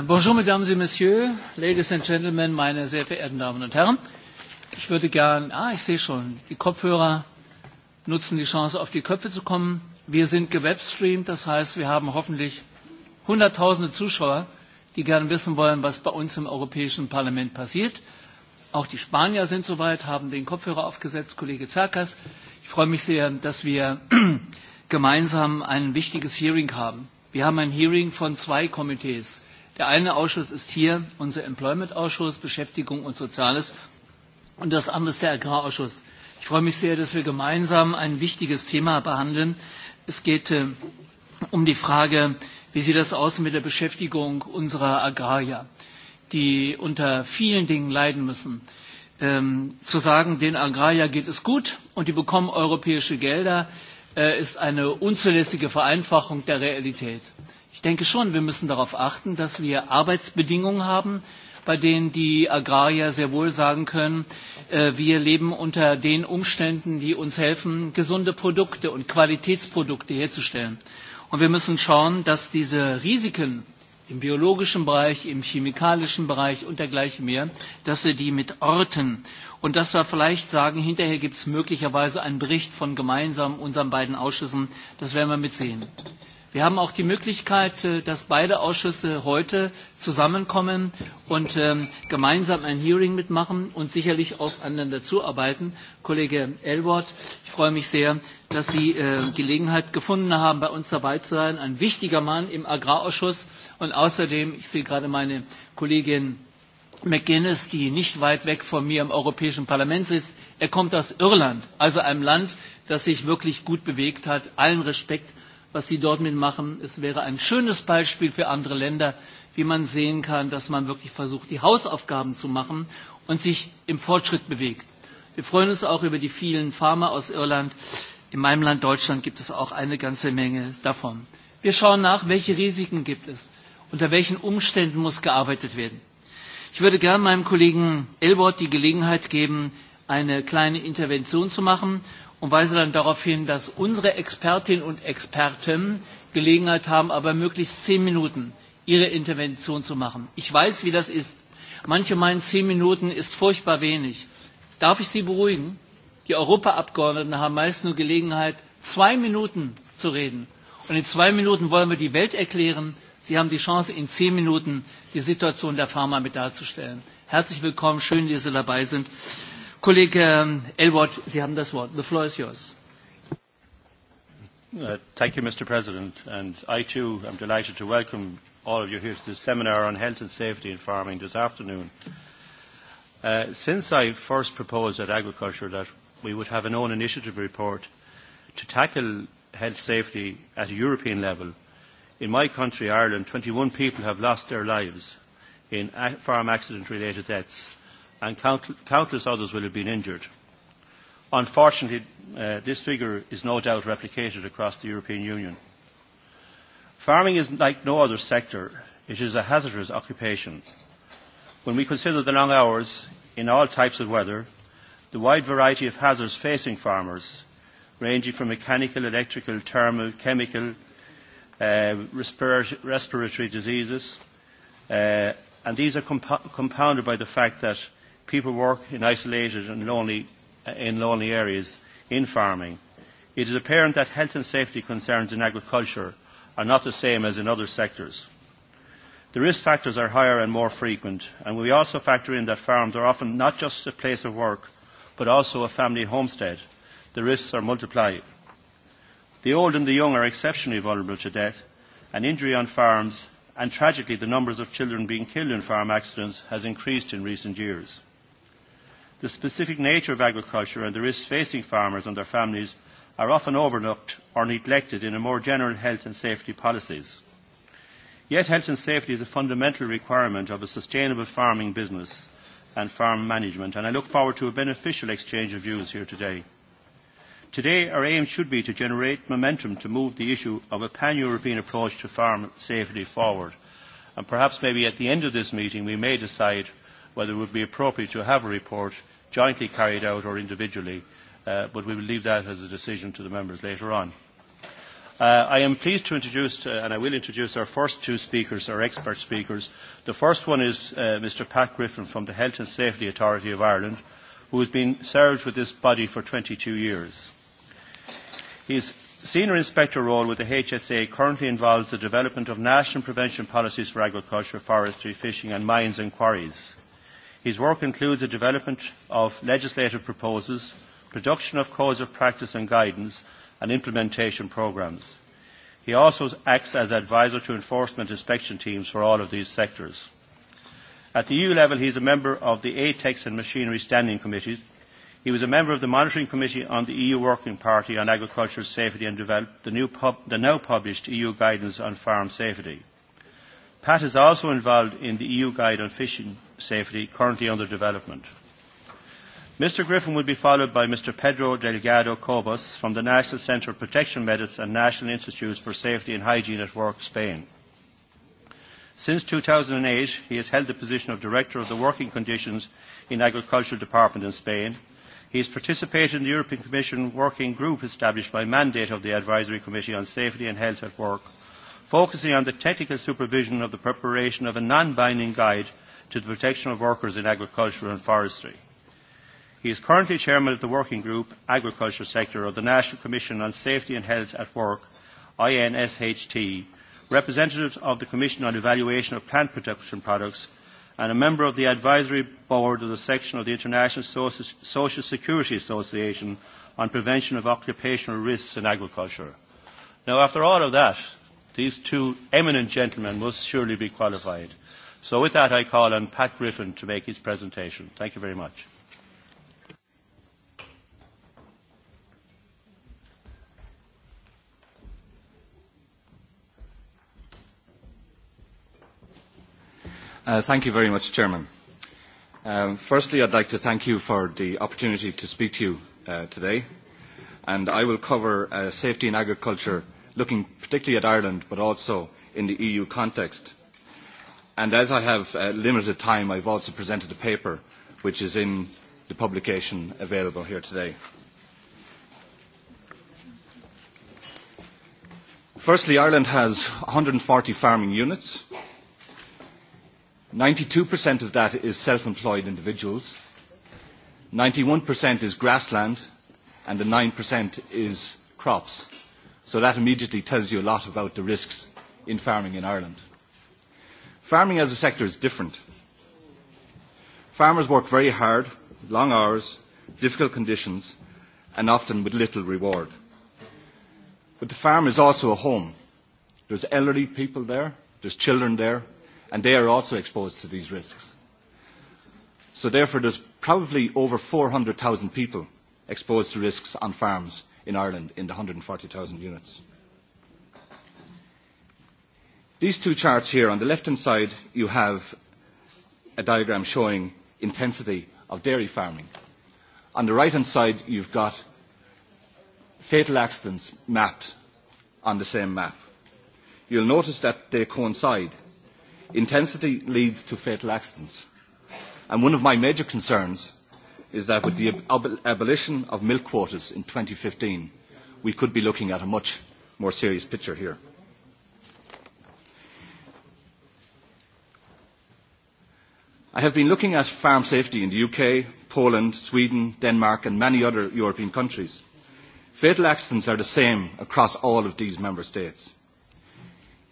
Äh, bonjour, mesdames et messieurs, ladies and gentlemen, meine sehr verehrten Damen und Herren. Ich würde gern, ah, ich sehe schon, die Kopfhörer nutzen die Chance, auf die Köpfe zu kommen. Wir sind gewebstreamt, das heißt, wir haben hoffentlich hunderttausende Zuschauer, die gern wissen wollen, was bei uns im Europäischen Parlament passiert. Auch die Spanier sind soweit, haben den Kopfhörer aufgesetzt, Kollege Zerkas. Ich freue mich sehr, dass wir gemeinsam ein wichtiges Hearing haben. Wir haben ein Hearing von zwei Komitees. Der eine Ausschuss ist hier unser Employment-Ausschuss, Beschäftigung und Soziales und das andere ist der Agrarausschuss. Ich freue mich sehr, dass wir gemeinsam ein wichtiges Thema behandeln. Es geht äh, um die Frage, wie sieht das aus mit der Beschäftigung unserer Agrarier, die unter vielen Dingen leiden müssen. Ähm, zu sagen, den Agrarier geht es gut und die bekommen europäische Gelder, äh, ist eine unzulässige Vereinfachung der Realität. Ich denke schon, wir müssen darauf achten, dass wir Arbeitsbedingungen haben, bei denen die Agrarier sehr wohl sagen können, äh, wir leben unter den Umständen, die uns helfen, gesunde Produkte und Qualitätsprodukte herzustellen. Und wir müssen schauen, dass diese Risiken im biologischen Bereich, im chemikalischen Bereich und dergleichen mehr, dass wir die mit orten. Und dass wir vielleicht sagen, hinterher gibt es möglicherweise einen Bericht von gemeinsam unseren beiden Ausschüssen, das werden wir mitsehen. Wir haben auch die Möglichkeit, äh, dass beide Ausschüsse heute zusammenkommen und ähm, gemeinsam ein Hearing mitmachen und sicherlich aufeinander zuarbeiten. Kollege Elward, ich freue mich sehr, dass Sie äh, Gelegenheit gefunden haben, bei uns dabei zu sein. Ein wichtiger Mann im Agrarausschuss und außerdem, ich sehe gerade meine Kollegin McGuinness, die nicht weit weg von mir im Europäischen Parlament sitzt. Er kommt aus Irland, also einem Land, das sich wirklich gut bewegt hat. Allen Respekt was sie dort mitmachen. Es wäre ein schönes Beispiel für andere Länder, wie man sehen kann, dass man wirklich versucht, die Hausaufgaben zu machen und sich im Fortschritt bewegt. Wir freuen uns auch über die vielen Farmer aus Irland. In meinem Land Deutschland gibt es auch eine ganze Menge davon. Wir schauen nach, welche Risiken gibt es, unter welchen Umständen muss gearbeitet werden. Ich würde gerne meinem Kollegen Elbert die Gelegenheit geben, eine kleine Intervention zu machen und weise dann darauf hin, dass unsere Expertinnen und Experten Gelegenheit haben, aber möglichst zehn Minuten ihre Intervention zu machen. Ich weiß, wie das ist. Manche meinen, zehn Minuten ist furchtbar wenig. Darf ich Sie beruhigen? Die Europaabgeordneten haben meist nur Gelegenheit, zwei Minuten zu reden. Und in zwei Minuten wollen wir die Welt erklären. Sie haben die Chance, in zehn Minuten die Situation der Pharma mit darzustellen. Herzlich willkommen, schön, dass Sie dabei sind. Kollege ähm, Elwood, Sie haben das Wort. The floor is yours. Uh, thank you, Mr. President. And I, too, am delighted to welcome all of you here to this seminar on health and safety in farming this afternoon. Uh, since I first proposed at Agriculture that we would have an own initiative report to tackle health safety at a European level, in my country, Ireland, 21 people have lost their lives in farm accident-related deaths and count countless others will have been injured. Unfortunately, uh, this figure is no doubt replicated across the European Union. Farming is like no other sector. It is a hazardous occupation. When we consider the long hours in all types of weather, the wide variety of hazards facing farmers, ranging from mechanical, electrical, thermal, chemical, uh, respir respiratory diseases, uh, and these are comp compounded by the fact that People work in isolated and lonely, uh, in lonely areas in farming. It is apparent that health and safety concerns in agriculture are not the same as in other sectors. The risk factors are higher and more frequent, and we also factor in that farms are often not just a place of work, but also a family homestead. The risks are multiplied. The old and the young are exceptionally vulnerable to death and injury on farms, and tragically the numbers of children being killed in farm accidents has increased in recent years the specific nature of agriculture and the risks facing farmers and their families are often overlooked or neglected in a more general health and safety policies. Yet health and safety is a fundamental requirement of a sustainable farming business and farm management, and I look forward to a beneficial exchange of views here today. Today, our aim should be to generate momentum to move the issue of a pan-European approach to farm safety forward. And perhaps maybe at the end of this meeting, we may decide whether it would be appropriate to have a report jointly carried out or individually, uh, but we will leave that as a decision to the members later on. Uh, I am pleased to introduce, uh, and I will introduce our first two speakers, our expert speakers. The first one is uh, Mr. Pat Griffin from the Health and Safety Authority of Ireland, who has been served with this body for 22 years. His senior inspector role with the HSA currently involves the development of national prevention policies for agriculture, forestry, fishing and mines and quarries. His work includes the development of legislative proposals, production of codes of practice and guidance, and implementation programmes. He also acts as advisor to enforcement inspection teams for all of these sectors. At the EU level, he is a member of the ATEX and Machinery Standing Committees. He was a member of the Monitoring Committee on the EU Working Party on Agricultural Safety and developed the, new pub, the now published EU Guidance on Farm Safety. Pat is also involved in the EU Guide on Fishing safely currently under development. Mr Griffin will be followed by Mr Pedro Delgado Cobos from the National Centre of Protection Medics and National Institutes for Safety and Hygiene at Work, Spain. Since 2008, he has held the position of Director of the Working Conditions in Agricultural Department in Spain. He has participated in the European Commission working group established by mandate of the Advisory Committee on Safety and Health at Work, focusing on the technical supervision of the preparation of a non-binding guide to the protection of workers in agriculture and forestry. He is currently chairman of the Working Group Agriculture Sector of the National Commission on Safety and Health at Work, INSHT, representative of the Commission on Evaluation of Plant Protection Products, and a member of the advisory board of the section of the International Social Security Association on Prevention of Occupational Risks in Agriculture. Now, after all of that, these two eminent gentlemen must surely be qualified. So with that, I call on Pat Griffin to make his presentation. Thank you very much. Uh, thank you very much, Chairman. Um, firstly, I'd like to thank you for the opportunity to speak to you uh, today. And I will cover uh, safety in agriculture, looking particularly at Ireland, but also in the EU context. And as I have uh, limited time, I've also presented a paper which is in the publication available here today. Firstly, Ireland has 140 farming units. 92% of that is self-employed individuals. 91% is grassland and the 9% is crops. So that immediately tells you a lot about the risks in farming in Ireland. Farming as a sector is different. Farmers work very hard, long hours, difficult conditions, and often with little reward. But the farm is also a home. There's elderly people there, there's children there, and they are also exposed to these risks. So therefore there's probably over 400,000 people exposed to risks on farms in Ireland in the 140,000 units. These two charts here, on the left-hand side, you have a diagram showing intensity of dairy farming. On the right-hand side, you've got fatal accidents mapped on the same map. You'll notice that they coincide. Intensity leads to fatal accidents. And one of my major concerns is that with the ab abolition of milk quotas in 2015, we could be looking at a much more serious picture here. I have been looking at farm safety in the UK, Poland, Sweden, Denmark and many other European countries. Fatal accidents are the same across all of these member states.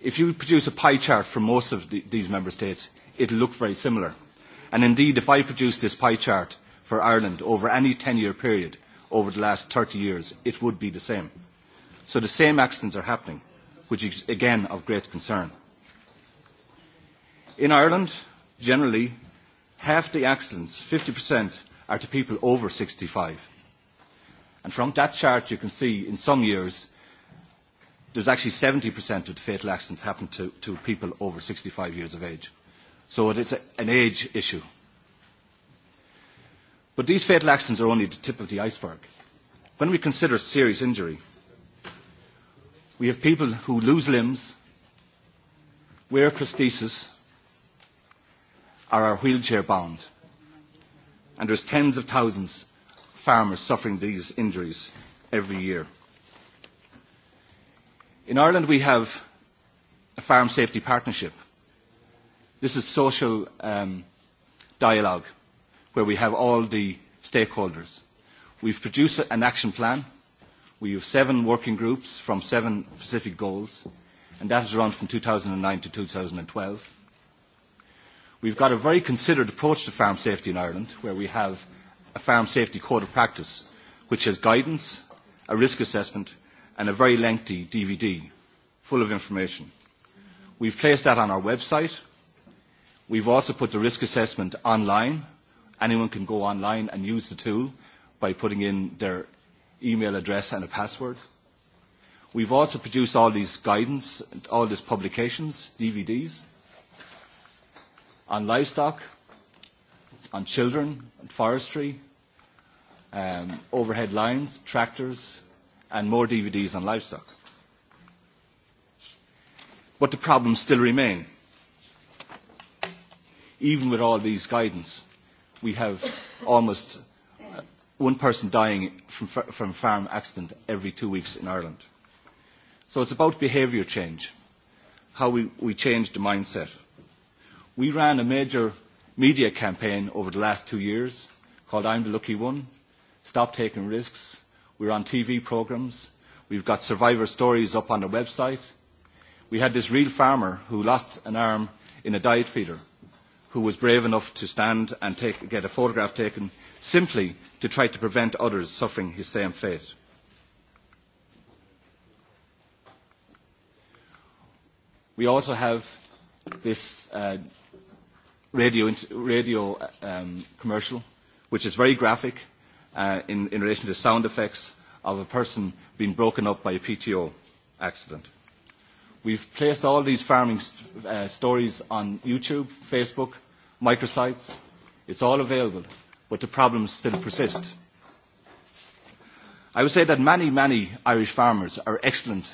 If you produce a pie chart for most of the, these member states, it will look very similar. And indeed, if I produce this pie chart for Ireland over any 10-year period over the last 30 years, it would be the same. So the same accidents are happening, which is again of great concern. In Ireland, generally, half the accidents, 50%, are to people over 65. And from that chart you can see in some years there's actually 70% of the fatal accidents happen to, to people over 65 years of age. So it is a, an age issue. But these fatal accidents are only the tip of the iceberg. When we consider serious injury, we have people who lose limbs, wear prosthesis, are wheelchair bound. And there's tens of thousands of farmers suffering these injuries every year. In Ireland we have a farm safety partnership. This is social um, dialogue where we have all the stakeholders. We've produced an action plan. We have seven working groups from seven specific goals, and that is run from 2009 to 2012. We've got a very considered approach to farm safety in Ireland, where we have a farm safety code of practice, which has guidance, a risk assessment, and a very lengthy DVD full of information. We've placed that on our website. We've also put the risk assessment online. Anyone can go online and use the tool by putting in their email address and a password. We've also produced all these guidance, all these publications, DVDs, on livestock, on children, on forestry, um, overhead lines, tractors, and more DVDs on livestock. But the problems still remain. Even with all these guidance, we have almost one person dying from, from farm accident every two weeks in Ireland. So it's about behaviour change, how we, we change the mindset. We ran a major media campaign over the last two years called I'm the Lucky One, Stop Taking Risks. We're on TV programs. We've got survivor stories up on the website. We had this real farmer who lost an arm in a diet feeder who was brave enough to stand and take, get a photograph taken simply to try to prevent others suffering his same fate. We also have this uh, radio, radio um, commercial, which is very graphic uh, in, in relation to sound effects of a person being broken up by a PTO accident. We've placed all these farming st uh, stories on YouTube, Facebook, microsites. It's all available, but the problems still persist. I would say that many, many Irish farmers are excellent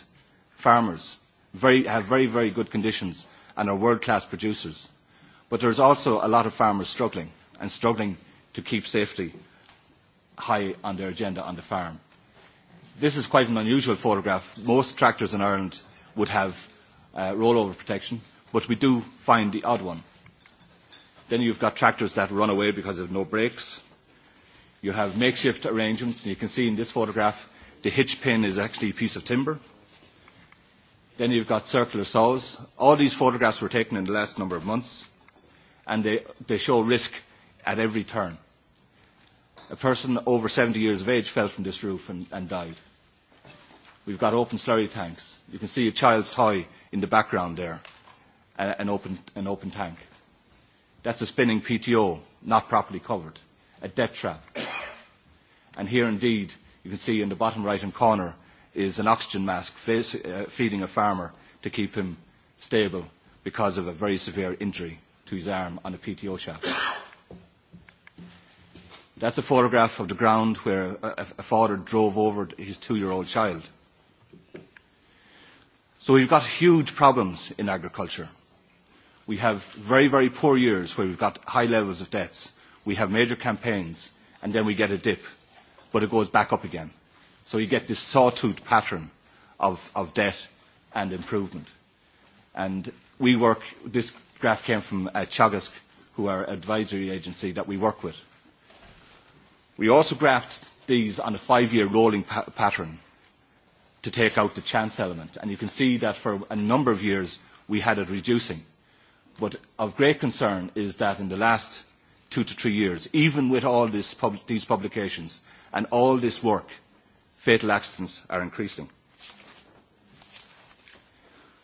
farmers, very, have very, very good conditions and are world-class producers. But there is also a lot of farmers struggling and struggling to keep safety high on their agenda on the farm. This is quite an unusual photograph. Most tractors in Ireland would have uh, rollover protection, but we do find the odd one. Then you've got tractors that run away because of no brakes. You have makeshift arrangements, and you can see in this photograph the hitch pin is actually a piece of timber. Then you've got circular saws. All these photographs were taken in the last number of months and they, they show risk at every turn. A person over 70 years of age fell from this roof and, and died. We've got open slurry tanks. You can see a child's toy in the background there, an, open, an open tank. That's a spinning PTO, not properly covered, a debt trap. and here indeed, you can see in the bottom right-hand corner is an oxygen mask face, uh, feeding a farmer to keep him stable because of a very severe injury to his arm on a PTO shaft. That's a photograph of the ground where a, a father drove over his two-year-old child. So we've got huge problems in agriculture. We have very, very poor years where we've got high levels of debts. We have major campaigns, and then we get a dip, but it goes back up again. So you get this sawtooth pattern of, of debt and improvement. And we work, this graph came from uh, Chagask, who are an advisory agency that we work with. We also graphed these on a five-year rolling pa pattern to take out the chance element. And you can see that for a number of years we had it reducing. But of great concern is that in the last two to three years, even with all this pub these publications and all this work, fatal accidents are increasing.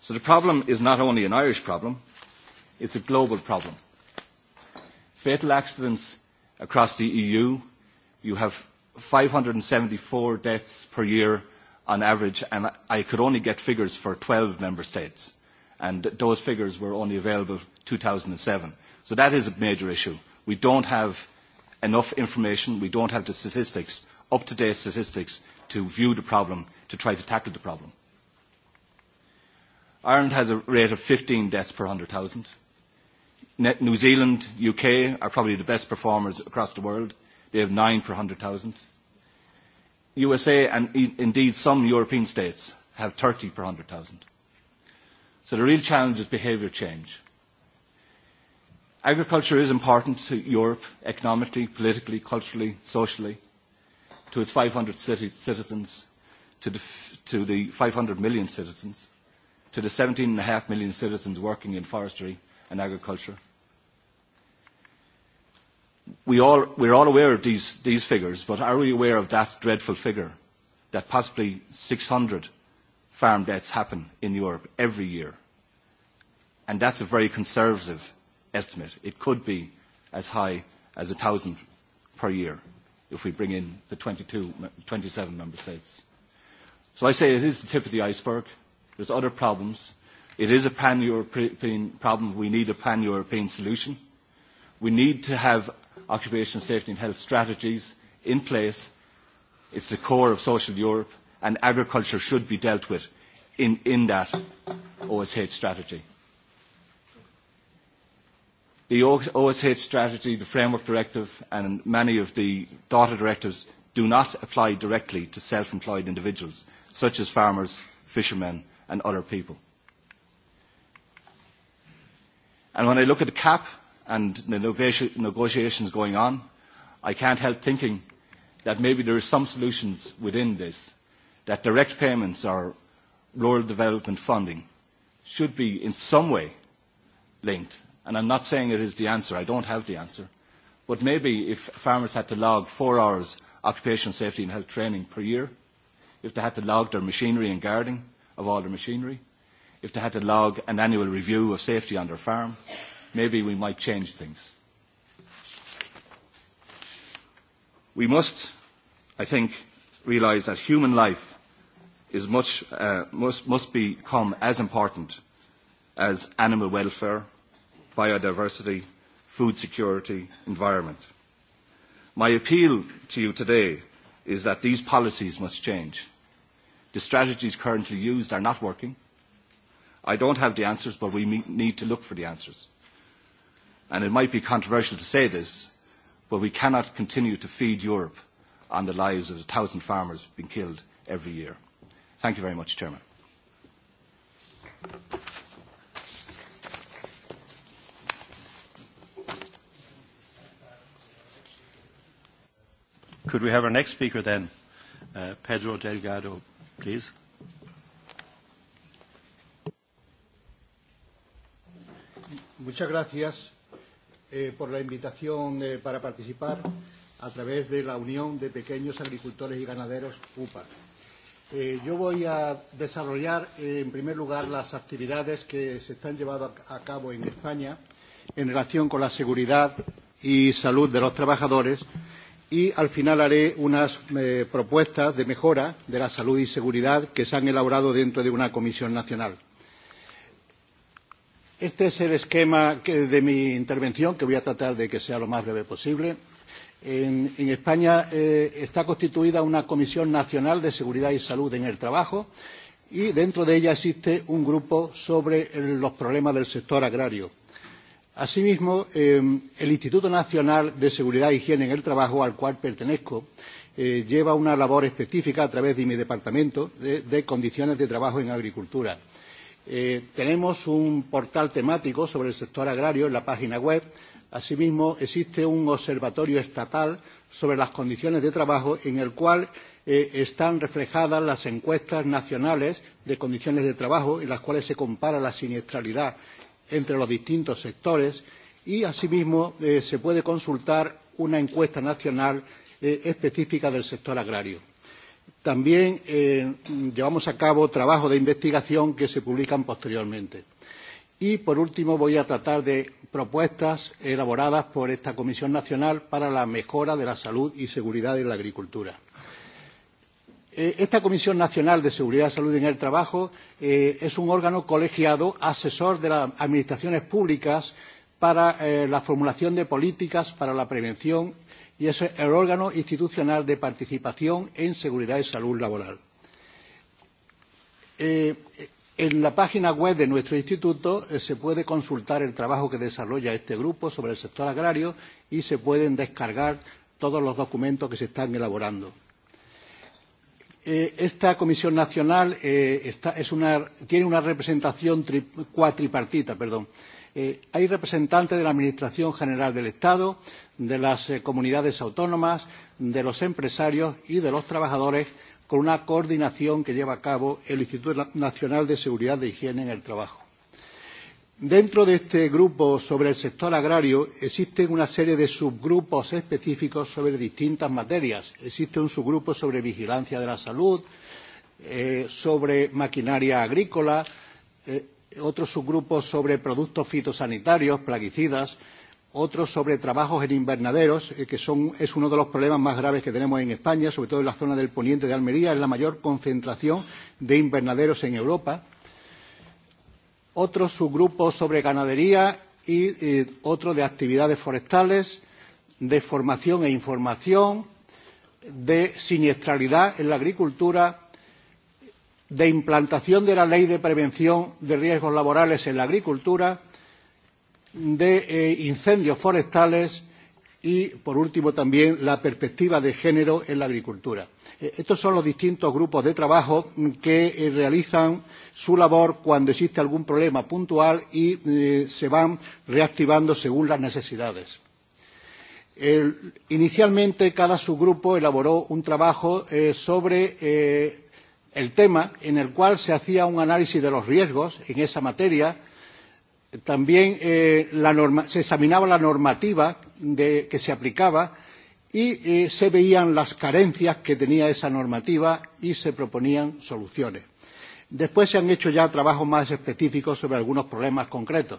So the problem is not only an Irish problem, It's a global problem. Fatal accidents across the EU, you have 574 deaths per year on average, and I could only get figures for 12 member states. And those figures were only available 2007. So that is a major issue. We don't have enough information, we don't have the statistics, up-to-date statistics, to view the problem, to try to tackle the problem. Ireland has a rate of 15 deaths per 100,000. New Zealand, UK are probably the best performers across the world. They have nine per 100,000. USA and e, indeed some European states have 30 per 100,000. So the real challenge is behaviour change. Agriculture is important to Europe economically, politically, culturally, socially, to its 500 city citizens, to the, to the 500 million citizens, to the 17.5 million citizens working in forestry and agriculture, we all, we're all aware of these, these figures, but are we aware of that dreadful figure that possibly 600 farm deaths happen in Europe every year? And that's a very conservative estimate. It could be as high as 1,000 per year if we bring in the 22, 27 member states. So I say it is the tip of the iceberg. There's other problems. It is a pan-European problem. We need a pan-European solution. We need to have occupational safety and health strategies in place. It's the core of social Europe and agriculture should be dealt with in, in that OSH strategy. The OSH strategy, the framework directive and many of the Daughter directives do not apply directly to self-employed individuals such as farmers, fishermen and other people. And when I look at the CAP, and the negotiations going on, I can't help thinking that maybe there are some solutions within this, that direct payments or rural development funding should be in some way linked. And I'm not saying it is the answer, I don't have the answer. But maybe if farmers had to log four hours occupational safety and health training per year, if they had to log their machinery and guarding of all their machinery, if they had to log an annual review of safety on their farm, maybe we might change things. We must, I think, realise that human life is much, uh, must, must become as important as animal welfare, biodiversity, food security, environment. My appeal to you today is that these policies must change. The strategies currently used are not working. I don't have the answers, but we need to look for the answers and it might be controversial to say this, but we cannot continue to feed Europe on the lives of a thousand farmers being killed every year. Thank you very much, Chairman. Could we have our next speaker then? Uh, Pedro Delgado, please. Muchas gracias eh, por la invitación eh, para participar a través de la Unión de Pequeños Agricultores y Ganaderos, UPA. Eh, yo voy a desarrollar, eh, en primer lugar, las actividades que se están llevando a cabo en España en relación con la seguridad y salud de los trabajadores y, al final, haré unas eh, propuestas de mejora de la salud y seguridad que se han elaborado dentro de una comisión nacional. Este es el esquema que, de mi intervención, que voy a tratar de que sea lo más breve posible. En, en España eh, está constituida una Comisión Nacional de Seguridad y Salud en el Trabajo y dentro de ella existe un grupo sobre los problemas del sector agrario. Asimismo, eh, el Instituto Nacional de Seguridad e Higiene en el Trabajo, al cual pertenezco, eh, lleva una labor específica a través de mi departamento de, de condiciones de trabajo en agricultura. Eh, tenemos un portal temático sobre el sector agrario en la página web. Asimismo, existe un observatorio estatal sobre las condiciones de trabajo en el cual eh, están reflejadas las encuestas nacionales de condiciones de trabajo en las cuales se compara la siniestralidad entre los distintos sectores y asimismo eh, se puede consultar una encuesta nacional eh, específica del sector agrario. También eh, llevamos a cabo trabajos de investigación que se publican posteriormente. Y, por último, voy a tratar de propuestas elaboradas por esta Comisión Nacional para la mejora de la salud y seguridad en la agricultura. Eh, esta Comisión Nacional de Seguridad y Salud en el Trabajo eh, es un órgano colegiado asesor de las administraciones públicas para eh, la formulación de políticas para la prevención y es el órgano institucional de participación en seguridad y salud laboral. Eh, en la página web de nuestro instituto eh, se puede consultar el trabajo que desarrolla este grupo sobre el sector agrario y se pueden descargar todos los documentos que se están elaborando. Eh, esta Comisión Nacional eh, está, es una, tiene una representación tri, cuatripartita, perdón. Eh, eh, hay representantes de la Administración General del Estado, de las eh, comunidades autónomas, de los empresarios y de los trabajadores con una coordinación que lleva a cabo el Instituto Nacional de Seguridad de Higiene en el Trabajo. Dentro de este grupo sobre el sector agrario existen una serie de subgrupos específicos sobre distintas materias. Existe un subgrupo sobre vigilancia de la salud, eh, sobre maquinaria agrícola, eh, otro subgrupo sobre productos fitosanitarios, plaguicidas, otro sobre trabajos en invernaderos, eh, que son, es uno de los problemas más graves que tenemos en España, sobre todo en la zona del poniente de Almería, es la mayor concentración de invernaderos en Europa. Otro subgrupo sobre ganadería y eh, otro de actividades forestales, de formación e información, de siniestralidad en la agricultura, de implantación de la Ley de Prevención de Riesgos Laborales en la Agricultura, de eh, incendios forestales y, por último, también la perspectiva de género en la agricultura. Eh, estos son los distintos grupos de trabajo que eh, realizan su labor cuando existe algún problema puntual y eh, se van reactivando según las necesidades. El, inicialmente, cada subgrupo elaboró un trabajo eh, sobre eh, el tema en el cual se hacía un análisis de los riesgos en esa materia. También eh, la norma, se examinaba la normativa de, que se aplicaba y eh, se veían las carencias que tenía esa normativa y se proponían soluciones. Después se han hecho ya trabajos más específicos sobre algunos problemas concretos.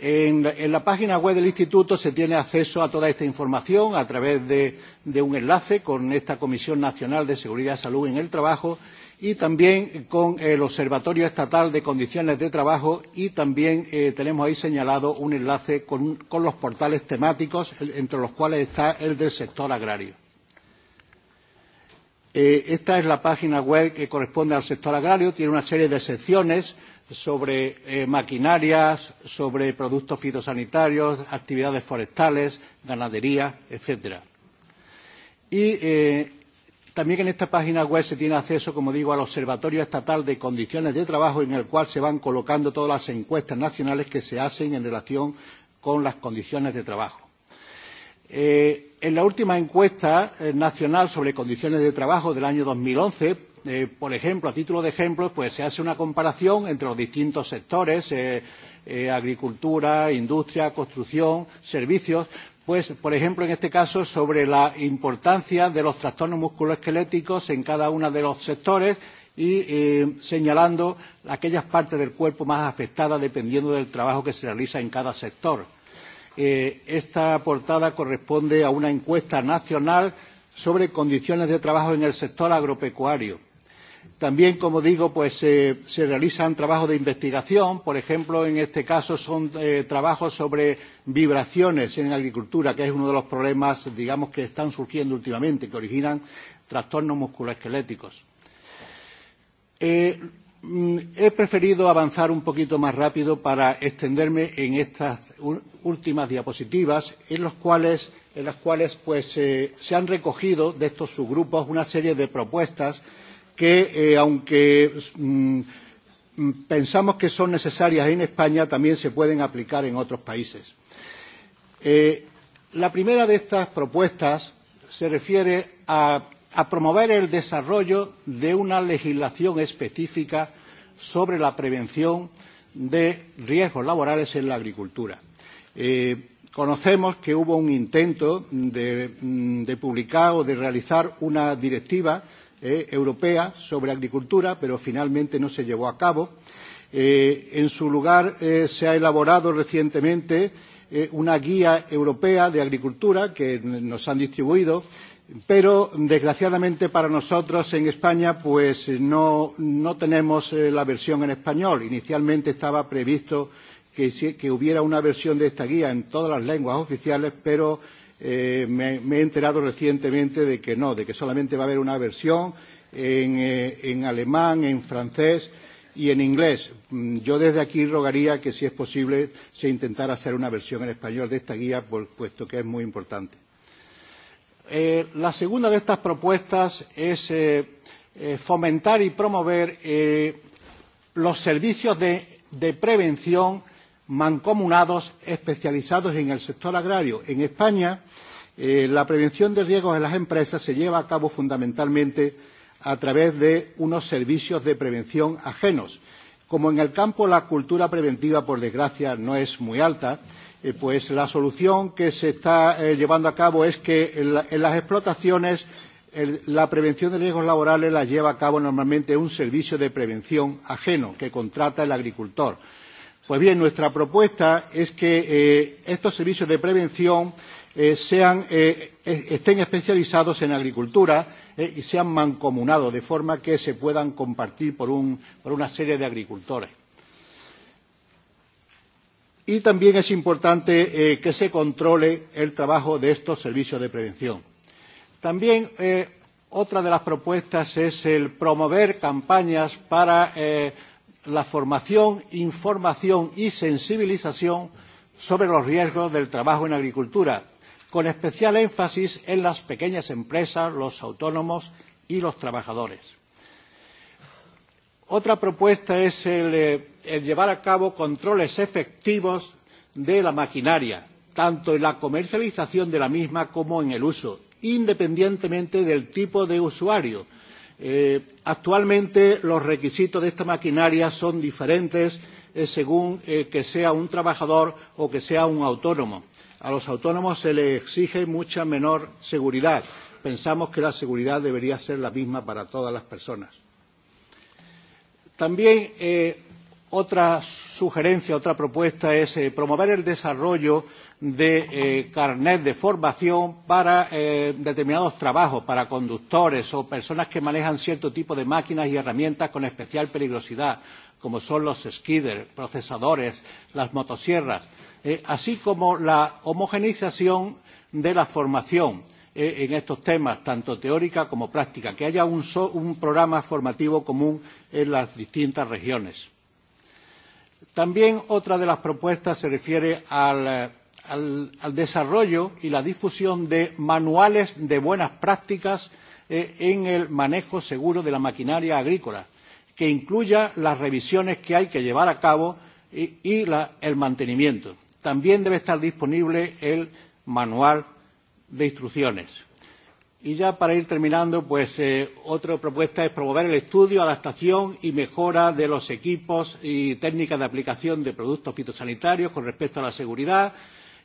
En, en la página web del Instituto se tiene acceso a toda esta información a través de, de un enlace con esta Comisión Nacional de Seguridad y Salud en el Trabajo y también con el Observatorio Estatal de Condiciones de Trabajo y también eh, tenemos ahí señalado un enlace con, con los portales temáticos, entre los cuales está el del sector agrario. Eh, esta es la página web que corresponde al sector agrario, tiene una serie de secciones sobre eh, maquinarias, sobre productos fitosanitarios, actividades forestales, ganadería, etcétera. Y eh, también en esta página web se tiene acceso, como digo, al Observatorio Estatal de Condiciones de Trabajo, en el cual se van colocando todas las encuestas nacionales que se hacen en relación con las condiciones de trabajo. Eh, en la última encuesta eh, nacional sobre condiciones de trabajo del año 2011, eh, por ejemplo, a título de ejemplo, pues se hace una comparación entre los distintos sectores, eh, eh, agricultura, industria, construcción, servicios, pues, por ejemplo, en este caso, sobre la importancia de los trastornos musculoesqueléticos en cada uno de los sectores y eh, señalando aquellas partes del cuerpo más afectadas dependiendo del trabajo que se realiza en cada sector. Eh, esta portada corresponde a una encuesta nacional sobre condiciones de trabajo en el sector agropecuario. También, como digo, pues eh, se realizan trabajos de investigación, por ejemplo, en este caso son eh, trabajos sobre vibraciones en agricultura, que es uno de los problemas, digamos, que están surgiendo últimamente, que originan trastornos musculoesqueléticos. Eh, he preferido avanzar un poquito más rápido para extenderme en estas últimas diapositivas, en, las cuales, en las cuales pues, eh, se han recogido de estos subgrupos una serie de propuestas que, eh, aunque mm, pensamos que son necesarias en España, también se pueden aplicar en otros países. Eh, la primera de estas propuestas se refiere a, a promover el desarrollo de una legislación específica sobre la prevención de riesgos laborales en la agricultura. Eh, conocemos que hubo un intento de, mm, de publicar o de realizar una directiva eh, europea sobre agricultura, pero finalmente no se llevó a cabo. Eh, en su lugar eh, se ha elaborado recientemente eh, una guía europea de agricultura que nos han distribuido, pero desgraciadamente para nosotros en España pues no, no tenemos eh, la versión en español. Inicialmente estaba previsto que, que hubiera una versión de esta guía en todas las lenguas oficiales, pero eh, me, me he enterado recientemente de que no, de que solamente va a haber una versión en, eh, en alemán, en francés y en inglés. Mm, yo desde aquí rogaría que, si es posible, se intentara hacer una versión en español de esta guía, por, puesto que es muy importante. Eh, la segunda de estas propuestas es eh, eh, fomentar y promover eh, los servicios de, de prevención mancomunados especializados en el sector agrario. En España, eh, la prevención de riesgos en las empresas se lleva a cabo fundamentalmente a través de unos servicios de prevención ajenos. Como en el campo la cultura preventiva, por desgracia, no es muy alta, eh, pues la solución que se está eh, llevando a cabo es que en, la, en las explotaciones el, la prevención de riesgos laborales la lleva a cabo normalmente un servicio de prevención ajeno que contrata el agricultor Pues bien, nuestra propuesta es que eh, estos servicios de prevención eh, sean, eh, estén especializados en agricultura eh, y sean mancomunados, de forma que se puedan compartir por, un, por una serie de agricultores. Y también es importante eh, que se controle el trabajo de estos servicios de prevención. También eh, otra de las propuestas es el promover campañas para eh, la formación, información y sensibilización sobre los riesgos del trabajo en agricultura, con especial énfasis en las pequeñas empresas, los autónomos y los trabajadores. Otra propuesta es el, eh, el llevar a cabo controles efectivos de la maquinaria, tanto en la comercialización de la misma como en el uso, independientemente del tipo de usuario, Eh, actualmente los requisitos de esta maquinaria son diferentes eh, según eh, que sea un trabajador o que sea un autónomo. A los autónomos se les exige mucha menor seguridad. Pensamos que la seguridad debería ser la misma para todas las personas. También eh, Otra sugerencia, otra propuesta es eh, promover el desarrollo de eh, carnet de formación para eh, determinados trabajos, para conductores o personas que manejan cierto tipo de máquinas y herramientas con especial peligrosidad, como son los skiders, procesadores, las motosierras, eh, así como la homogeneización de la formación eh, en estos temas, tanto teórica como práctica, que haya un, so, un programa formativo común en las distintas regiones. También otra de las propuestas se refiere al, al, al desarrollo y la difusión de manuales de buenas prácticas eh, en el manejo seguro de la maquinaria agrícola, que incluya las revisiones que hay que llevar a cabo y, y la, el mantenimiento. También debe estar disponible el manual de instrucciones. Y ya para ir terminando, pues eh, otra propuesta es promover el estudio, adaptación y mejora de los equipos y técnicas de aplicación de productos fitosanitarios con respecto a la seguridad,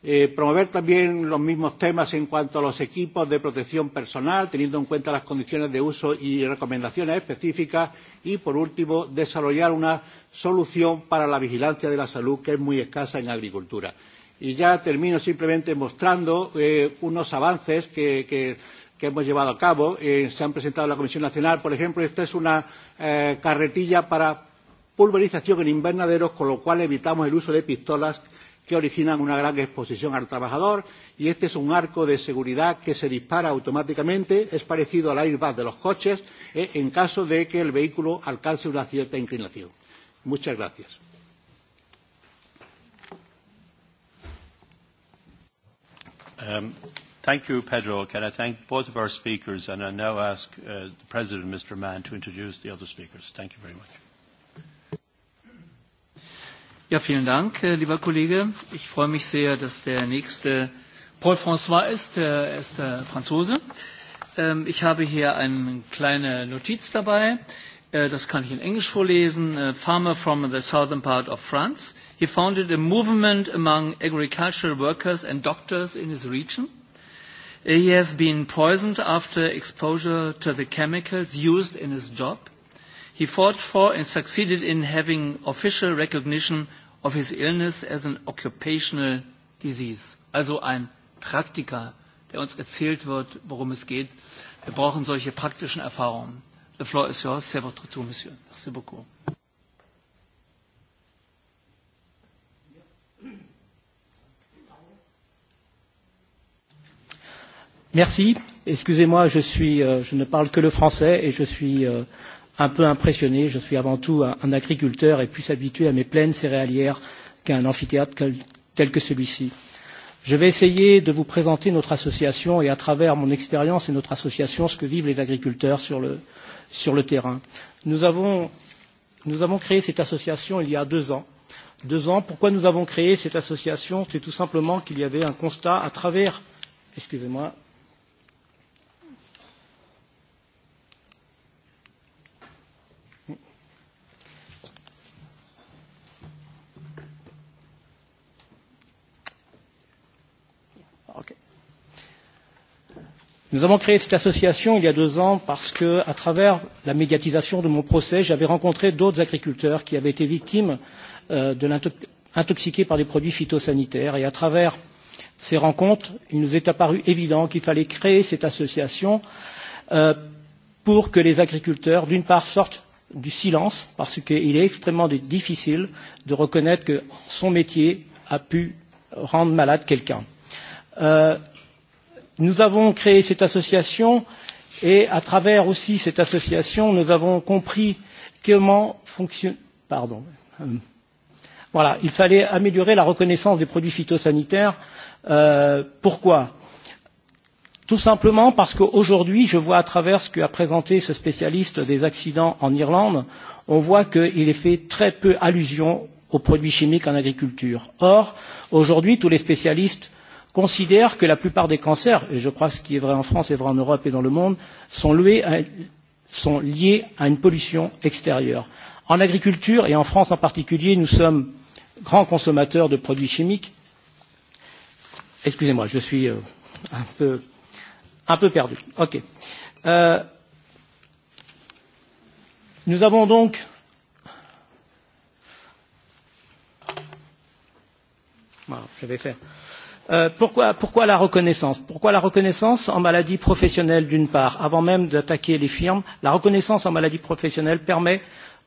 eh, promover también los mismos temas en cuanto a los equipos de protección personal, teniendo en cuenta las condiciones de uso y recomendaciones específicas, y por último, desarrollar una solución para la vigilancia de la salud que es muy escasa en agricultura. Y ya termino simplemente mostrando eh, unos avances que, que que hemos llevado a cabo. Eh, se han presentado a la Comisión Nacional, por ejemplo, esta es una eh, carretilla para pulverización en invernaderos, con lo cual evitamos el uso de pistolas que originan una gran exposición al trabajador y este es un arco de seguridad que se dispara automáticamente, es parecido al airbag de los coches eh, en caso de que el vehículo alcance una cierta inclinación. Muchas gracias. Um, Thank you, Pedro. Can I thank both of our speakers, and I now ask uh, the President, Mr. Mann, to introduce the other speakers. Thank you very much. Ja, vielen Dank, äh, lieber Kollege. Ich freue mich sehr, dass der nächste Paul François ist. Er ist der äh, Franzose. Ähm, ich habe hier eine kleine Notiz dabei. Äh, das kann ich in Englisch vorlesen. a Farmer from the southern part of France. He founded a movement among agricultural workers and doctors in his region. He has been poisoned after exposure to the chemicals used in his job. He fought for and succeeded in having official recognition of his illness as an occupational disease. Also ein Praktiker, der uns erzählt wird, worum es geht. Wir brauchen solche praktischen Erfahrungen. The floor is yours. C'est votre tour, monsieur. Merci beaucoup. Merci. Excusez-moi, je, suis, euh, je ne parle que le français et je suis euh, un peu impressionné. Je suis avant tout un, un agriculteur et plus habitué à mes plaines céréalières qu'à un amphithéâtre tel, tel que celui-ci. Je vais essayer de vous présenter notre association et à travers mon expérience et notre association ce que vivent les agriculteurs sur le, sur le terrain. Nous avons, nous avons créé cette association il y a deux ans. Deux ans, pourquoi nous avons créé cette association C'est tout simplement qu'il y avait un constat à travers, excusez-moi, Nous avons créé cette association il y a deux ans parce que, à travers la médiatisation de mon procès, j'avais rencontré d'autres agriculteurs qui avaient été victimes euh, de intoxiqués par des produits phytosanitaires. Et à travers ces rencontres, il nous est apparu évident qu'il fallait créer cette association euh, pour que les agriculteurs, d'une part, sortent du silence, parce qu'il est extrêmement difficile de reconnaître que son métier a pu rendre malade quelqu'un. Euh, Nous avons créé cette association et à travers aussi cette association, nous avons compris comment fonctionne. Pardon. Euh, voilà, il fallait améliorer la reconnaissance des produits phytosanitaires. Euh, pourquoi Tout simplement parce qu'aujourd'hui, je vois à travers ce qu'a présenté ce spécialiste des accidents en Irlande, on voit qu'il est fait très peu allusion aux produits chimiques en agriculture. Or, aujourd'hui, tous les spécialistes considèrent que la plupart des cancers, et je crois que ce qui est vrai en France est vrai en Europe et dans le monde, sont liés à, sont liés à une pollution extérieure. En agriculture, et en France en particulier, nous sommes grands consommateurs de produits chimiques. Excusez-moi, je suis euh, un, peu, un peu perdu. OK. Euh, nous avons donc. Voilà, je vais faire. Euh, Euh, pourquoi, pourquoi la reconnaissance Pourquoi la reconnaissance en maladie professionnelle d'une part Avant même d'attaquer les firmes, la reconnaissance en maladie professionnelle permet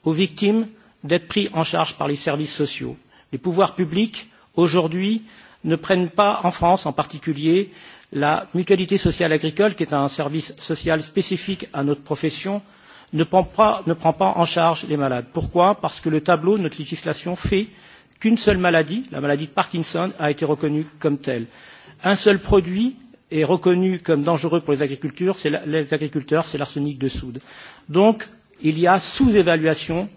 aux victimes d'être pris en charge par les services sociaux. Les pouvoirs publics, aujourd'hui, ne prennent pas, en France en particulier, la mutualité sociale agricole, qui est un service social spécifique à notre profession, ne prend pas, ne prend pas en charge les malades. Pourquoi Parce que le tableau, notre législation fait qu'une seule maladie, la maladie de Parkinson, a été reconnue comme telle. Un seul produit est reconnu comme dangereux pour les agriculteurs, c'est les agriculteurs, c'est l'arsenic de soude. Donc, il y a sous-évaluation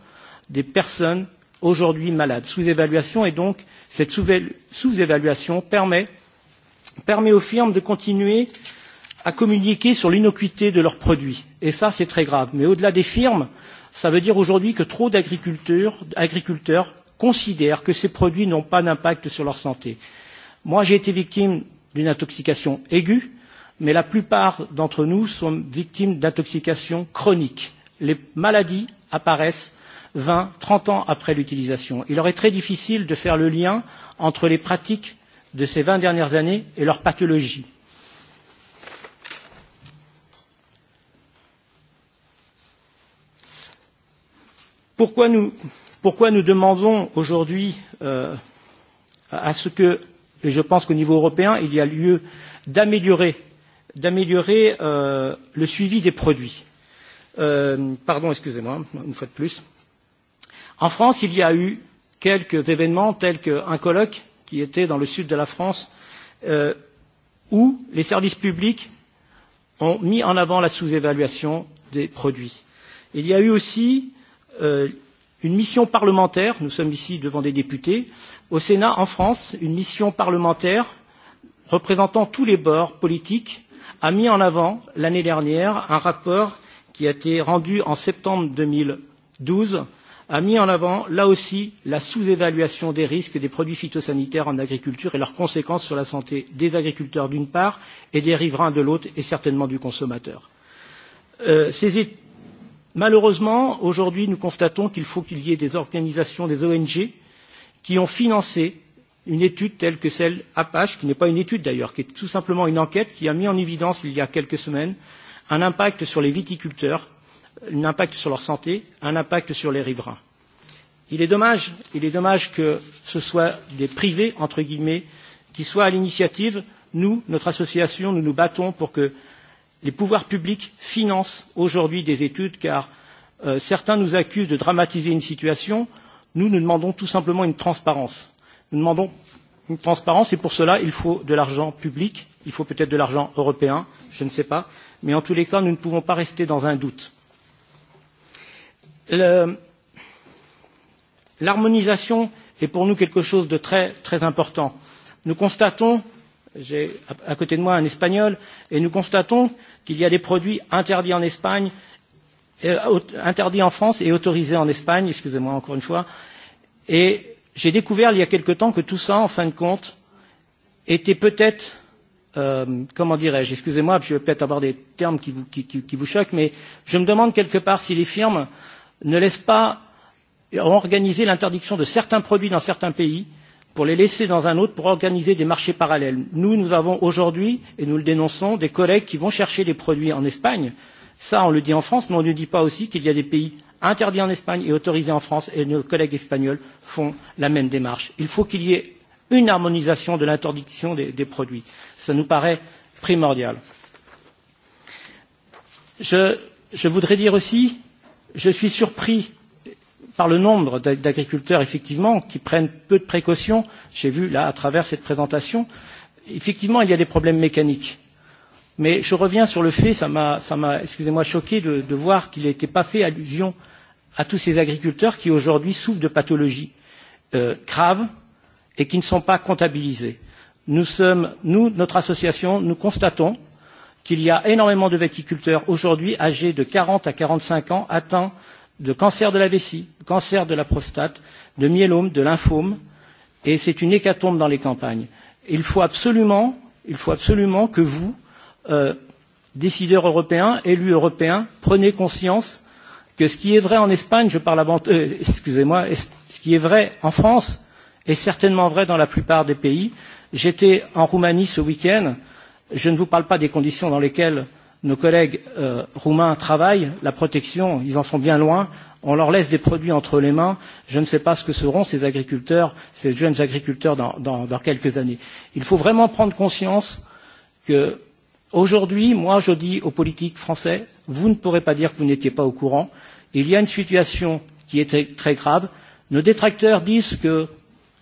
des personnes aujourd'hui malades. Sous-évaluation et donc cette sous-évaluation permet, permet aux firmes de continuer à communiquer sur l'innocuité de leurs produits. Et ça, c'est très grave. Mais au-delà des firmes, ça veut dire aujourd'hui que trop d'agriculteurs agriculteurs considèrent que ces produits n'ont pas d'impact sur leur santé. Moi, j'ai été victime d'une intoxication aiguë, mais la plupart d'entre nous sommes victimes d'intoxications chroniques. Les maladies apparaissent 20, 30 ans après l'utilisation. Il aurait très difficile de faire le lien entre les pratiques de ces 20 dernières années et leur pathologie. Pourquoi nous Pourquoi nous demandons aujourd'hui euh, à ce que, et je pense qu'au niveau européen, il y a lieu d'améliorer d'améliorer euh, le suivi des produits. Euh, pardon, excusez-moi, une fois de plus. En France, il y a eu quelques événements tels qu'un colloque qui était dans le sud de la France euh, où les services publics ont mis en avant la sous-évaluation des produits. Il y a eu aussi euh, une mission parlementaire, nous sommes ici devant des députés, au Sénat en France, une mission parlementaire représentant tous les bords politiques a mis en avant l'année dernière un rapport qui a été rendu en septembre 2012 a mis en avant là aussi la sous-évaluation des risques des produits phytosanitaires en agriculture et leurs conséquences sur la santé des agriculteurs d'une part et des riverains de l'autre et certainement du consommateur. Euh, ces, Malheureusement, aujourd'hui, nous constatons qu'il faut qu'il y ait des organisations, des ONG, qui ont financé une étude telle que celle Apache, qui n'est pas une étude d'ailleurs, qui est tout simplement une enquête qui a mis en évidence il y a quelques semaines un impact sur les viticulteurs, un impact sur leur santé, un impact sur les riverains. Il est dommage, il est dommage que ce soit des privés, entre guillemets, qui soient à l'initiative. Nous, notre association, nous nous battons pour que Les pouvoirs publics financent aujourd'hui des études car euh, certains nous accusent de dramatiser une situation. Nous, nous demandons tout simplement une transparence. Nous demandons une transparence et pour cela, il faut de l'argent public, il faut peut-être de l'argent européen, je ne sais pas, mais en tous les cas, nous ne pouvons pas rester dans un doute. L'harmonisation est pour nous quelque chose de très, très important. Nous constatons, j'ai à côté de moi un espagnol, et nous constatons qu'il y a des produits interdits en Espagne, euh, interdits en France et autorisés en Espagne, excusez-moi encore une fois. Et j'ai découvert il y a quelque temps que tout ça, en fin de compte, était peut-être, euh, comment dirais-je, excusez-moi, je vais peut-être avoir des termes qui vous, qui, qui, qui vous choquent, mais je me demande quelque part si les firmes ne laissent pas organiser l'interdiction de certains produits dans certains pays pour les laisser dans un autre pour organiser des marchés parallèles. Nous, nous avons aujourd'hui, et nous le dénonçons, des collègues qui vont chercher des produits en Espagne. Ça, on le dit en France, mais on ne dit pas aussi qu'il y a des pays interdits en Espagne et autorisés en France, et nos collègues espagnols font la même démarche. Il faut qu'il y ait une harmonisation de l'interdiction des, des produits. Ça nous paraît primordial. Je, je voudrais dire aussi, je suis surpris par le nombre d'agriculteurs, effectivement, qui prennent peu de précautions. J'ai vu, là, à travers cette présentation, effectivement, il y a des problèmes mécaniques. Mais je reviens sur le fait, ça m'a, excusez-moi, choqué de, de voir qu'il n'était pas fait allusion à tous ces agriculteurs qui aujourd'hui souffrent de pathologies euh, graves et qui ne sont pas comptabilisés. Nous sommes, nous, notre association, nous constatons qu'il y a énormément de viticulteurs aujourd'hui âgés de 40 à 45 ans atteints de cancer de la vessie, de cancer de la prostate, de myélome, de lymphome, et c'est une hécatombe dans les campagnes. Il faut absolument, il faut absolument que vous, euh, décideurs européens, élus européens, prenez conscience que ce qui est vrai en Espagne, je parle avant, euh, excusez-moi, ce qui est vrai en France est certainement vrai dans la plupart des pays. J'étais en Roumanie ce week-end. Je ne vous parle pas des conditions dans lesquelles nos collègues euh, roumains travaillent, la protection, ils en sont bien loin, on leur laisse des produits entre les mains, je ne sais pas ce que seront ces agriculteurs, ces jeunes agriculteurs dans, dans, dans quelques années. Il faut vraiment prendre conscience que aujourd'hui, moi je dis aux politiques français, vous ne pourrez pas dire que vous n'étiez pas au courant, il y a une situation qui est très, très grave. Nos détracteurs disent que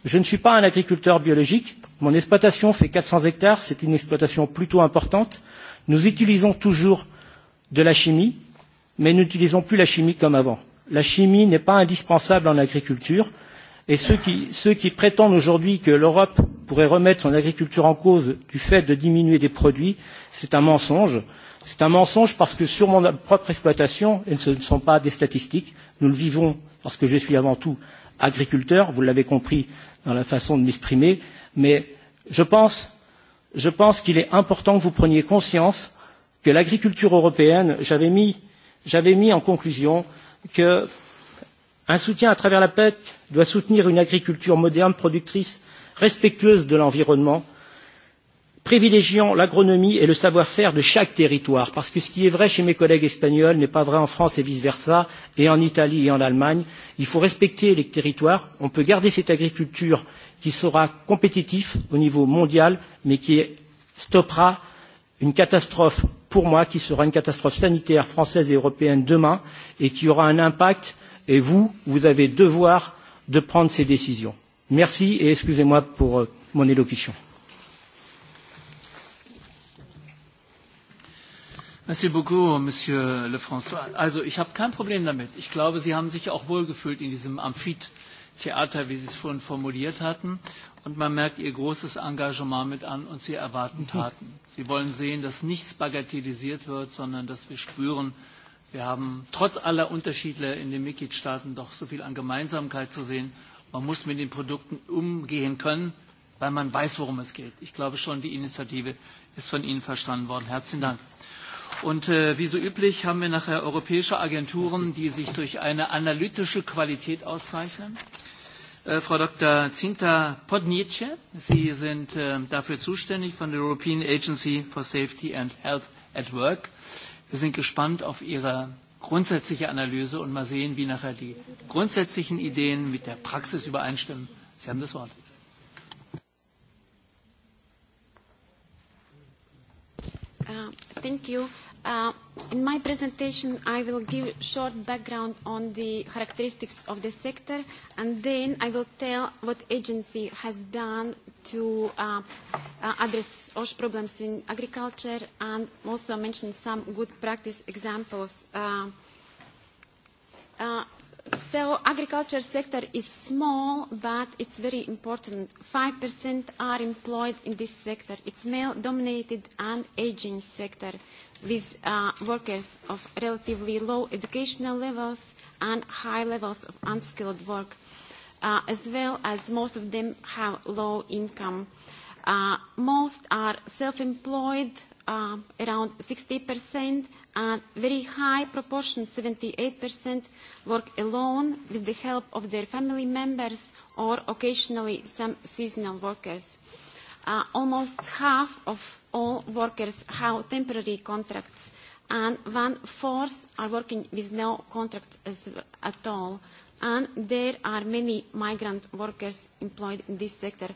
je ne suis pas un agriculteur biologique, mon exploitation fait 400 hectares, c'est une exploitation plutôt importante, Nous utilisons toujours de la chimie, mais nous n'utilisons plus la chimie comme avant. La chimie n'est pas indispensable en agriculture, et ceux qui, ceux qui prétendent aujourd'hui que l'Europe pourrait remettre son agriculture en cause du fait de diminuer des produits, c'est un mensonge. C'est un mensonge parce que sur mon propre exploitation, et ce ne sont pas des statistiques, nous le vivons parce que je suis avant tout agriculteur, vous l'avez compris dans la façon de m'exprimer, mais je pense je pense qu'il est important que vous preniez conscience que l'agriculture européenne, j'avais mis, mis en conclusion que un soutien à travers la PEC doit soutenir une agriculture moderne, productrice, respectueuse de l'environnement, privilégiant l'agronomie et le savoir-faire de chaque territoire, parce que ce qui est vrai chez mes collègues espagnols n'est pas vrai en France et vice-versa, et en Italie et en Allemagne. Il faut respecter les territoires, on peut garder cette agriculture qui sera compétitive au niveau mondial, mais qui stoppera une catastrophe pour moi, qui sera une catastrophe sanitaire française et européenne demain, et qui aura un impact, et vous, vous avez devoir de prendre ces décisions. Merci et excusez-moi pour euh, mon élocution. Merci beaucoup, Monsieur Lefrançois. Also ich habe kein Problem damit. Ich glaube, Sie haben sich auch wohlgefühlt in diesem Amphitheater, wie Sie es vorhin formuliert hatten. Und man merkt Ihr großes Engagement mit an und Sie erwarten mhm. Taten. Sie wollen sehen, dass nichts bagatellisiert wird, sondern dass wir spüren, wir haben trotz aller Unterschiede in den Mitgliedstaaten doch so viel an Gemeinsamkeit zu sehen. Man muss mit den Produkten umgehen können, weil man weiß, worum es geht. Ich glaube schon, die Initiative ist von Ihnen verstanden worden. Herzlichen Dank. Und äh, wie so üblich haben wir nachher europäische Agenturen, die sich durch eine analytische Qualität auszeichnen. Äh, Frau Dr. Zinta Podnice, Sie sind äh, dafür zuständig von der European Agency for Safety and Health at Work. Wir sind gespannt auf Ihre grundsätzliche Analyse und mal sehen, wie nachher die grundsätzlichen Ideen mit der Praxis übereinstimmen. Sie haben das Wort. Uh, thank you. Uh, in my presentation, I will give short background on the characteristics of the sector, and then I will tell what agency has done to uh, uh, address OSH problems in agriculture, and also mention some good practice examples. Uh, uh, so agriculture sector is small, but it's very important. 5% are employed in this sector. It's male-dominated and aging sector with uh, workers of relatively low educational levels and high levels of unskilled work, uh, as well as most of them have low income. Uh, most are self-employed, uh, around 60%, and very high proportion, 78%, work alone with the help of their family members or occasionally some seasonal workers uh, almost half of all workers have temporary contracts and one-fourth are working with no contracts as, at all. And there are many migrant workers employed in this sector.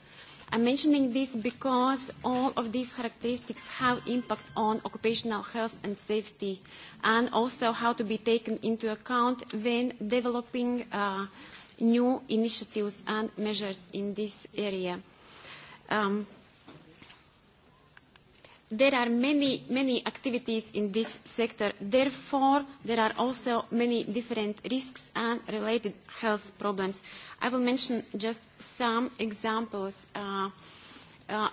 I'm mentioning this because all of these characteristics have impact on occupational health and safety and also how to be taken into account when developing uh, new initiatives and measures in this area. Um, there are many, many activities in this sector. Therefore, there are also many different risks and related health problems. I will mention just some examples. Uh, uh,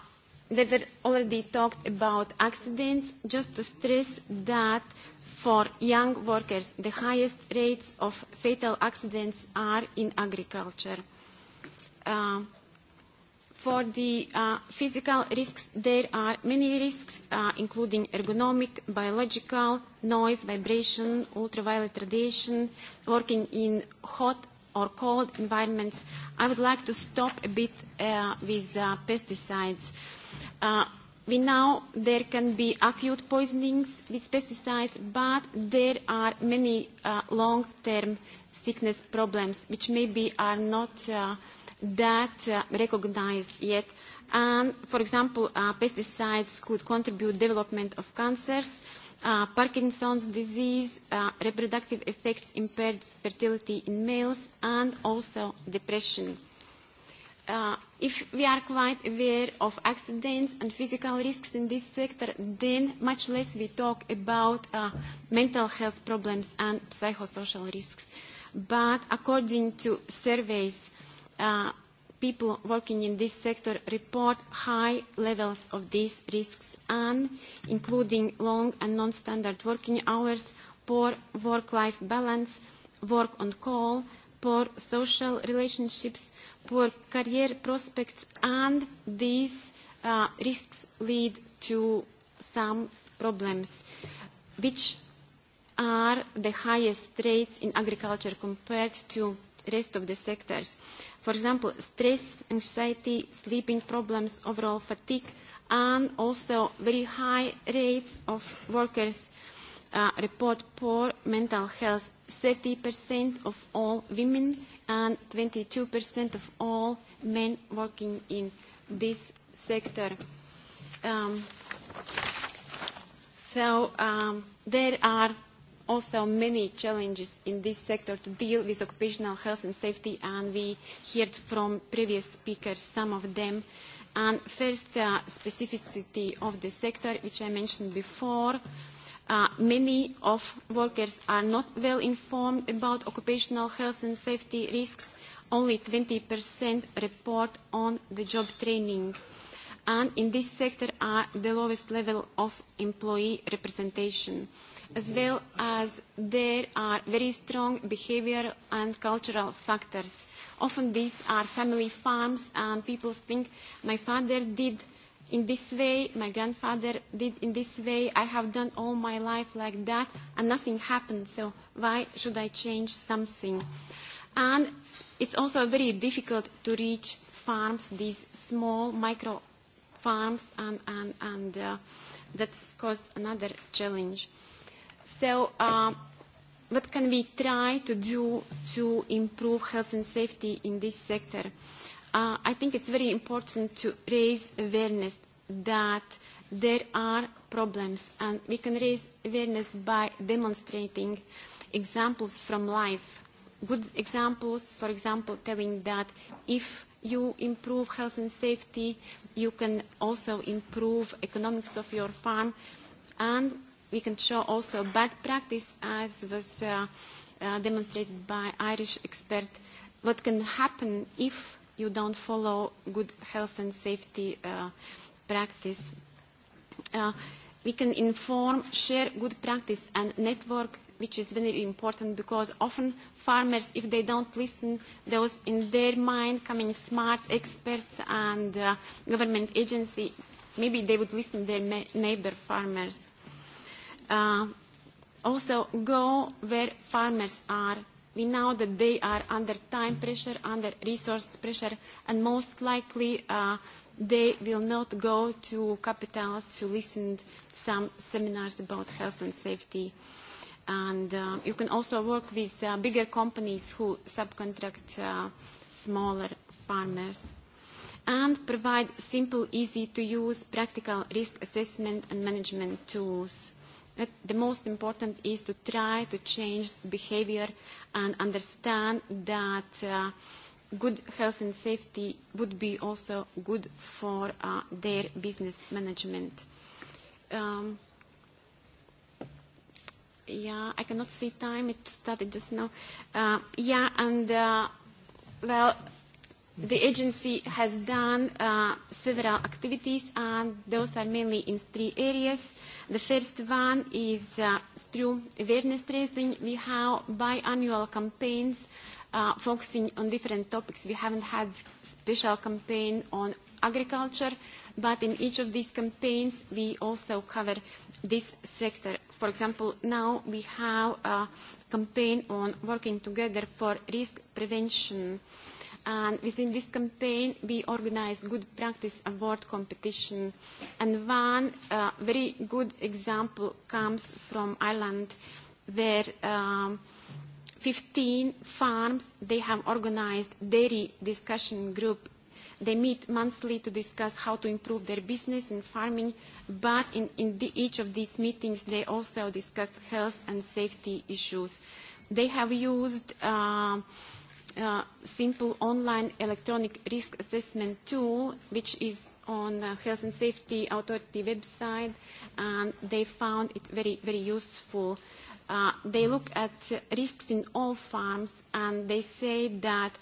that were already talked about accidents, just to stress that for young workers, the highest rates of fatal accidents are in agriculture. Uh, for the uh, physical risks, there are many risks, uh, including ergonomic, biological, noise, vibration, ultraviolet radiation, working in hot or cold environments. I would like to stop a bit uh, with uh, pesticides. Uh, we know there can be acute poisonings with pesticides, but there are many uh, long-term sickness problems, which maybe are not uh, that uh, recognized yet. And, for example, uh, pesticides could contribute development of cancers, uh, Parkinson's disease, uh, reproductive effects, impaired fertility in males, and also depression. Uh, if we are quite aware of accidents and physical risks in this sector, then much less we talk about uh, mental health problems and psychosocial risks. But according to surveys, uh, people working in this sector report high levels of these risks and including long and non-standard working hours, poor work-life balance, work on call, poor social relationships, poor career prospects, and these uh, risks lead to some problems, which are the highest rates in agriculture compared to rest of the sectors. For example, stress, anxiety, sleeping problems, overall fatigue, and also very high rates of workers uh, report poor mental health. 30% of all women and 22% of all men working in this sector. Um, so um, there are also many challenges in this sector to deal with occupational health and safety, and we heard from previous speakers some of them. And first, uh, specificity of the sector, which I mentioned before. Uh, many of workers are not well informed about occupational health and safety risks. Only 20% report on the job training and in this sector are the lowest level of employee representation as well as there are very strong behavior and cultural factors. Often these are family farms and people think my father did in this way, my grandfather did in this way, I have done all my life like that and nothing happened, so why should I change something? And it's also very difficult to reach farms, these small micro farms, and, and, and uh, that's caused another challenge. So uh, what can we try to do to improve health and safety in this sector? Uh, I think it's very important to raise awareness that there are problems and we can raise awareness by demonstrating examples from life. Good examples, for example, telling that if you improve health and safety, you can also improve economics of your farm and we can show also bad practice as was uh, uh, demonstrated by Irish expert what can happen if you don't follow good health and safety uh, practice. Uh, we can inform, share good practice and network, which is very important because often farmers, if they don't listen, those in their mind coming smart experts and uh, government agency, maybe they would listen to their neighbor farmers uh, also go where farmers are. We know that they are under time pressure, under resource pressure, and most likely uh, they will not go to capital to listen to some seminars about health and safety. And uh, you can also work with uh, bigger companies who subcontract uh, smaller farmers and provide simple, easy to use practical risk assessment and management tools the most important is to try to change behavior and understand that uh, good health and safety would be also good for uh, their business management. Um, yeah, I cannot see time. It started just now. Uh, yeah, and uh, well, the agency has done uh, several activities, and those are mainly in three areas. The first one is uh, through awareness raising. We have biannual campaigns uh, focusing on different topics. We haven't had special campaign on agriculture, but in each of these campaigns, we also cover this sector. For example, now we have a campaign on working together for risk prevention. Uh, And within this campaign, we organized good practice award competition. And one uh, very good example comes from Ireland, where um, 15 farms, they have organized dairy discussion group. They meet monthly to discuss how to improve their business and farming, but in, in the, each of these meetings, they also discuss health and safety issues. They have used... Uh, a uh, simple online electronic risk assessment tool, which is on the uh, Health and Safety Authority website, and they found it very, very useful. Uh, they look at risks in all farms, and they say that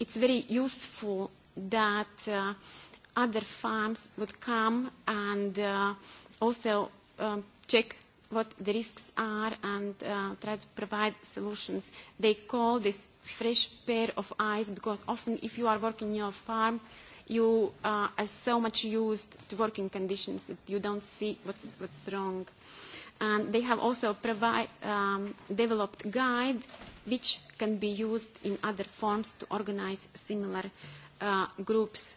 it's very useful that uh, other farms would come and uh, also um, check what the risks are and uh, try to provide solutions. They call this fresh pair of eyes because often if you are working in your farm, you uh, are so much used to working conditions that you don't see what's, what's wrong. And they have also provide, um, developed guide which can be used in other forms to organize similar uh, groups.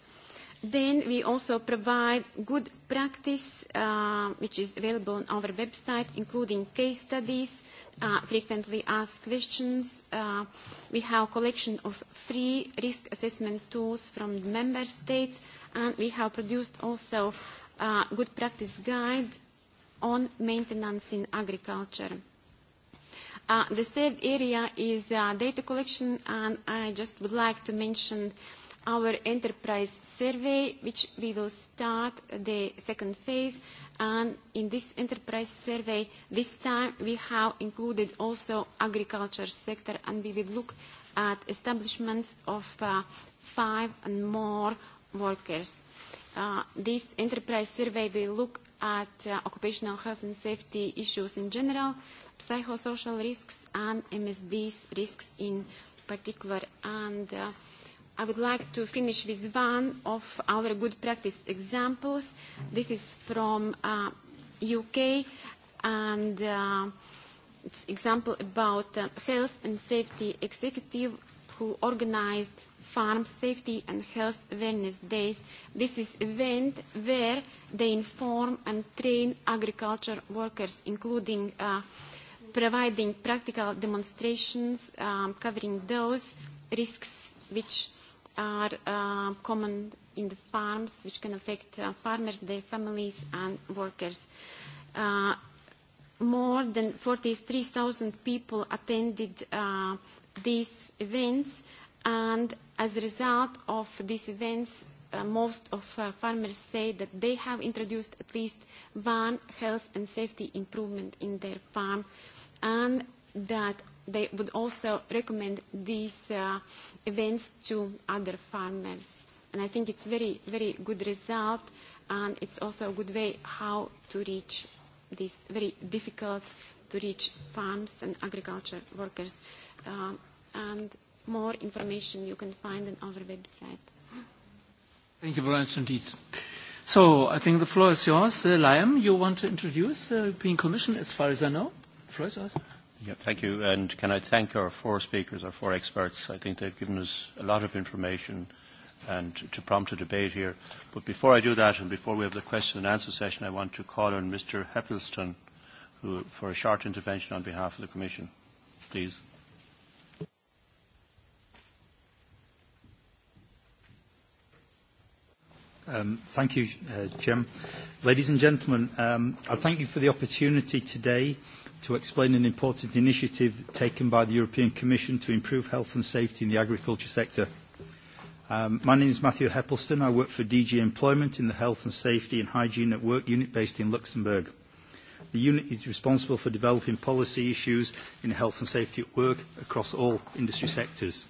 Then we also provide good practice, uh, which is available on our website, including case studies, uh, frequently asked questions. Uh, we have a collection of free risk assessment tools from the member states, and we have produced also a uh, good practice guide on maintenance in agriculture. Uh, the third area is uh, data collection, and I just would like to mention uh, our enterprise survey, which we will start the second phase. And in this enterprise survey, this time we have included also agriculture sector, and we will look at establishments of uh, five and more workers. Uh, this enterprise survey will look at uh, occupational health and safety issues in general, psychosocial risks, and MSD's risks in particular. And uh, I would like to finish with one of our good practice examples. This is from uh, UK and uh, it's example about uh, health and safety executive who organized farm safety and health awareness days. This is event where they inform and train agriculture workers, including uh, providing practical demonstrations um, covering those risks which are uh, common in the farms, which can affect uh, farmers, their families, and workers. Uh, more than 43,000 people attended uh, these events, and as a result of these events, uh, most of uh, farmers say that they have introduced at least one health and safety improvement in their farm, and that they would also recommend these uh, events to other farmers. And I think it's very, very good result, and it's also a good way how to reach these very difficult to reach farms and agriculture workers. Uh, and more information you can find on our website. Thank you very much indeed. So I think the floor is yours. Uh, Liam, you want to introduce the uh, European Commission as far as I know? The floor is yours. Yeah, thank you. And can I thank our four speakers, our four experts? I think they've given us a lot of information and to prompt a debate here. But before I do that and before we have the question and answer session, I want to call on Mr. Heppelston who, for a short intervention on behalf of the Commission. Please. Um, thank you, uh, Jim. Ladies and gentlemen, um, I thank you for the opportunity today to explain an important initiative taken by the European Commission to improve health and safety in the agriculture sector. Um, my name is Matthew Heppelston. I work for DG Employment in the Health and Safety and Hygiene at Work unit based in Luxembourg. The unit is responsible for developing policy issues in health and safety at work across all industry sectors.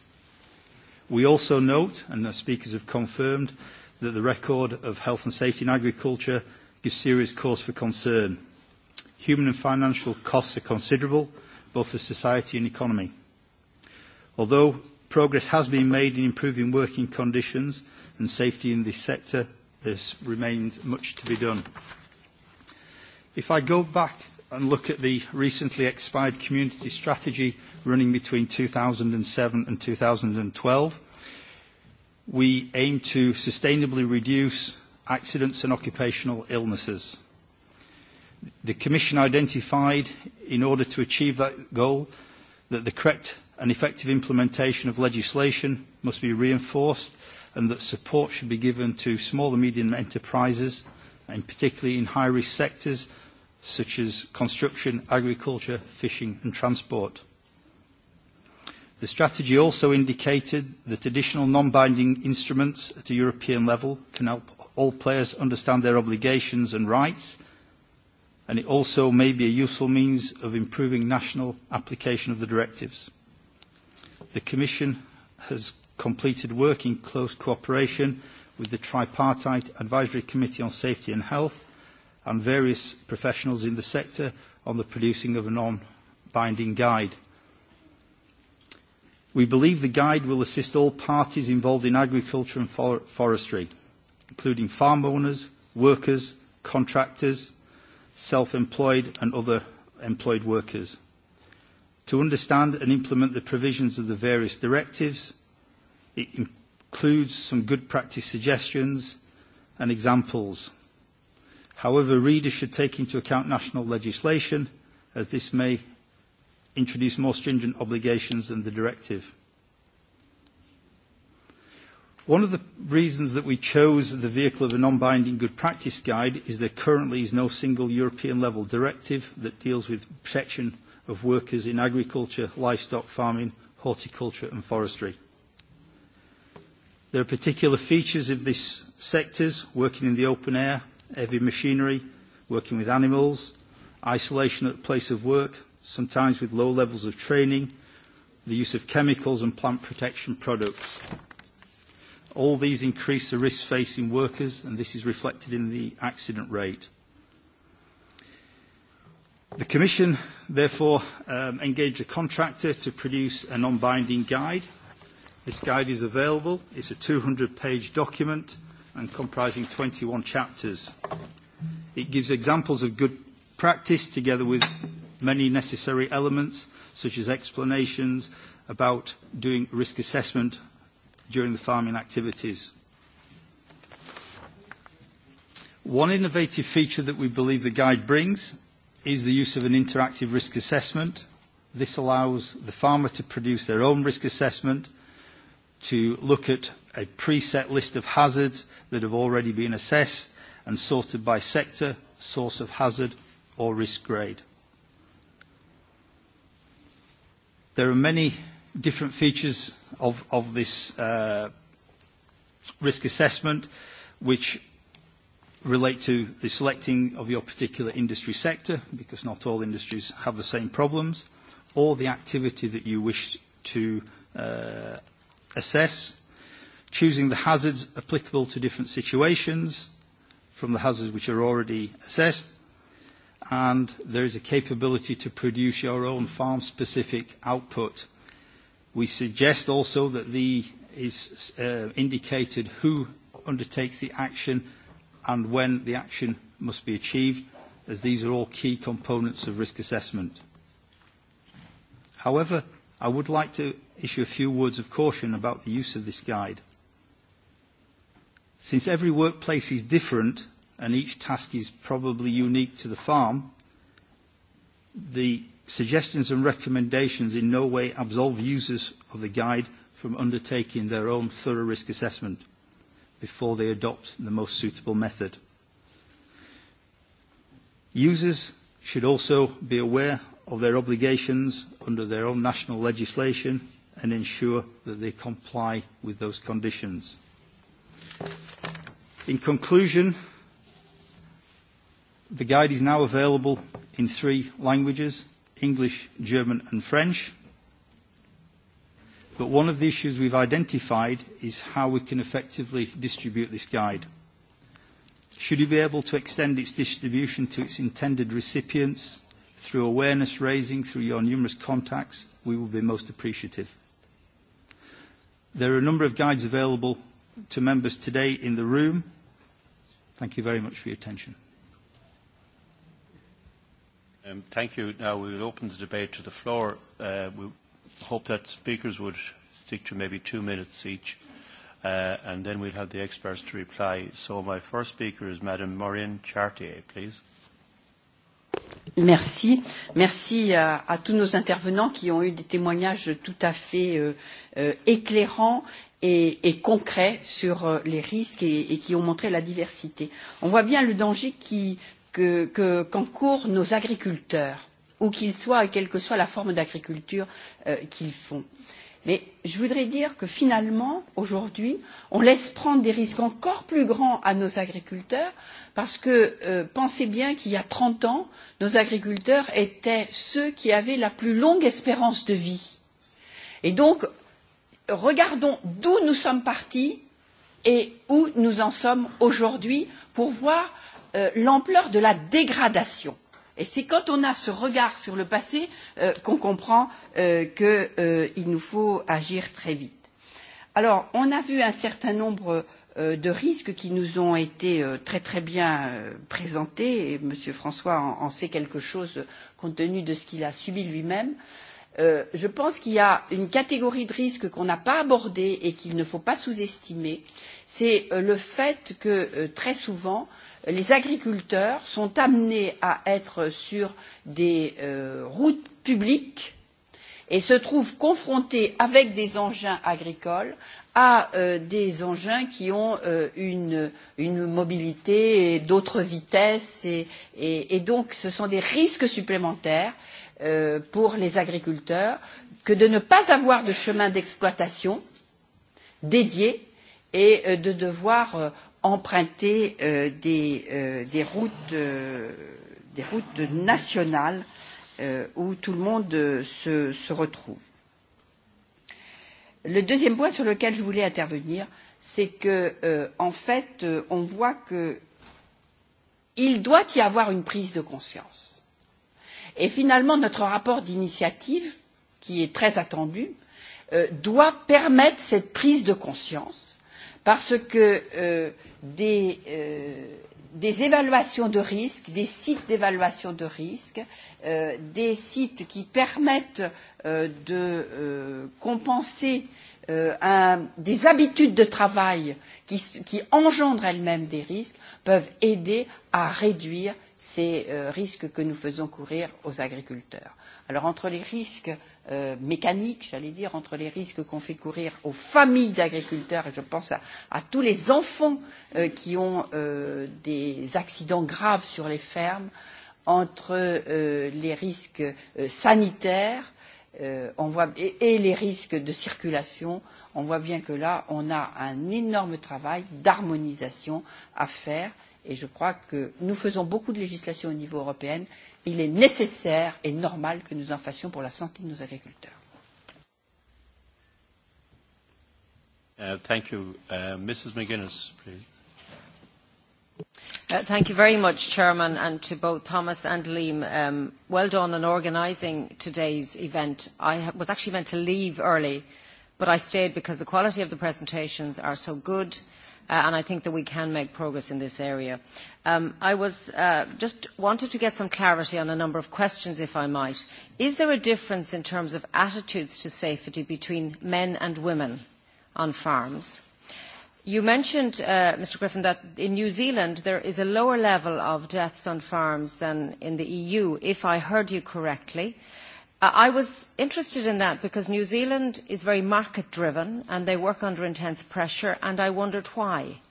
We also note, and the speakers have confirmed, that the record of health and safety in agriculture gives serious cause for concern human and financial costs are considerable, both for society and economy. Although progress has been made in improving working conditions and safety in this sector, there remains much to be done. If I go back and look at the recently expired community strategy running between 2007 and 2012, we aim to sustainably reduce accidents and occupational illnesses. The Commission identified, in order to achieve that goal, that the correct and effective implementation of legislation must be reinforced and that support should be given to small and medium enterprises, and particularly in high-risk sectors such as construction, agriculture, fishing and transport. The strategy also indicated that additional non-binding instruments at a European level can help all players understand their obligations and rights – and it also may be a useful means of improving national application of the directives. The Commission has completed work in close cooperation with the Tripartite Advisory Committee on Safety and Health and various professionals in the sector on the producing of a non-binding guide. We believe the guide will assist all parties involved in agriculture and for forestry, including farm owners, workers, contractors, self-employed and other employed workers. To understand and implement the provisions of the various directives, it includes some good practice suggestions and examples. However, readers should take into account national legislation, as this may introduce more stringent obligations than the directive. One of the reasons that we chose the vehicle of a non-binding good practice guide is there currently is no single European level directive that deals with protection of workers in agriculture, livestock farming, horticulture and forestry. There are particular features of these sectors, working in the open air, heavy machinery, working with animals, isolation at the place of work, sometimes with low levels of training, the use of chemicals and plant protection products. All these increase the risk facing workers, and this is reflected in the accident rate. The Commission therefore um, engaged a contractor to produce a non-binding guide. This guide is available. It's a 200-page document and comprising 21 chapters. It gives examples of good practice together with many necessary elements such as explanations about doing risk assessment during the farming activities. One innovative feature that we believe the guide brings is the use of an interactive risk assessment. This allows the farmer to produce their own risk assessment, to look at a preset list of hazards that have already been assessed and sorted by sector, source of hazard or risk grade. There are many different features of, of this uh, risk assessment, which relate to the selecting of your particular industry sector, because not all industries have the same problems, or the activity that you wish to uh, assess, choosing the hazards applicable to different situations from the hazards which are already assessed, and there is a capability to produce your own farm-specific output We suggest also that the is uh, indicated who undertakes the action and when the action must be achieved, as these are all key components of risk assessment. However, I would like to issue a few words of caution about the use of this guide. Since every workplace is different and each task is probably unique to the farm, the suggestions and recommendations in no way absolve users of the guide from undertaking their own thorough risk assessment before they adopt the most suitable method. Users should also be aware of their obligations under their own national legislation and ensure that they comply with those conditions. In conclusion, the guide is now available in three languages, English, German and French. But one of the issues we've identified is how we can effectively distribute this guide. Should you be able to extend its distribution to its intended recipients through awareness raising, through your numerous contacts, we will be most appreciative. There are a number of guides available to members today in the room. Thank you very much for your attention. Um, thank you. Now we will open the debate to the floor. Uh, we hope that speakers would stick to maybe two minutes each, uh, and then we'll have the experts to reply. So my first speaker is Madame Maureen Chartier, please. Merci. Merci à, à tous nos intervenants qui ont eu des témoignages tout à fait euh, euh, éclairants et, et concrets sur euh, les risques et, et qui ont montré la diversité. On voit bien le danger qui que, que, qu'encourent nos agriculteurs, où qu'ils soient et quelle que soit la forme d'agriculture euh, qu'ils font. Mais je voudrais dire que finalement, aujourd'hui, on laisse prendre des risques encore plus grands à nos agriculteurs parce que euh, pensez bien qu'il y a 30 ans, nos agriculteurs étaient ceux qui avaient la plus longue espérance de vie. Et donc, regardons d'où nous sommes partis et où nous en sommes aujourd'hui pour voir euh, l'ampleur de la dégradation. Et c'est quand on a ce regard sur le passé euh, qu'on comprend euh, qu'il euh, nous faut agir très vite. Alors, on a vu un certain nombre euh, de risques qui nous ont été euh, très très bien euh, présentés, et M. François en, en sait quelque chose compte tenu de ce qu'il a subi lui-même. Euh, je pense qu'il y a une catégorie de risques qu'on n'a pas abordée et qu'il ne faut pas sous-estimer, c'est euh, le fait que euh, très souvent, les agriculteurs sont amenés à être sur des euh, routes publiques et se trouvent confrontés avec des engins agricoles à euh, des engins qui ont euh, une, une mobilité et d'autres vitesses et, et, et donc ce sont des risques supplémentaires euh, pour les agriculteurs que de ne pas avoir de chemin d'exploitation dédié et euh, de devoir euh, emprunter euh, des, euh, des, routes, euh, des routes nationales euh, où tout le monde euh, se, se retrouve. Le deuxième point sur lequel je voulais intervenir, c'est que, euh, en fait, euh, on voit que il doit y avoir une prise de conscience. Et finalement, notre rapport d'initiative, qui est très attendu, euh, doit permettre cette prise de conscience parce que euh, des, euh, des évaluations de risque, des sites d'évaluation de risque, euh, des sites qui permettent euh, de euh, compenser euh, un, des habitudes de travail qui, qui engendrent elles-mêmes des risques, peuvent aider à réduire ces euh, risques que nous faisons courir aux agriculteurs. Alors entre les risques euh, mécanique, j'allais dire, entre les risques qu'on fait courir aux familles d'agriculteurs, et je pense à, à tous les enfants euh, qui ont euh, des accidents graves sur les fermes, entre euh, les risques euh, sanitaires euh, on voit, et, et les risques de circulation, on voit bien que là, on a un énorme travail d'harmonisation à faire. Et je crois que nous faisons beaucoup de législation au niveau européen, il est nécessaire et normal que nous en fassions pour la santé de nos agriculteurs. Uh, thank you. Uh, Mrs. McGuinness, please. Uh, thank you very much, Chairman, and to both Thomas and Liam. Um, well done on organising today's event. I was actually meant to leave early, but I stayed because the quality of the presentations are so good uh, and I think that we can make progress in this area. Um, I was uh, just wanted to get some clarity on a number of questions, if I might. Is there a difference in terms of attitudes to safety between men and women on farms? You mentioned, uh, Mr Griffin, that in New Zealand there is a lower level of deaths on farms than in the EU, if I heard you correctly. I was interested in that because New Zealand is very market driven and they work under intense pressure and I wondered why.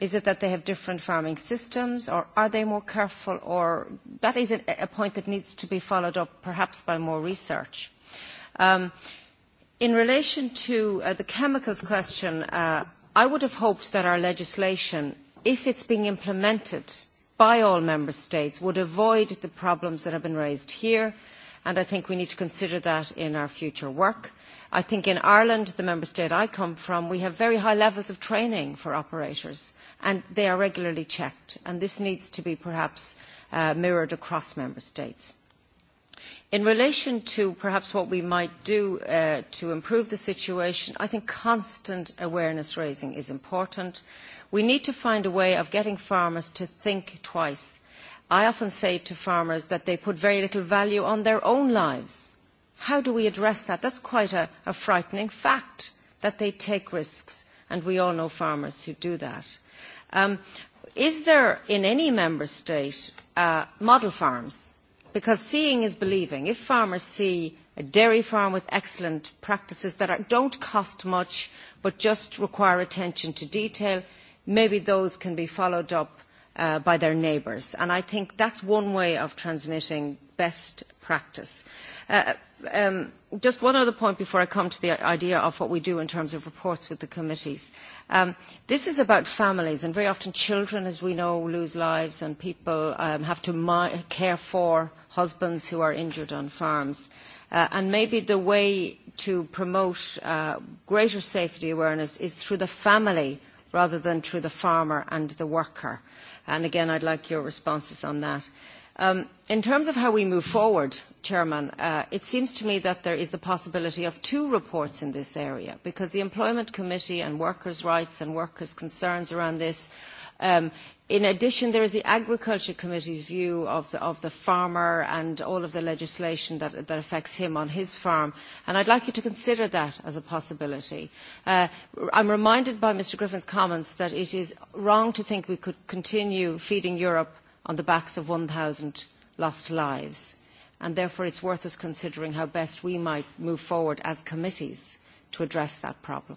Is it that they have different farming systems or are they more careful or that is a point that needs to be followed up perhaps by more research. Um, in relation to uh, the chemicals question, uh, I would have hoped that our legislation, if it's being implemented by all member states, would avoid the problems that have been raised here – and I think we need to consider that in our future work. I think in Ireland, the member state I come from, we have very high levels of training for operators and they are regularly checked and this needs to be perhaps uh, mirrored across member states. In relation to perhaps what we might do uh, to improve the situation, I think constant awareness raising is important. We need to find a way of getting farmers to think twice I often say to farmers that they put very little value on their own lives. How do we address that? That's quite a, a frightening fact that they take risks, and we all know farmers who do that. Um, is there in any member state uh, model farms? Because seeing is believing. If farmers see a dairy farm with excellent practices that are, don't cost much but just require attention to detail, maybe those can be followed up uh, by their neighbours. And I think that's one way of transmitting best practice. Uh, um, just one other point before I come to the idea of what we do in terms of reports with the committees. Um, this is about families, and very often children, as we know, lose lives, and people um, have to care for husbands who are injured on farms. Uh, and maybe the way to promote uh, greater safety awareness is through the family rather than through the farmer and the worker. And again, I'd like your responses on that. Um, in terms of how we move forward, Chairman, uh, it seems to me that there is the possibility of two reports in this area because the Employment Committee and workers' rights and workers' concerns around this Um, in addition, there is the Agriculture Committee's view of the, of the farmer and all of the legislation that, that affects him on his farm, and I'd like you to consider that as a possibility. Uh, I'm reminded by Mr Griffin's comments that it is wrong to think we could continue feeding Europe on the backs of 1,000 lost lives, and therefore it's worth us considering how best we might move forward as committees to address that problem.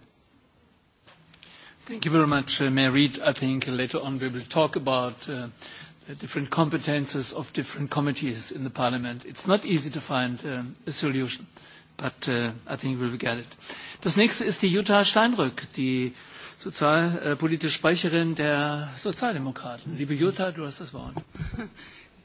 Thank you very much, uh, Mayor Reid. I think later on we will talk about uh, the different competences of different committees in the Parliament. It's not easy to find uh, a solution, but uh, I think we will get it. Das nächste ist die Jutta Steinrück, die sozialpolitische äh, Sprecherin der Sozialdemokraten. Liebe Jutta, du hast das Wort.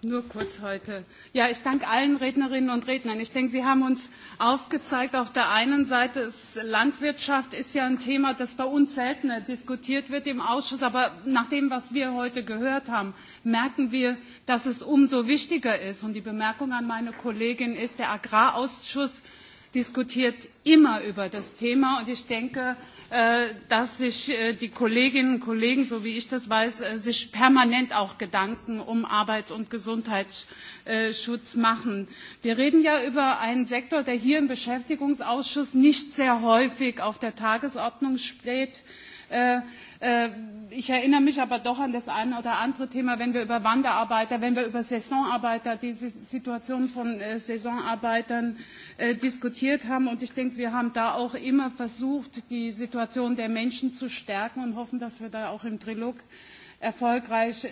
Nur kurz heute. Ja, ich danke allen Rednerinnen und Rednern. Ich denke, Sie haben uns aufgezeigt, auf der einen Seite ist Landwirtschaft ist ja ein Thema, das bei uns seltener diskutiert wird im Ausschuss. Aber nach dem, was wir heute gehört haben, merken wir, dass es umso wichtiger ist. Und die Bemerkung an meine Kollegin ist, der Agrarausschuss diskutiert immer über das Thema und ich denke, äh, dass sich äh, die Kolleginnen und Kollegen, so wie ich das weiß, äh, sich permanent auch Gedanken um Arbeits- und Gesundheitsschutz machen. Wir reden ja über einen Sektor, der hier im Beschäftigungsausschuss nicht sehr häufig auf der Tagesordnung steht Äh, ich erinnere mich aber doch an das eine oder andere Thema, wenn wir über Wanderarbeiter, wenn wir über Saisonarbeiter, die Situation von äh, Saisonarbeitern äh, diskutiert haben. Und ich denke, wir haben da auch immer versucht, die Situation der Menschen zu stärken und hoffen, dass wir da auch im Trilog erfolgreich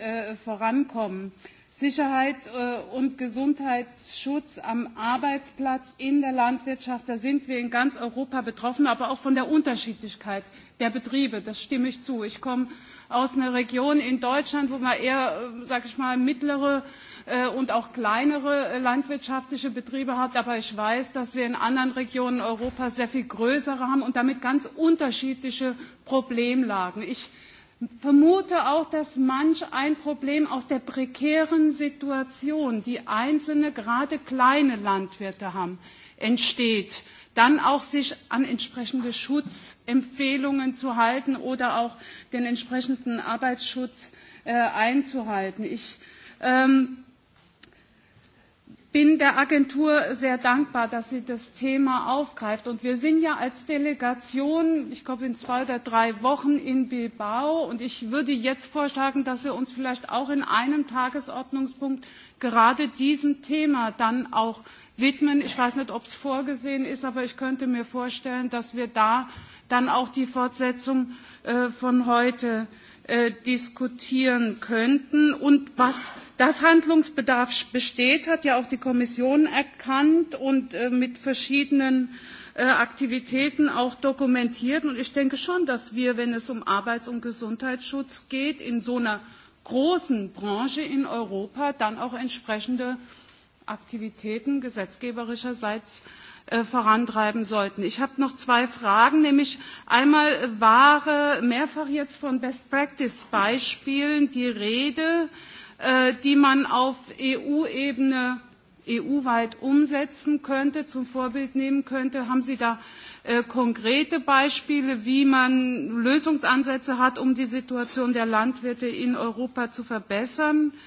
vorankommen. Äh, Sicherheit äh, und Gesundheitsschutz am Arbeitsplatz in der Landwirtschaft, da sind wir in ganz Europa betroffen, aber auch von der Unterschiedlichkeit der Betriebe. Das stimme ich zu. Ich komme aus einer Region in Deutschland, wo man eher, äh, sage ich mal, mittlere äh, und auch kleinere äh, landwirtschaftliche Betriebe hat. Aber ich weiß, dass wir in anderen Regionen Europas sehr viel größere haben und damit ganz unterschiedliche Problemlagen. Ich vermute auch, dass manch ein Problem aus der prekären Situation, die einzelne, gerade kleine Landwirte haben, entsteht, dann auch sich an entsprechende Schutzempfehlungen zu halten oder auch den entsprechenden Arbeitsschutz äh, einzuhalten. Ich ähm, bin der Agentur sehr dankbar, dass sie das Thema aufgreift. Und wir sind ja als Delegation, ich glaube, in zwei oder drei Wochen in Bilbao. Und ich würde jetzt vorschlagen, dass wir uns vielleicht auch in einem Tagesordnungspunkt gerade diesem Thema dann auch widmen. Ich weiß nicht, ob es vorgesehen ist, aber ich könnte mir vorstellen, dass wir da dann auch die Fortsetzung äh, von heute äh, Äh, diskutieren könnten und was das Handlungsbedarf besteht, hat ja auch die Kommission erkannt und äh, mit verschiedenen äh, Aktivitäten auch dokumentiert. Und ich denke schon, dass wir, wenn es um Arbeits- und Gesundheitsschutz geht, in so einer großen Branche in Europa dann auch entsprechende Aktivitäten gesetzgeberischerseits äh, Äh, vorantreiben sollten. Ich habe noch zwei Fragen, nämlich einmal war mehrfach jetzt von Best Practice Beispielen die Rede, äh, die man auf EU-Ebene EU-weit umsetzen könnte, zum Vorbild nehmen könnte. Haben Sie da äh, konkrete Beispiele, wie man Lösungsansätze hat, um die Situation der Landwirte in Europa zu verbessern? Äh,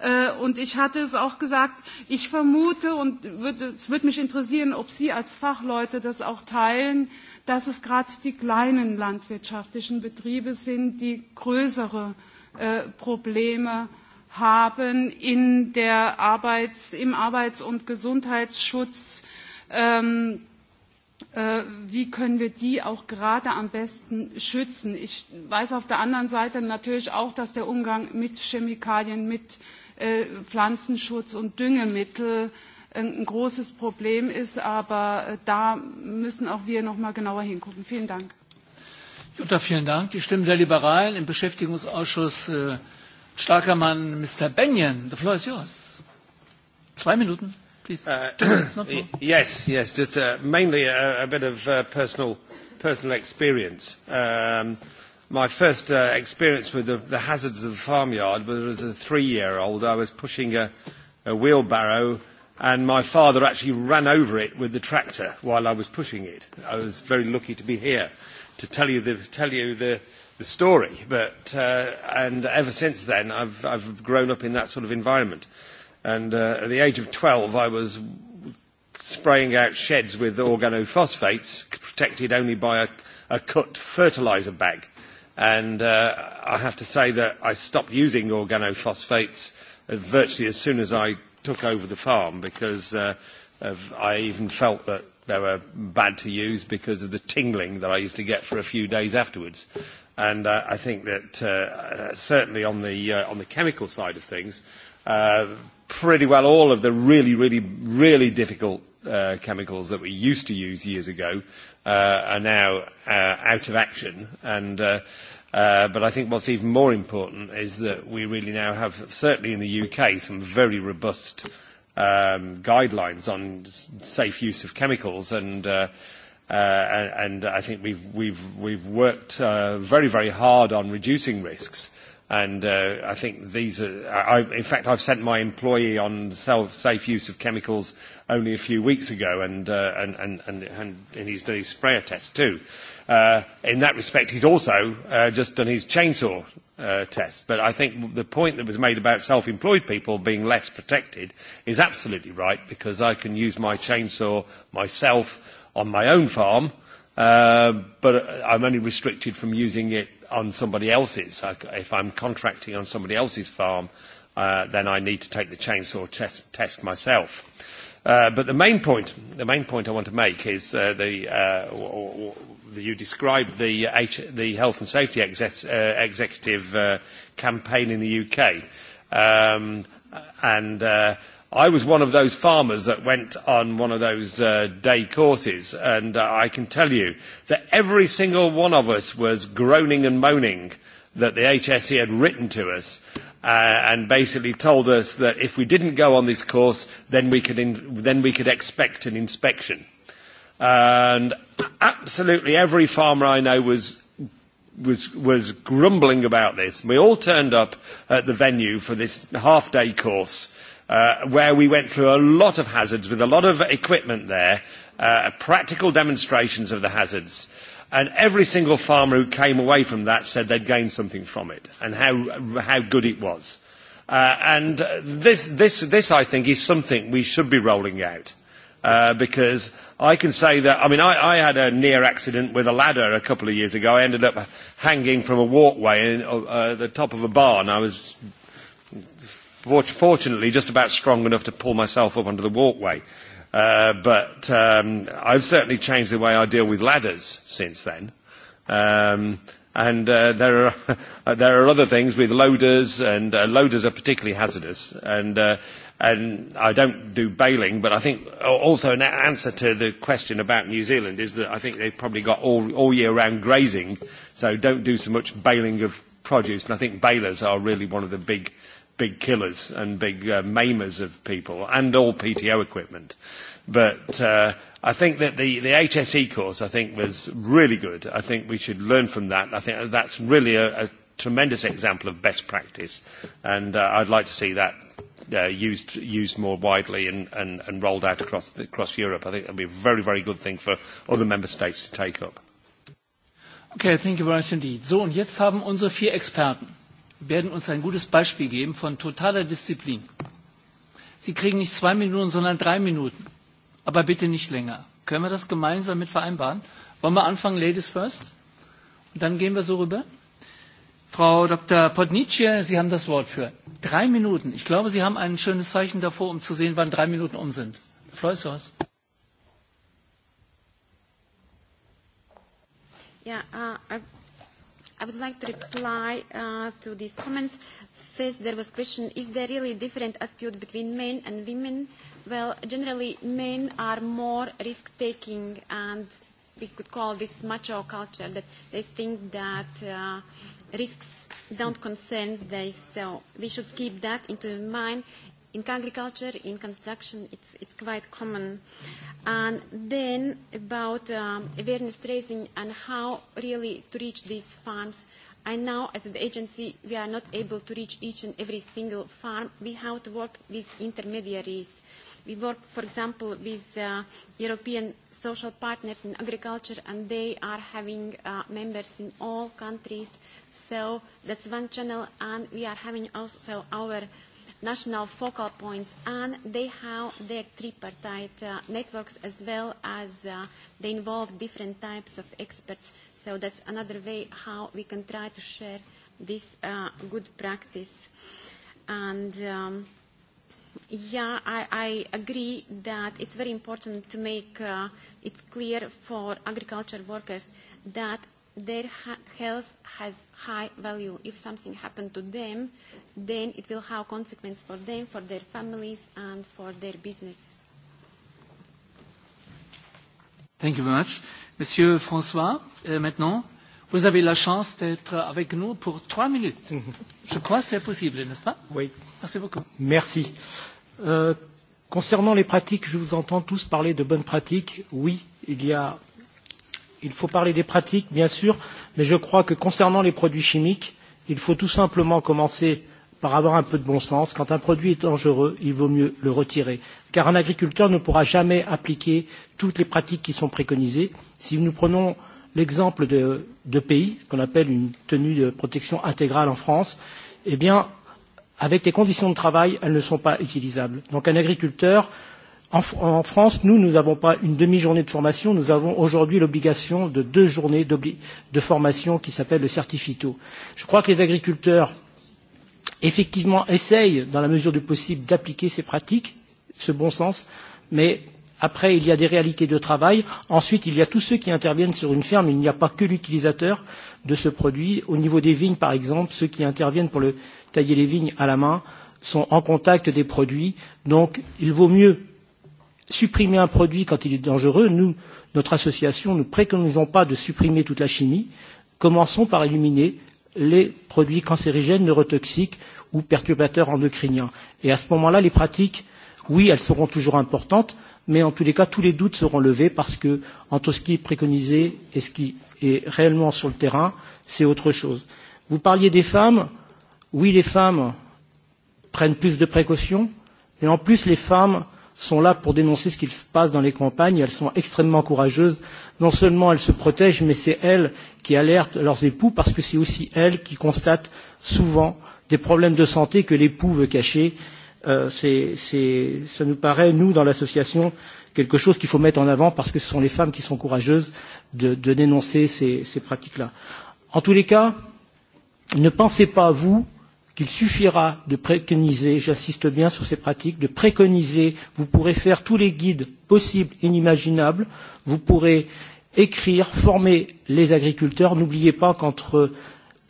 Äh, und ich hatte es auch gesagt, ich vermute und es würde mich interessieren, ob Sie als Fachleute das auch teilen, dass es gerade die kleinen landwirtschaftlichen Betriebe sind, die größere äh, Probleme haben in der Arbeits-, im Arbeits- und Gesundheitsschutz. Ähm, äh, wie können wir die auch gerade am besten schützen? Ich weiß auf der anderen Seite natürlich auch, dass der Umgang mit Chemikalien, mit Äh, Pflanzenschutz und Düngemittel ein großes Problem ist. Aber äh, da müssen auch wir noch mal genauer hingucken. Vielen Dank. Jutta, vielen Dank. Die Stimme der Liberalen im Beschäftigungsausschuss äh, starker Mann, Mr. Benjen, The floor is yours. Zwei Minuten. Please. Uh, yes, yes, just uh, mainly a, a bit of uh, personal, personal experience. Um, My first uh, experience with the, the hazards of the farmyard was as a three-year-old. I was pushing a, a wheelbarrow and my father actually ran over it with the tractor while I was pushing it. I was very lucky to be here to tell you the, tell you the, the story. But, uh, and ever since then, I've, I've grown up in that sort of environment. And uh, at the age of 12, I was spraying out sheds with organophosphates protected only by a, a cut fertilizer bag And uh, I have to say that I stopped using organophosphates uh, virtually as soon as I took over the farm because uh, of, I even felt that they were bad to use because of the tingling that I used to get for a few days afterwards. And uh, I think that uh, uh certainly on the, uh, on the chemical side of things, uh, pretty well all of the really, really, really difficult uh, chemicals that we used to use years ago uh, are now uh, out of action. And uh, Uh, but I think what's even more important is that we really now have, certainly in the UK, some very robust um, guidelines on safe use of chemicals, and uh, uh, and, and I think we've we've we've worked uh, very very hard on reducing risks, and uh, I think these are. I, in fact, I've sent my employee on self, safe use of chemicals only a few weeks ago, and uh, and, and and and he's done his sprayer test too. Uh, Uh, in that respect, he's also uh, just done his chainsaw uh, test. But I think the point that was made about self-employed people being less protected is absolutely right because I can use my chainsaw myself on my own farm, uh, but I'm only restricted from using it on somebody else's. I, if I'm contracting on somebody else's farm, uh, then I need to take the chainsaw test, test myself. Uh, but the main point, the main point I want to make is uh, the, uh, you described the, H, the Health and Safety exec, uh, Executive uh, campaign in the UK. Um, and uh, I was one of those farmers that went on one of those uh, day courses, and uh, I can tell you that every single one of us was groaning and moaning that the HSE had written to us uh, and basically told us that if we didn't go on this course, then we could, in, then we could expect an inspection. And absolutely every farmer I know was, was, was grumbling about this. We all turned up at the venue for this half-day course uh, where we went through a lot of hazards with a lot of equipment there, uh, practical demonstrations of the hazards. And every single farmer who came away from that said they'd gained something from it and how, how good it was. Uh, and this, this, this, I think, is something we should be rolling out uh, because I can say that, I mean, I, I had a near accident with a ladder a couple of years ago. I ended up hanging from a walkway in, uh, the top of a barn. I was fortunately just about strong enough to pull myself up onto the walkway. Uh, but um, I've certainly changed the way I deal with ladders since then. Um, and uh, there, are, uh there are other things with loaders, and uh, loaders are particularly hazardous. And uh, And I don't do bailing, but I think also an answer to the question about New Zealand is that I think they've probably got all, all year round grazing, so don't do so much bailing of produce. And I think balers are really one of the big, big killers and big uh, maimers of people and all PTO equipment. But uh, I think that the, the HSE course, I think, was really good. I think we should learn from that. I think that's really a, a tremendous example of best practice, and uh, I'd like to see that uh, used, used more widely and, and, and rolled out across, the, across Europe. I think that would be a very, very good thing for other member states to take up. Okay, thank you very much indeed. So, und jetzt haben unsere vier Experten, werden uns ein gutes Beispiel geben von totaler Disziplin. Sie kriegen nicht zwei Minuten, sondern drei Minuten. Aber bitte nicht länger. Können wir das gemeinsam mit vereinbaren? Wollen wir anfangen, Ladies first? Und dann gehen wir so rüber. Frau Dr. Podnice, Sie haben das Wort für drei Minuten. Ich glaube, Sie haben ein schönes Zeichen davor, um zu sehen, wann drei Minuten um sind. Fleusers. Yeah, uh, I, I would like to reply uh, to these comments. First, there was question, is there really different attitude between men and women? Well, generally, men are more risk-taking, and we could call this macho culture, that they think that uh, risks don't concern they so we should keep that into mind. In agriculture, in construction, it's, it's quite common. And then about um, awareness raising and how really to reach these farms. I know as an agency we are not able to reach each and every single farm. We have to work with intermediaries. We work, for example, with uh, European social partners in agriculture, and they are having uh, members in all countries. So that's one channel, and we are having also our national focal points, and they have their tripartite uh, networks as well as uh, they involve different types of experts. So that's another way how we can try to share this uh, good practice. And um, yeah, I, I agree that it's very important to make uh, it clear for agriculture workers that their health has high value. If something happened to them, then it will have consequences for them, for their families, and for their business. Thank you very much. Monsieur François, euh, maintenant, vous avez la chance d'être avec nous pour trois minutes. Je crois que c'est possible, n'est-ce pas Oui. Merci beaucoup. Merci. Euh, concernant les pratiques, je vous entends tous parler de bonnes pratiques. Oui, il y a Il faut parler des pratiques, bien sûr, mais je crois que concernant les produits chimiques, il faut tout simplement commencer par avoir un peu de bon sens. Quand un produit est dangereux, il vaut mieux le retirer. Car un agriculteur ne pourra jamais appliquer toutes les pratiques qui sont préconisées. Si nous prenons l'exemple de, de pays, qu'on appelle une tenue de protection intégrale en France, eh bien, avec les conditions de travail, elles ne sont pas utilisables. Donc un agriculteur En, en France, nous, nous n'avons pas une demi-journée de formation, nous avons aujourd'hui l'obligation de deux journées de formation qui s'appelle le certifito. Je crois que les agriculteurs, effectivement, essayent, dans la mesure du possible, d'appliquer ces pratiques, ce bon sens, mais après, il y a des réalités de travail. Ensuite, il y a tous ceux qui interviennent sur une ferme, il n'y a pas que l'utilisateur de ce produit. Au niveau des vignes, par exemple, ceux qui interviennent pour le tailler les vignes à la main sont en contact des produits, donc il vaut mieux supprimer un produit quand il est dangereux, nous, notre association, nous ne préconisons pas de supprimer toute la chimie. Commençons par éliminer les produits cancérigènes, neurotoxiques ou perturbateurs endocriniens. Et à ce moment-là, les pratiques, oui, elles seront toujours importantes, mais en tous les cas, tous les doutes seront levés parce que entre ce qui est préconisé et ce qui est réellement sur le terrain, c'est autre chose. Vous parliez des femmes. Oui, les femmes prennent plus de précautions, mais en plus, les femmes sont là pour dénoncer ce qu'il se passe dans les campagnes. Elles sont extrêmement courageuses. Non seulement elles se protègent, mais c'est elles qui alertent leurs époux parce que c'est aussi elles qui constatent souvent des problèmes de santé que l'époux veut cacher. Euh, c est, ça nous paraît, nous, dans l'association, quelque chose qu'il faut mettre en avant parce que ce sont les femmes qui sont courageuses de, de dénoncer ces, ces pratiques-là. En tous les cas, ne pensez pas, vous, qu'il suffira de préconiser, j'insiste bien sur ces pratiques, de préconiser, vous pourrez faire tous les guides possibles, inimaginables, vous pourrez écrire, former les agriculteurs. N'oubliez pas qu'entre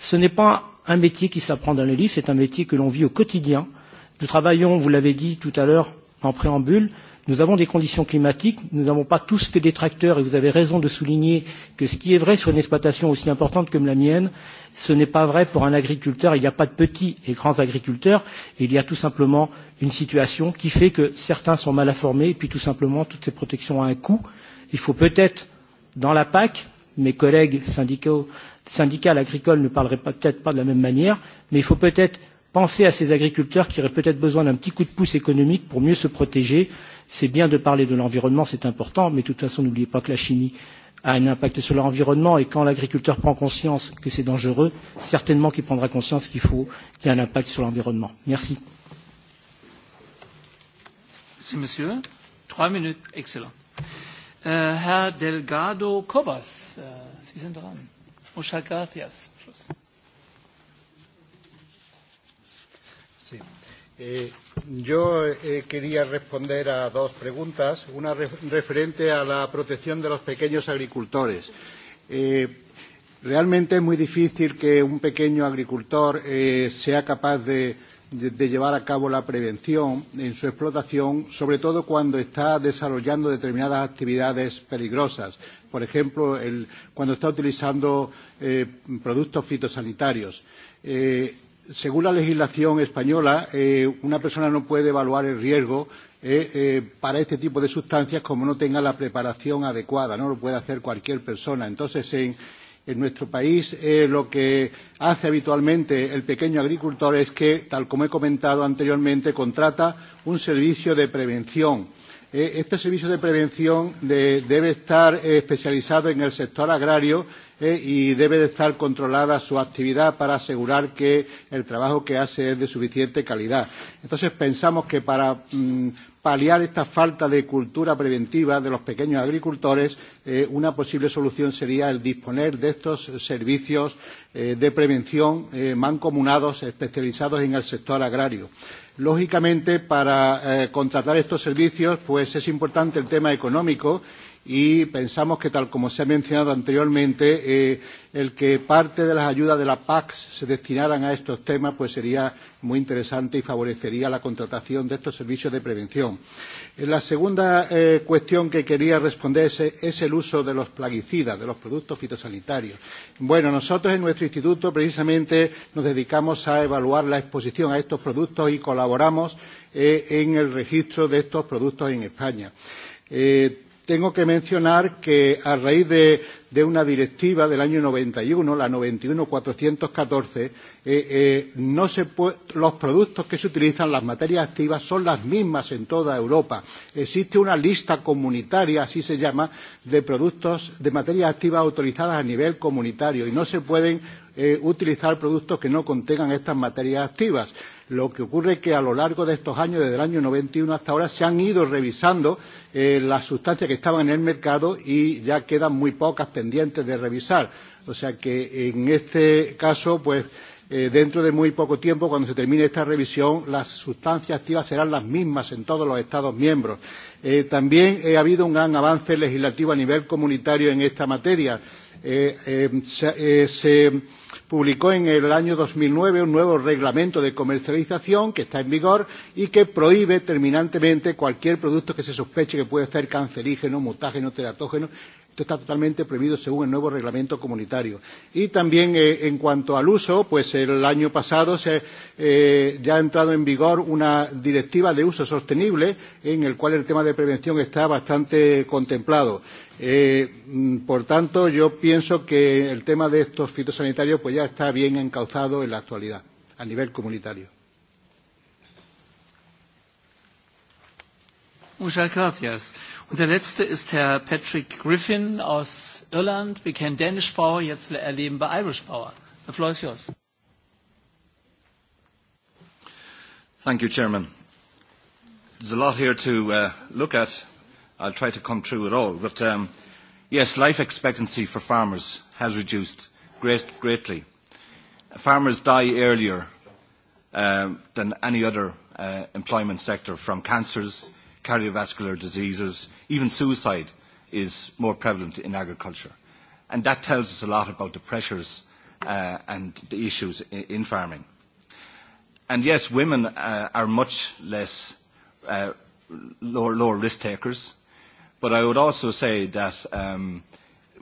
ce n'est pas un métier qui s'apprend dans les livres, c'est un métier que l'on vit au quotidien. Nous travaillons, vous l'avez dit tout à l'heure en préambule, Nous avons des conditions climatiques, nous n'avons pas tous que des tracteurs, et vous avez raison de souligner que ce qui est vrai sur une exploitation aussi importante comme la mienne, ce n'est pas vrai pour un agriculteur. Il n'y a pas de petits et grands agriculteurs, il y a tout simplement une situation qui fait que certains sont mal informés, et puis tout simplement, toutes ces protections ont un coût. Il faut peut-être, dans la PAC, mes collègues syndicaux, syndicales agricoles ne parleraient peut-être pas de la même manière, mais il faut peut-être Pensez à ces agriculteurs qui auraient peut-être besoin d'un petit coup de pouce économique pour mieux se protéger. C'est bien de parler de l'environnement, c'est important, mais de toute façon, n'oubliez pas que la chimie a un impact sur l'environnement, et quand l'agriculteur prend conscience que c'est dangereux, certainement qu'il prendra conscience qu'il faut qu'il y ait un impact sur l'environnement. Merci. Merci, monsieur. Trois minutes, excellent. Euh, Herr Delgado Cobas, euh, Sie sind dran. Muchas gracias. Schluss. Sí. Eh, yo eh, quería responder a dos preguntas. Una re referente a la protección de los pequeños agricultores. Eh, realmente es muy difícil que un pequeño agricultor eh, sea capaz de, de, de llevar a cabo la prevención en su explotación, sobre todo cuando está desarrollando determinadas actividades peligrosas. Por ejemplo, el, cuando está utilizando eh, productos fitosanitarios. Eh, según la legislación española, eh, una persona no puede evaluar el riesgo eh, eh, para este tipo de sustancias como no tenga la preparación adecuada, no lo puede hacer cualquier persona. Entonces, en, en nuestro país eh, lo que hace habitualmente el pequeño agricultor es que, tal como he comentado anteriormente, contrata un servicio de prevención. Eh, este servicio de prevención de, debe estar eh, especializado en el sector agrario eh, y debe de estar controlada su actividad para asegurar que el trabajo que hace es de suficiente calidad. Entonces pensamos que para mmm, paliar esta falta de cultura preventiva de los pequeños agricultores, eh, una posible solución sería el disponer de estos servicios eh, de prevención eh, mancomunados especializados en el sector agrario. Lógicamente, para eh, contratar estos servicios, pues es importante el tema económico y pensamos que, tal como se ha mencionado anteriormente, eh, el que parte de las ayudas de la PAC se destinaran a estos temas pues sería muy interesante y favorecería la contratación de estos servicios de prevención. Eh, la segunda eh, cuestión que quería responder es, es el uso de los plaguicidas, de los productos fitosanitarios. Bueno, nosotros en nuestro instituto precisamente nos dedicamos a evaluar la exposición a estos productos y colaboramos eh, en el registro de estos productos en España. Eh, tengo que mencionar que a raíz de, de una directiva del año 91, la 91-414, eh, eh, no los productos que se utilizan, las materias activas, son las mismas en toda Europa. Existe una lista comunitaria, así se llama, de productos, de materias activas autorizadas a nivel comunitario y no se pueden eh, utilizar productos que no contengan estas materias activas. Lo que ocurre es que a lo largo de estos años, desde el año 91 hasta ahora, se han ido revisando eh, las sustancias que estaban en el mercado y ya quedan muy pocas pendientes de revisar. O sea que en este caso, pues eh, dentro de muy poco tiempo, cuando se termine esta revisión, las sustancias activas serán las mismas en todos los Estados miembros. Eh, también eh, ha habido un gran avance legislativo a nivel comunitario en esta materia. Eh, eh, se, eh, se publicó en el año 2009 un nuevo reglamento de comercialización que está en vigor y que prohíbe terminantemente cualquier producto que se sospeche que puede ser cancerígeno, mutágeno, teratógeno, Esto está totalmente prohibido según el nuevo reglamento comunitario. Y también eh, en cuanto al uso, pues el año pasado se, eh, ya ha entrado en vigor una directiva de uso sostenible en el cual el tema de prevención está bastante contemplado. Eh, mm, por tanto, yo pienso que el tema de estos fitosanitarios pues ya está bien encauzado en la actualidad, a nivel comunitario. Muchas gracias. Und der letzte ist Herr Patrick Griffin aus Irland. Wir kennen Danish Power, jetzt erleben wir Irish Power. The floor is yours. Thank you, Chairman. There's a lot here to uh, look at I'll try to come through it all. But um, yes, life expectancy for farmers has reduced great, greatly. Farmers die earlier uh, than any other uh, employment sector from cancers, cardiovascular diseases, even suicide is more prevalent in agriculture. And that tells us a lot about the pressures uh, and the issues in, in farming. And yes, women uh, are much less uh, lower, lower risk takers. But I would also say that um,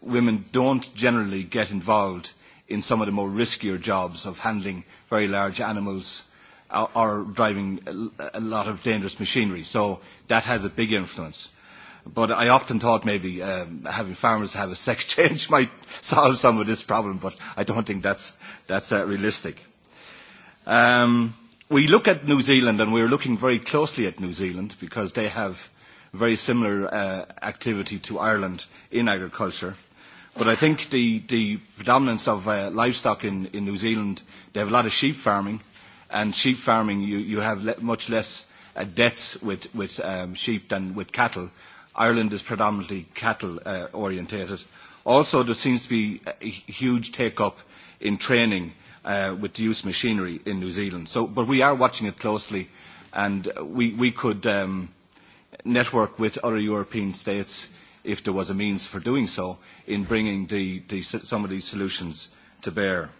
women don't generally get involved in some of the more riskier jobs of handling very large animals uh, or, driving a, a lot of dangerous machinery. So that has a big influence. But I often thought maybe um, having farmers have a sex change might solve some of this problem, but I don't think that's, that's uh, realistic. Um, we look at New Zealand, and we're looking very closely at New Zealand because they have very similar uh, activity to Ireland in agriculture. But I think the, the predominance of uh, livestock in, in New Zealand, they have a lot of sheep farming, and sheep farming, you, you have le much less uh, deaths with, with um, sheep than with cattle. Ireland is predominantly cattle uh, Also, there seems to be a huge take-up in training uh, with the use of machinery in New Zealand. So, but we are watching it closely, and we, we could... Um, network with other European states if there was a means for doing so in bringing the, the, some of these solutions to bear.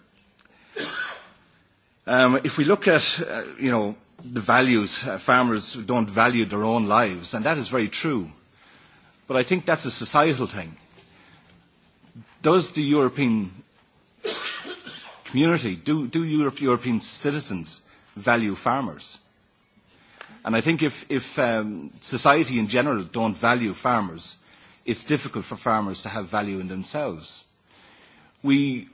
Um, if we look at, uh, you know, the values, uh, farmers don't value their own lives, and that is very true. But I think that's a societal thing. Does the European community, do, do Europe, European citizens value farmers? And I think if, if um, society in general don't value farmers, it's difficult for farmers to have value in themselves. We,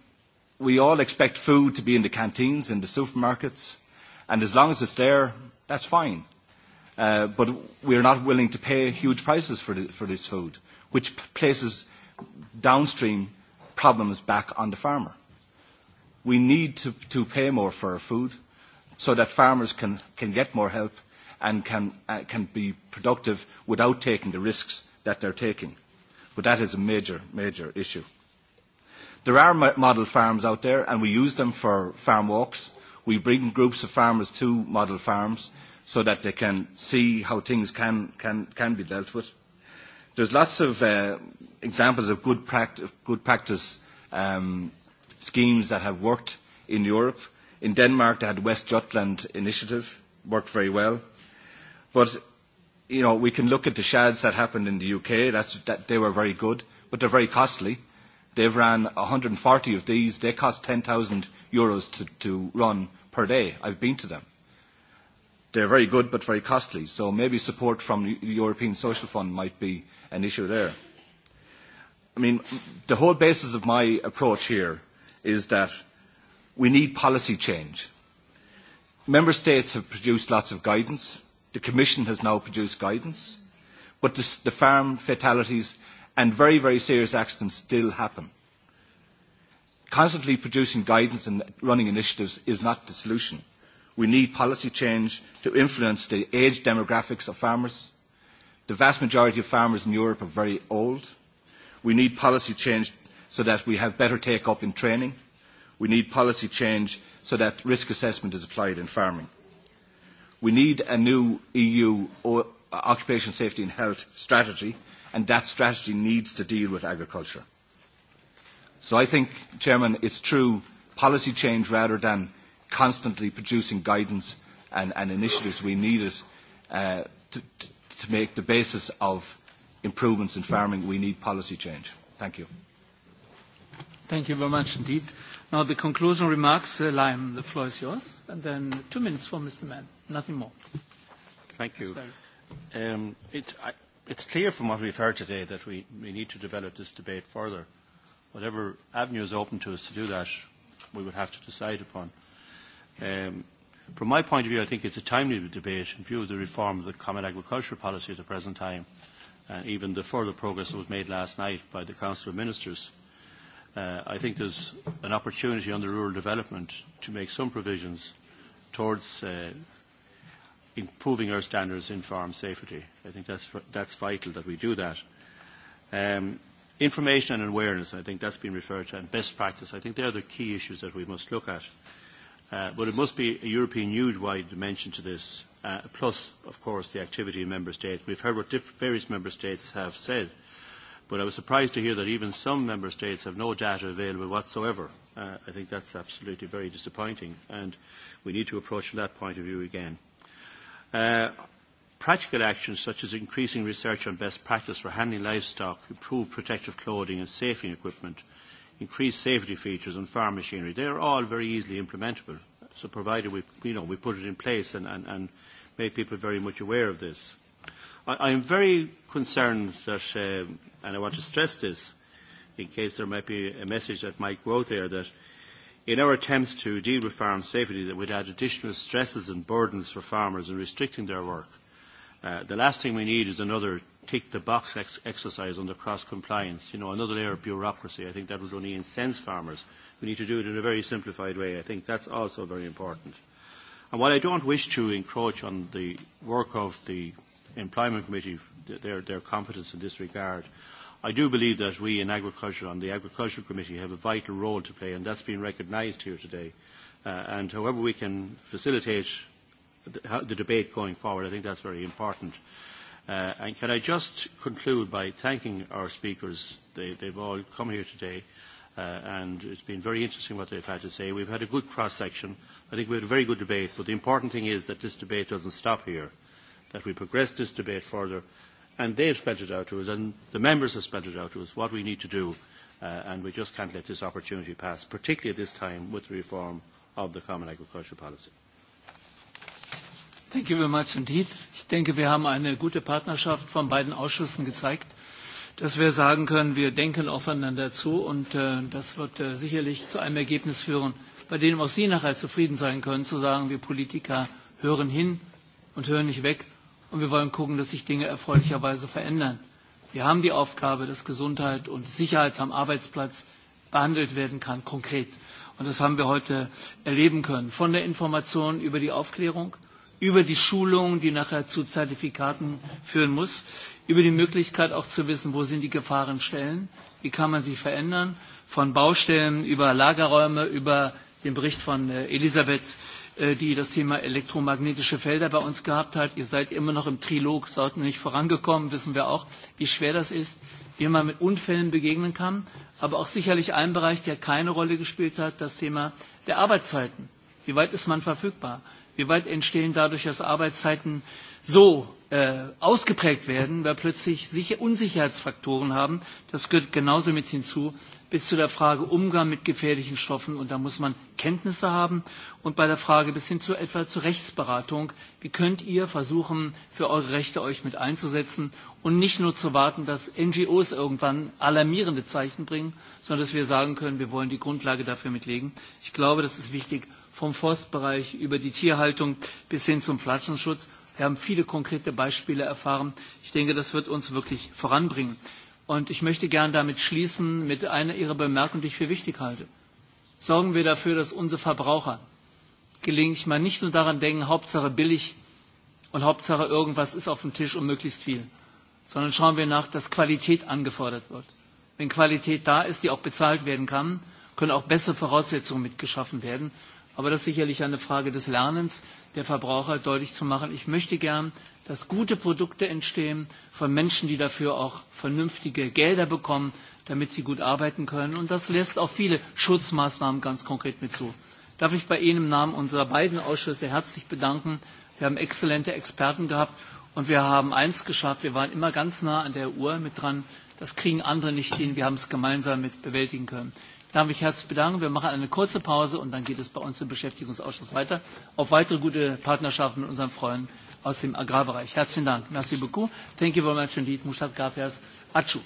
we all expect food to be in the canteens, in the supermarkets, and as long as it's there, that's fine. Uh, but we're not willing to pay huge prices for, the, for this food, which places downstream problems back on the farmer. We need to, to pay more for our food so that farmers can, can get more help and can, uh, can be productive without taking the risks that they're taking. But that is a major, major issue. There are model farms out there and we use them for farm walks. We bring groups of farmers to model farms so that they can see how things can, can, can be dealt with. There's lots of uh, examples of good, pract good practice um, schemes that have worked in Europe. In Denmark, they had West Jutland Initiative, worked very well. But, you know, we can look at the shads that happened in the UK. That's, that, they were very good, but they're very costly. They've ran 140 of these. They cost 10,000 euros to, to run per day. I've been to them. They're very good, but very costly. So maybe support from the European Social Fund might be an issue there. I mean, the whole basis of my approach here is that we need policy change. Member states have produced lots of guidance. The Commission has now produced guidance, but this, the farm fatalities and very, very serious accidents still happen. Constantly producing guidance and running initiatives is not the solution. We need policy change to influence the age demographics of farmers. The vast majority of farmers in Europe are very old. We need policy change so that we have better take-up in training. We need policy change so that risk assessment is applied in farming. We need a new EU occupation safety and health strategy, and that strategy needs to deal with agriculture. So I think, Chairman, it's true policy change rather than constantly producing guidance and, and initiatives. We need it uh, to, to make the basis of improvements in farming. We need policy change. Thank you. Thank you very much indeed. Now, the conclusion remarks, uh, Lime, the floor is yours, and then two minutes for Mr. Mann, nothing more. Thank you. Um, it's, I, it's clear from what we've heard today that we, we need to develop this debate further. Whatever avenue is open to us to do that, we would have to decide upon. Um, from my point of view, I think it's a timely debate in view of the reform of the Common Agricultural Policy at the present time, and even the further progress that was made last night by the Council of Ministers. Uh, I think there's an opportunity under rural development to make some provisions towards uh, improving our standards in farm safety. I think that's, that's vital that we do that. Um, information and awareness, I think that's been referred to, and best practice, I think are the key issues that we must look at. Uh, but it must be a European Union-wide dimension to this, uh, plus, of course, the activity in member states. We've heard what diff various member states have said. Uh, But I was surprised to hear that even some member states have no data available whatsoever. Uh, I think that's absolutely very disappointing, and we need to approach from that point of view again. Uh, practical actions such as increasing research on best practice for handling livestock, improved protective clothing and safety equipment, increased safety features on farm machinery, they are all very easily implementable. So provided we, you know, we put it in place and, and, and make people very much aware of this. I am very concerned that uh, and I want to stress this in case there might be a message that might go out there that in our attempts to deal with farm safety that would add additional stresses and burdens for farmers and restricting their work. Uh, the last thing we need is another tick the box ex exercise under cross compliance, you know, another layer of bureaucracy. I think that would only incense farmers. We need to do it in a very simplified way. I think that's also very important. And while I don't wish to encroach on the work of the Employment Committee, their, their competence in this regard, I do believe that we in agriculture on the Agriculture Committee have a vital role to play and that's been recognised here today. Uh, and however we can facilitate the, the debate going forward, I think that's very important. Uh, and can I just conclude by thanking our speakers? They, they've all come here today, uh, and it's been very interesting what they've had to say. We've had a good cross-section. I think we had a very good debate, but the important thing is that this debate doesn't stop here, that we progress this debate further and they've spelled it out to us, and the members have spelled it out to us, what we need to do, uh, and we just can't let this opportunity pass, particularly at this time with the reform of the Common Agricultural Policy. Thank you very much indeed. Ich denke, wir haben eine gute Partnerschaft von beiden Ausschüssen gezeigt, dass wir sagen können, wir denken aufeinander zu und äh, das wird äh, sicherlich zu einem Ergebnis führen, bei dem auch Sie nachher zufrieden sein können, zu sagen, wir Politiker hören hin und hören nicht weg und wir wollen gucken, dass sich Dinge erfreulicherweise verändern. Wir haben die Aufgabe, dass Gesundheit und Sicherheit am Arbeitsplatz behandelt werden kann, konkret. Und das haben wir heute erleben können. Von der Information über die Aufklärung, über die Schulung, die nachher zu Zertifikaten führen muss, über die Möglichkeit auch zu wissen, wo sind die Gefahrenstellen, wie kann man sie verändern, von Baustellen über Lagerräume, über den Bericht von äh, Elisabeth Äh, die das Thema elektromagnetische Felder bei uns gehabt hat. Ihr seid immer noch im Trilog, seid nicht vorangekommen, wissen wir auch, wie schwer das ist, wie man mit Unfällen begegnen kann. Aber auch sicherlich ein Bereich, der keine Rolle gespielt hat, das Thema der Arbeitszeiten. Wie weit ist man verfügbar? Wie weit entstehen dadurch, dass Arbeitszeiten so äh, ausgeprägt werden, weil plötzlich sicher Unsicherheitsfaktoren haben? Das gehört genauso mit hinzu bis zu der Frage Umgang mit gefährlichen Stoffen. Und da muss man Kenntnisse haben und bei der Frage bis hin zu etwa zur Rechtsberatung, wie könnt ihr versuchen, für eure Rechte euch mit einzusetzen und nicht nur zu warten, dass NGOs irgendwann alarmierende Zeichen bringen, sondern dass wir sagen können, wir wollen die Grundlage dafür mitlegen. Ich glaube, das ist wichtig vom Forstbereich über die Tierhaltung bis hin zum Pflanzenschutz. Wir haben viele konkrete Beispiele erfahren. Ich denke, das wird uns wirklich voranbringen. Und ich möchte gern damit schließen mit einer Ihrer Bemerkungen, die ich für wichtig halte. Sorgen wir dafür, dass unsere Verbraucher gelingt. Man nicht nur daran denken, Hauptsache billig und Hauptsache irgendwas ist auf dem Tisch und um möglichst viel, sondern schauen wir nach, dass Qualität angefordert wird. Wenn Qualität da ist, die auch bezahlt werden kann, können auch bessere Voraussetzungen mitgeschaffen werden. Aber das ist sicherlich eine Frage des Lernens der Verbraucher deutlich zu machen. Ich möchte gern, dass gute Produkte entstehen von Menschen, die dafür auch vernünftige Gelder bekommen, damit sie gut arbeiten können. Und das lässt auch viele Schutzmaßnahmen ganz konkret mit zu darf ich bei Ihnen im Namen unserer beiden Ausschüsse herzlich bedanken. Wir haben exzellente Experten gehabt und wir haben eins geschafft. Wir waren immer ganz nah an der Uhr mit dran. Das kriegen andere nicht hin. Wir haben es gemeinsam mit bewältigen können. Darf ich herzlich bedanken. Wir machen eine kurze Pause und dann geht es bei uns im Beschäftigungsausschuss weiter. Auf weitere gute Partnerschaften mit unseren Freunden aus dem Agrarbereich. Herzlichen Dank. Merci beaucoup. Thank you very much indeed. Mushtaq Gafias. Achu.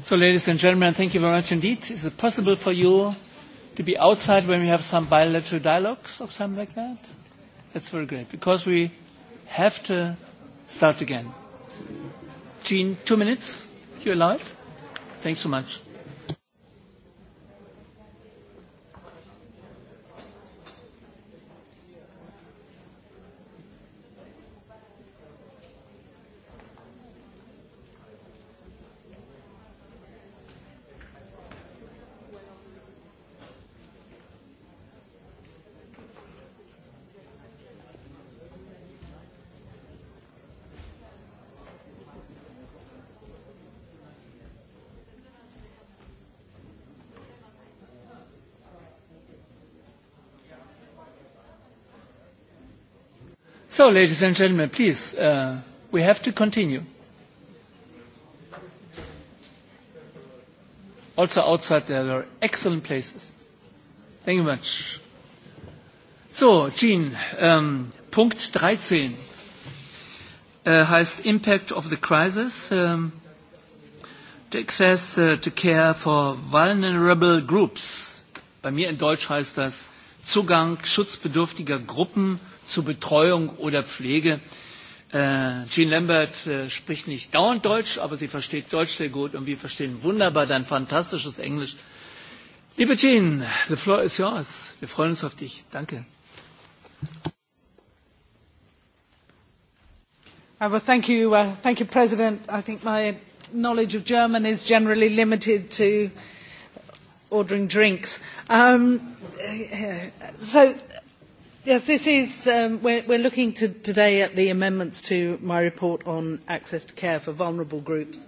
So, ladies and gentlemen, thank you very much indeed. Is it possible for you to be outside when we have some bilateral dialogues or something like that? That's very great, because we have to start again. Jean, two minutes, if you're allowed. Thanks so much. So, ladies and gentlemen, please, uh, we have to continue. Also outside there are excellent places. Thank you much. So, Jean, um, Punkt 13 uh, heißt Impact of the Crisis, um, to Access uh, to Care for Vulnerable Groups. Bei mir in Deutsch heißt das Zugang schutzbedürftiger Gruppen zu Betreuung oder Pflege. Äh, Jean Lambert äh, spricht nicht dauernd Deutsch, aber sie versteht Deutsch sehr gut und wir verstehen wunderbar dein fantastisches Englisch. Liebe Jean, the floor is yours. Wir freuen uns auf dich. Danke. Uh, well, thank you, uh, thank you, President. I think my knowledge of German is generally limited to ordering drinks. Um, uh, so Yes, this is, um, we're, we're looking to, today at the amendments to my report on access to care for vulnerable groups.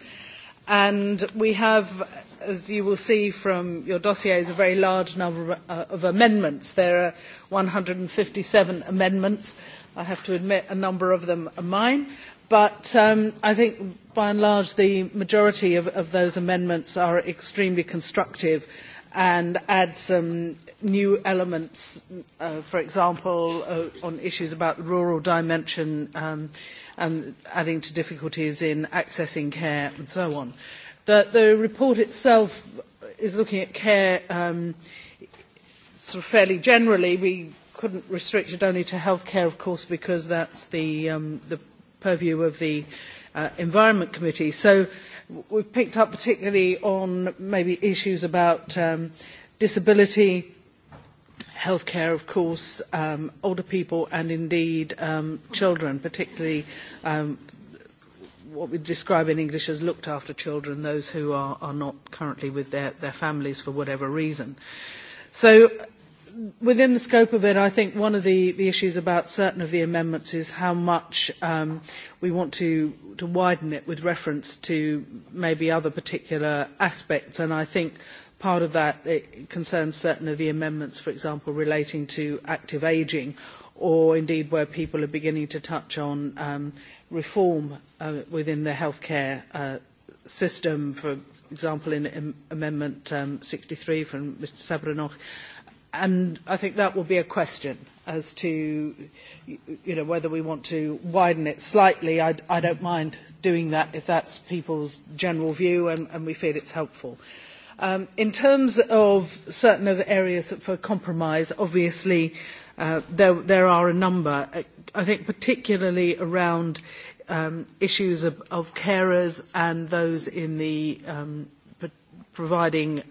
And we have, as you will see from your dossiers, a very large number of uh, amendments. There are 157 amendments. I have to admit a number of them are mine. But um, I think by and large the majority of, of those amendments are extremely constructive and add some new elements, uh, for example, uh, on issues about the rural dimension um, and adding to difficulties in accessing care and so on. The, the report itself is looking at care um, sort of fairly generally. We couldn't restrict it only to healthcare, of course, because that's the, um, the purview of the uh, Environment Committee. So we've picked up particularly on maybe issues about um, disability, healthcare, of course, um, older people and indeed um, children, particularly um, what we describe in English as looked after children, those who are, are not currently with their, their families for whatever reason. So within the scope of it, I think one of the, the issues about certain of the amendments is how much um, we want to, to widen it with reference to maybe other particular aspects. And I think Part of that it concerns certain of the amendments, for example, relating to active ageing, or indeed where people are beginning to touch on um, reform uh, within the healthcare uh, system, for example, in, in Amendment um, 63 from Mr. Sabrinoch. And I think that will be a question as to you know, whether we want to widen it slightly. I, I don't mind doing that if that's people's general view and, and we feel it's helpful. Um, in terms of certain of areas for compromise, obviously uh, there, there are a number. I think particularly around um, issues of, of carers and those in the um, providing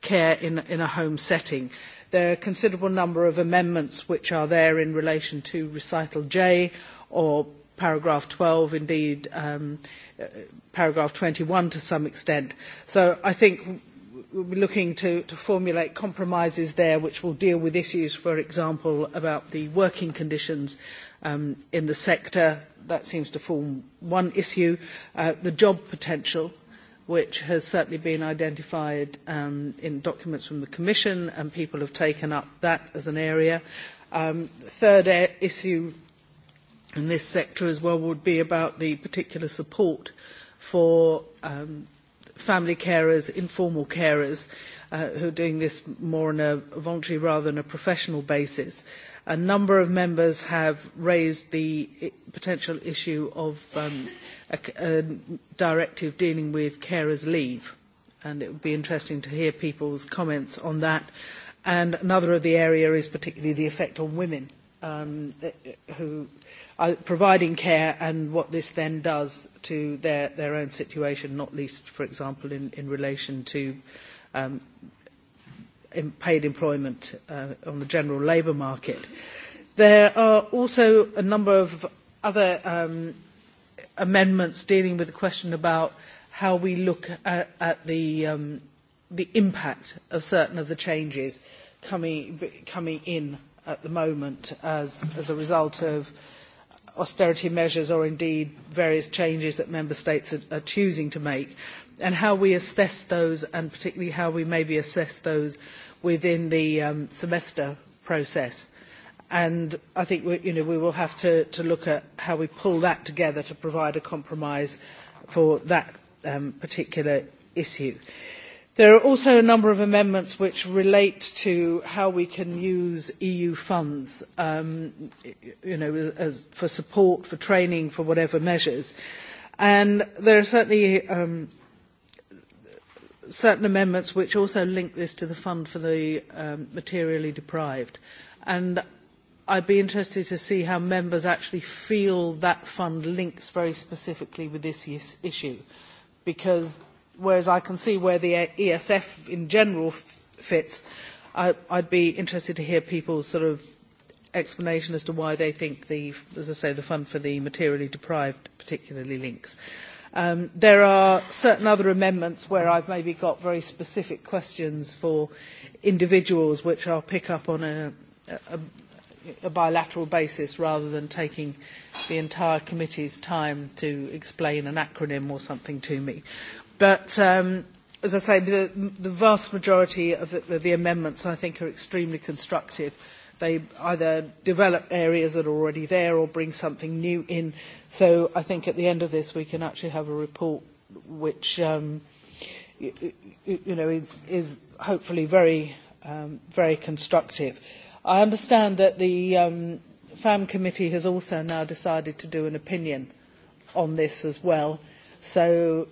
care in, in a home setting. There are a considerable number of amendments which are there in relation to recital J or paragraph 12, indeed um, uh, paragraph 21 to some extent. So I think looking to, to formulate compromises there which will deal with issues, for example, about the working conditions um, in the sector. That seems to form one issue. Uh, the job potential, which has certainly been identified um, in documents from the Commission, and people have taken up that as an area. Um, the third e, issue in this sector as well would be about the particular support for um, family carers, informal carers, uh, who are doing this more on a voluntary rather than a professional basis. A number of members have raised the potential issue of um, a, a directive dealing with carers' leave, and it would be interesting to hear people's comments on that. And another of the area is particularly the effect on women um, eh, eh, who providing care and what this then does to their, their own situation, not least, for example, in, in relation to um, in paid employment uh, on the general labour market. There are also a number of other um, amendments dealing with the question about how we look at, at the, um, the impact of certain of the changes coming, coming in at the moment as, as a result of austerity measures or indeed various changes that member states are, are choosing to make and how we assess those and particularly how we maybe assess those within the um, semester process. And I think we, you know, we will have to, to look at how we pull that together to provide a compromise for that um, particular issue. There are also a number of amendments which relate to how we can use EU funds um, you know, as, for support, for training, for whatever measures. And there are certainly um, certain amendments which also link this to the fund for the um, materially deprived. And I'd be interested to see how members actually feel that fund links very specifically with this issue because whereas I can see where the ESF in general fits, I, I'd be interested to hear people's sort of explanation as to why they think the, as I say, the fund for the materially deprived particularly links. Um, there are certain other amendments where I've maybe got very specific questions for individuals, which I'll pick up on a, a, a bilateral basis rather than taking the entire committee's time to explain an acronym or something to me. But um, as I say, the, the vast majority of the, of the amendments, I think, are extremely constructive. They either develop areas that are already there or bring something new in. So I think at the end of this, we can actually have a report which, um, you, you know, is, is hopefully very, um, very constructive. I understand that the um, FAM committee has also now decided to do an opinion on this as well. So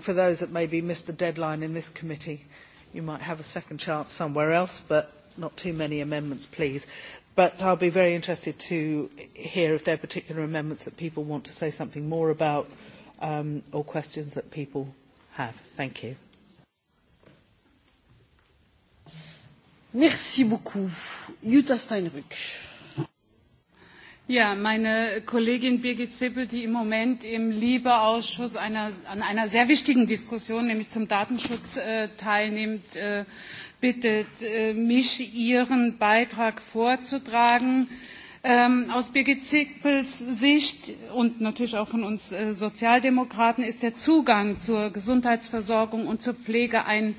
for those that maybe missed the deadline in this committee, you might have a second chance somewhere else, but not too many amendments, please. But I'll be very interested to hear if there are particular amendments that people want to say something more about um, or questions that people have. Thank you. Merci beaucoup. Jutta Steinrück. Ja, meine Kollegin Birgit Zippel, die im Moment im LIBE-Ausschuss einer, an einer sehr wichtigen Diskussion, nämlich zum Datenschutz, äh, teilnimmt, äh, bittet äh, mich, ihren Beitrag vorzutragen. Ähm, aus Birgit Zippels Sicht und natürlich auch von uns äh, Sozialdemokraten ist der Zugang zur Gesundheitsversorgung und zur Pflege ein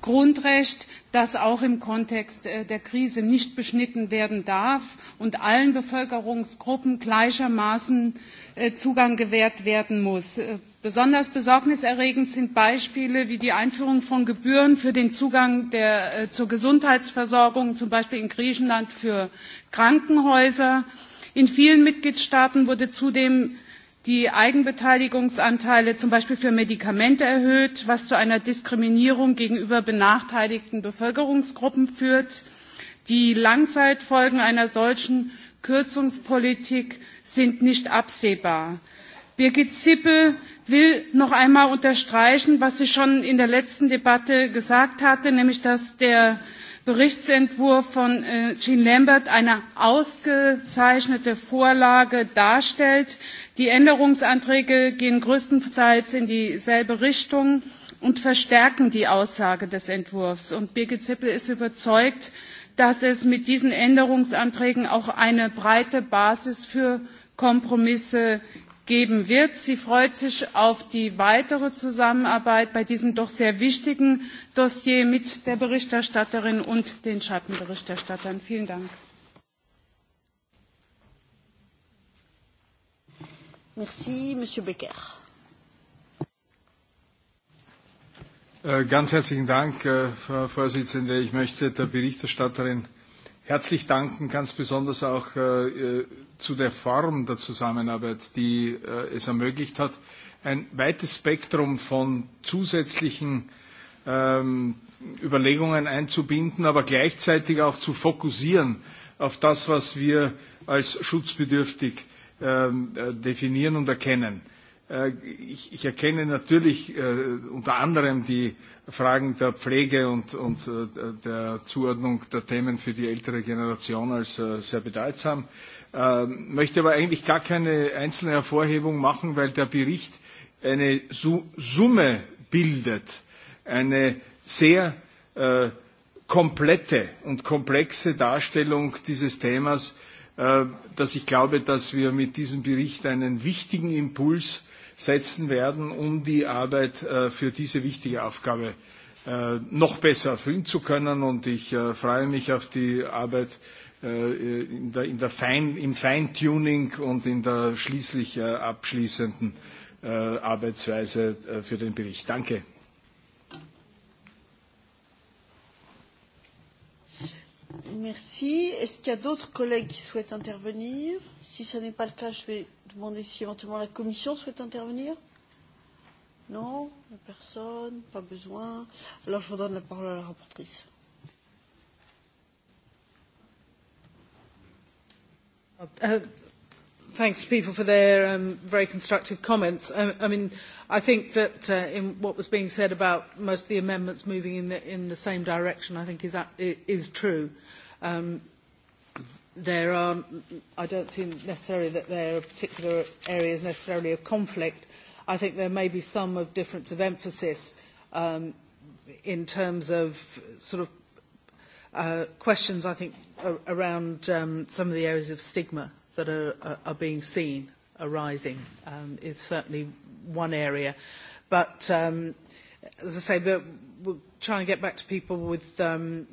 Grundrecht, das auch im Kontext äh, der Krise nicht beschnitten werden darf und allen Bevölkerungsgruppen gleichermaßen äh, Zugang gewährt werden muss. Äh, besonders besorgniserregend sind Beispiele wie die Einführung von Gebühren für den Zugang der, äh, zur Gesundheitsversorgung, zum Beispiel in Griechenland für Krankenhäuser. In vielen Mitgliedstaaten wurde zudem die Eigenbeteiligungsanteile zum Beispiel für Medikamente erhöht, was zu einer Diskriminierung gegenüber benachteiligten Bevölkerungsgruppen führt. Die Langzeitfolgen einer solchen Kürzungspolitik sind nicht absehbar. Birgit Zippel will noch einmal unterstreichen, was sie schon in der letzten Debatte gesagt hatte, nämlich dass der Berichtsentwurf von äh, Jean Lambert eine ausgezeichnete Vorlage darstellt. Die Änderungsanträge gehen größtenteils in dieselbe Richtung und verstärken die Aussage des Entwurfs. Und Birgit Zippel ist überzeugt, dass es mit diesen Änderungsanträgen auch eine breite Basis für Kompromisse geben wird. Sie freut sich auf die weitere Zusammenarbeit bei diesem doch sehr wichtigen Dossier mit der Berichterstatterin und den Schattenberichterstattern. Vielen Dank. Merci, Monsieur Becker. Äh, ganz herzlichen Dank, äh, Frau Vorsitzende. Ich möchte der Berichterstatterin herzlich danken, ganz besonders auch äh, zu der Form der Zusammenarbeit, die es ermöglicht hat, ein weites Spektrum von zusätzlichen ähm, Überlegungen einzubinden, aber gleichzeitig auch zu fokussieren auf das, was wir als schutzbedürftig ähm, definieren und erkennen. Äh, ich erkenne natürlich äh, unter anderem die Fragen der Pflege und, und äh, der Zuordnung der Themen für die ältere Generation als sehr bedeutsam, ähm, möchte aber eigentlich gar keine einzelne Hervorhebung machen, weil der Bericht eine Summe bildet, eine sehr äh, komplette und komplexe Darstellung dieses Themas, äh, dass ich glaube, dass wir mit diesem Bericht einen wichtigen Impuls setzen werden, um die Arbeit äh, für diese wichtige Aufgabe äh, noch besser erfüllen zu können. Und ich äh, freue mich auf die Arbeit in der, in der Fein, im Feintuning und in der schließlich abschließenden Arbeitsweise für den Bericht. Danke. Merci. Est-ce qu'il y a d'autres collègues qui souhaitent intervenir Si ce n'est pas le cas, je vais demander si éventuellement la Commission souhaite intervenir. Non, personne, pas besoin. Alors je vous donne la parole à la rapportrice. Uh, thanks to people for their um, very constructive comments. I, um, I mean, I think that uh, in what was being said about most of the amendments moving in the, in the same direction, I think is, that, is true. Um, there are, I don't see necessarily that there are particular areas necessarily of conflict. I think there may be some of difference of emphasis um, in terms of sort of uh, questions, I think, around um, some of the areas of stigma that are, are, are being seen arising um, is certainly one area. But um, as I say, but we'll try and get back to people with um,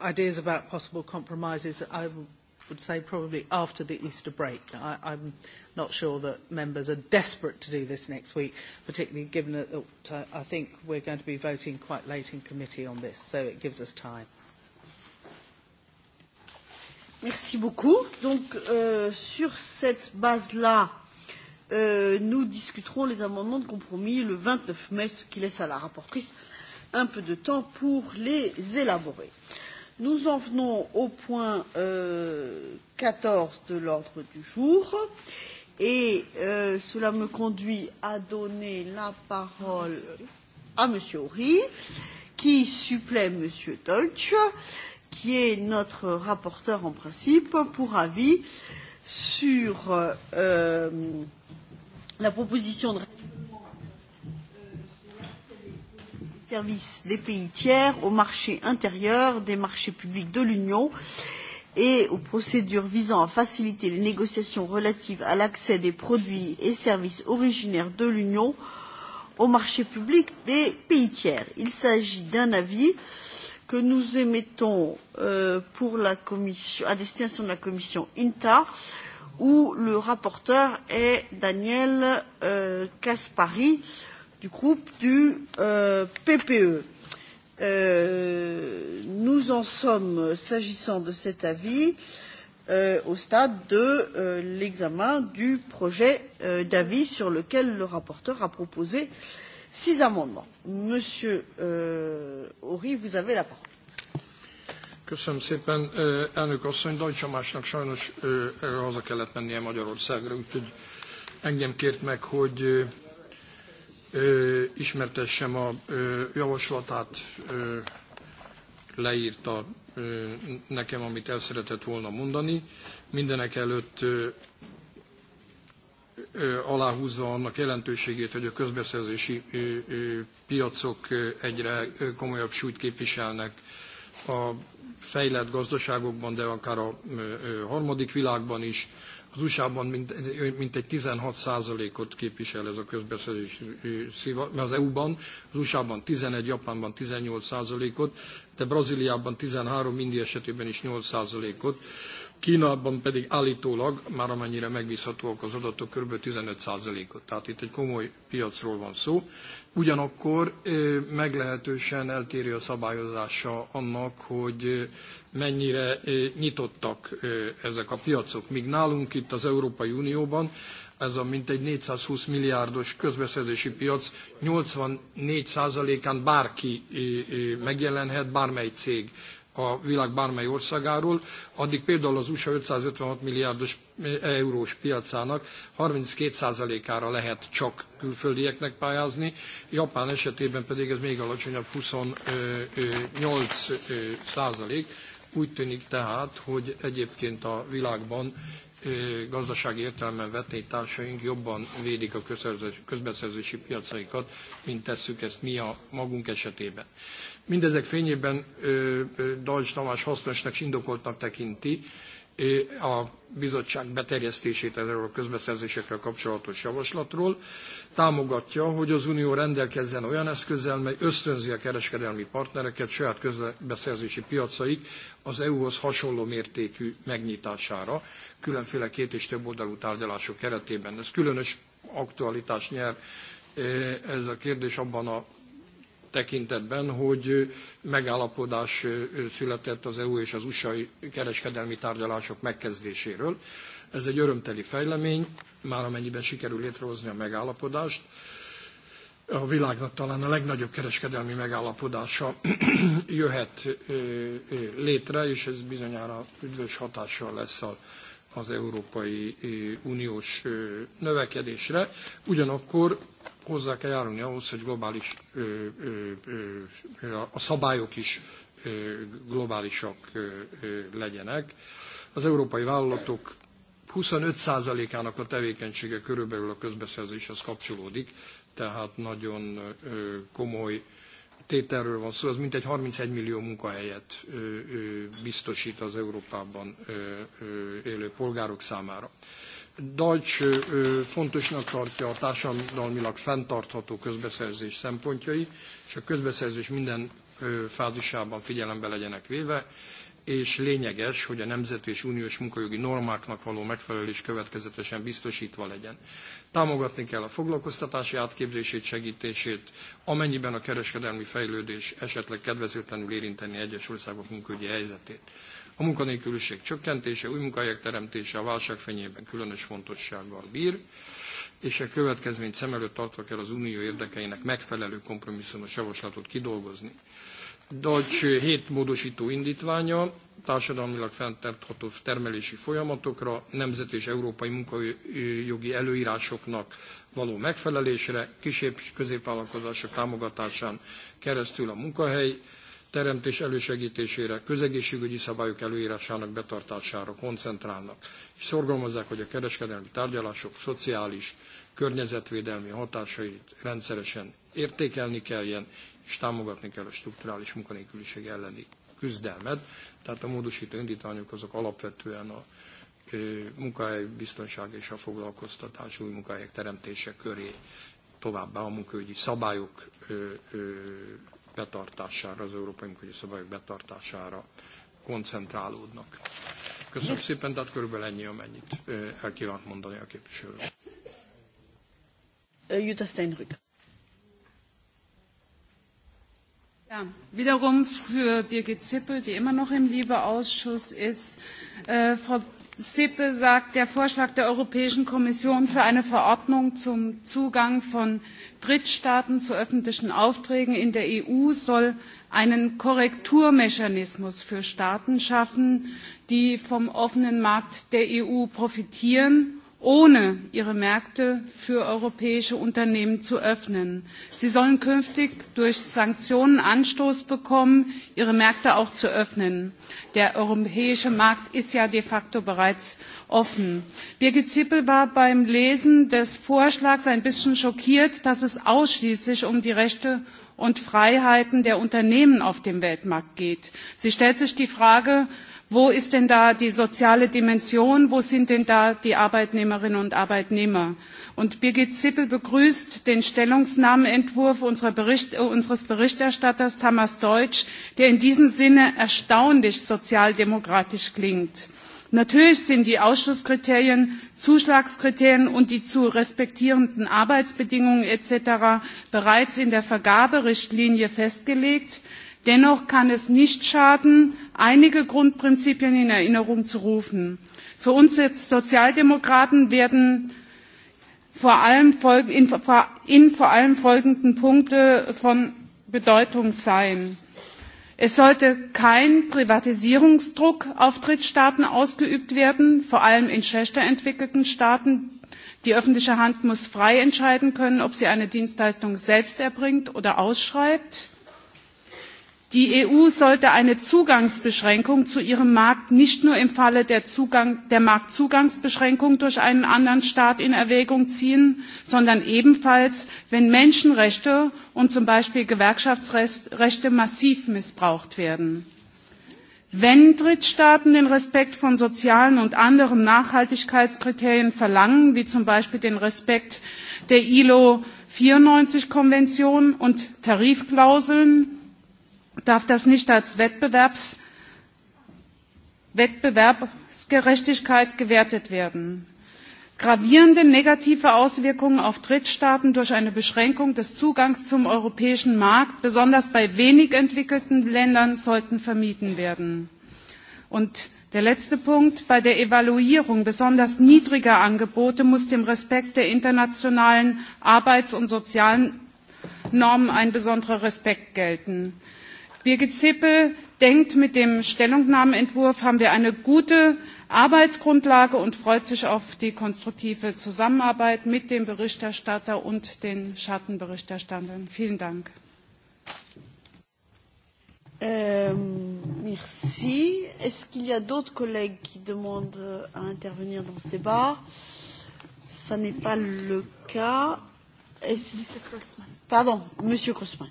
ideas about possible compromises. I will would say probably after the Easter break. I, I'm not sure that members are desperate to do this next week, particularly given that uh, I think we're going to be voting quite late in committee on this, so it gives us time. Merci beaucoup. Donc, euh, sur cette base-là, euh, nous discuterons les amendements de compromis le 29 mai, ce qui laisse à la rapporteure un peu de temps pour les élaborer. Euh, Nous en venons au point euh, 14 de l'ordre du jour et euh, cela me conduit à donner la parole à M. Horry qui supplée M. Deutsch qui est notre rapporteur en principe pour avis sur euh, la proposition de services des pays tiers au marché intérieur des marchés publics de l'Union et aux procédures visant à faciliter les négociations relatives à l'accès des produits et services originaires de l'Union au marché public des pays tiers. Il s'agit d'un avis que nous émettons euh, pour la commission, à destination de la commission INTA, où le rapporteur est Daniel Caspari. Euh, du groupe du euh, PPE. Euh, nous en sommes, s'agissant de cet avis, euh, au stade de euh, l'examen du projet euh, d'avis sur lequel le rapporteur a proposé six amendements. Monsieur euh, Horry, vous avez la parole. Köszönöm szépen, euh, elnök asszony, Dajcsa Másnak sajnos euh, haza kellett mennie Magyarországra, úgyhogy engem kért meg, hogy ismertessem a javaslatát, leírta nekem, amit el szeretett volna mondani. Mindenek előtt aláhúzza annak jelentőségét, hogy a közbeszerzési piacok egyre komolyabb súlyt képviselnek a fejlett gazdaságokban, de akár a harmadik világban is Az USA-ban mint, mintegy 16%-ot képvisel ez a közbeszerzési szíva, az EU-ban, az USA-ban 11, Japánban 18%-ot, de Brazíliában 13, India esetében is 8%-ot. Kínában pedig állítólag, már amennyire megbízhatóak az adatok, kb. 15%-ot. Tehát itt egy komoly piacról van szó. Ugyanakkor meglehetősen eltéri a szabályozása annak, hogy mennyire nyitottak ezek a piacok. Míg nálunk itt az Európai Unióban ez a mintegy 420 milliárdos közbeszerzési piac 84%-án bárki megjelenhet, bármely cég a világ bármely országáról, addig például az USA 556 milliárdos eh, eurós piacának 32%-ára lehet csak külföldieknek pályázni, Japán esetében pedig ez még alacsonyabb 28%. Úgy tűnik tehát, hogy egyébként a világban eh, gazdasági értelemben vetni társaink jobban védik a közbeszerzési piacaikat, mint tesszük ezt mi a magunk esetében. Mindezek fényében Dajcs Tamás hasznosnak és indokoltnak tekinti a bizottság beterjesztését erről a közbeszerzésekkel kapcsolatos javaslatról, támogatja, hogy az Unió rendelkezzen olyan eszközzel, mely ösztönzi a kereskedelmi partnereket saját közbeszerzési piacaik az EU-hoz hasonló mértékű megnyitására, különféle két és több oldalú tárgyalások keretében. Ez különös aktualitást nyer ez a kérdés abban a tekintetben, hogy megállapodás született az EU és az USA kereskedelmi tárgyalások megkezdéséről. Ez egy örömteli fejlemény, már amennyiben sikerül létrehozni a megállapodást. A világnak talán a legnagyobb kereskedelmi megállapodása jöhet létre, és ez bizonyára üdvös hatással lesz a az Európai Uniós növekedésre. Ugyanakkor hozzá kell járulni ahhoz, hogy globális a szabályok is globálisak legyenek. Az európai vállalatok 25%-ának a tevékenysége körülbelül a közbeszerzéshez kapcsolódik, tehát nagyon komoly tételről van szó, az mintegy 31 millió munkahelyet biztosít az Európában élő polgárok számára. Deutsch fontosnak tartja a társadalmilag fenntartható közbeszerzés szempontjai, és a közbeszerzés minden fázisában figyelembe legyenek véve, és lényeges, hogy a nemzeti és uniós munkajogi normáknak való megfelelés következetesen biztosítva legyen. Támogatni kell a foglalkoztatási átképzését, segítését, amennyiben a kereskedelmi fejlődés esetleg kedvezőtlenül érinteni egyes országok munkahogyi helyzetét. A munkanélküliség csökkentése, új munkahelyek teremtése a válság fenyében különös fontossággal bír, és a e következményt szem előtt tartva kell az unió érdekeinek megfelelő kompromisszumos javaslatot kidolgozni. Deutsch 7 módosító indítványa társadalmilag fenntartható termelési folyamatokra, nemzet és európai munkajogi előírásoknak való megfelelésre, kisebb középvállalkozások támogatásán keresztül a munkahely teremtés elősegítésére, közegészségügyi szabályok előírásának betartására koncentrálnak, és szorgalmazzák, hogy a kereskedelmi tárgyalások szociális, környezetvédelmi hatásait rendszeresen értékelni kelljen, és támogatni kell a strukturális munkanélküliség elleni küzdelmet. Tehát a módosító indítványok azok alapvetően a munkahely biztonság és a foglalkoztatás új munkahelyek teremtése köré továbbá a munkaügyi szabályok betartására, az Európai Munkahelyi Szabályok betartására koncentrálódnak. Köszönöm szépen, tehát körülbelül ennyi, amennyit el kívánt mondani a képviselő. Jutta Steinrück. Ja, wiederum für Birgit Zippel, die immer noch im Liebeausschuss ist. Äh, Frau Zippel sagt, der Vorschlag der Europäischen Kommission für eine Verordnung zum Zugang von äh, Drittstaaten zu öffentlichen Aufträgen in der EU soll einen Korrekturmechanismus für Staaten schaffen, die vom offenen Markt der EU profitieren ohne ihre Märkte für europäische Unternehmen zu öffnen. Sie sollen künftig durch Sanktionen Anstoß bekommen, ihre Märkte auch zu öffnen. Der europäische Markt ist ja de facto bereits offen. Birgit Zippel war beim Lesen des Vorschlags ein bisschen schockiert, dass es ausschließlich um die Rechte und Freiheiten der Unternehmen auf dem Weltmarkt geht. Sie stellt sich die Frage, Wo ist denn da die soziale Dimension? Wo sind denn da die Arbeitnehmerinnen und Arbeitnehmer? Und Birgit Zippel begrüßt den unserer Bericht, äh, unseres Berichterstatters Thomas Deutsch, der in diesem Sinne erstaunlich sozialdemokratisch klingt. Natürlich sind die Ausschusskriterien, Zuschlagskriterien und die zu respektierenden Arbeitsbedingungen etc. bereits in der Vergaberichtlinie festgelegt. Dennoch kann es nicht schaden, einige Grundprinzipien in Erinnerung zu rufen. Für uns als Sozialdemokraten werden vor allem in, in vor allem folgenden Punkte von Bedeutung sein. Es sollte kein Privatisierungsdruck auf Drittstaaten ausgeübt werden, vor allem in schlechter entwickelten Staaten. Die öffentliche Hand muss frei entscheiden können, ob sie eine Dienstleistung selbst erbringt oder ausschreibt. Die EU sollte eine Zugangsbeschränkung zu ihrem Markt nicht nur im Falle der, Zugang, der Marktzugangsbeschränkung durch einen anderen Staat in Erwägung ziehen, sondern ebenfalls, wenn Menschenrechte und zum Beispiel Gewerkschaftsrechte massiv missbraucht werden. Wenn Drittstaaten den Respekt von sozialen und anderen Nachhaltigkeitskriterien verlangen, wie zum Beispiel den Respekt der ILO 94-Konvention und Tarifklauseln, darf das nicht als Wettbewerbs Wettbewerbsgerechtigkeit gewertet werden. Gravierende negative Auswirkungen auf Drittstaaten durch eine Beschränkung des Zugangs zum europäischen Markt, besonders bei wenig entwickelten Ländern, sollten vermieden werden. Und der letzte Punkt, bei der Evaluierung besonders niedriger Angebote muss dem Respekt der internationalen Arbeits- und sozialen Normen ein besonderer Respekt gelten. Birgit Zippel denkt, mit dem Stellungnahmeentwurf haben wir eine gute Arbeitsgrundlage und freut sich auf die konstruktive Zusammenarbeit mit dem Berichterstatter und den Schattenberichterstattern. Vielen Dank. Euh, merci. Est-ce qu'il y a d'autres collègues qui demandent à intervenir dans ce débat Ça n'est pas le cas. Pardon, Monsieur Crossman.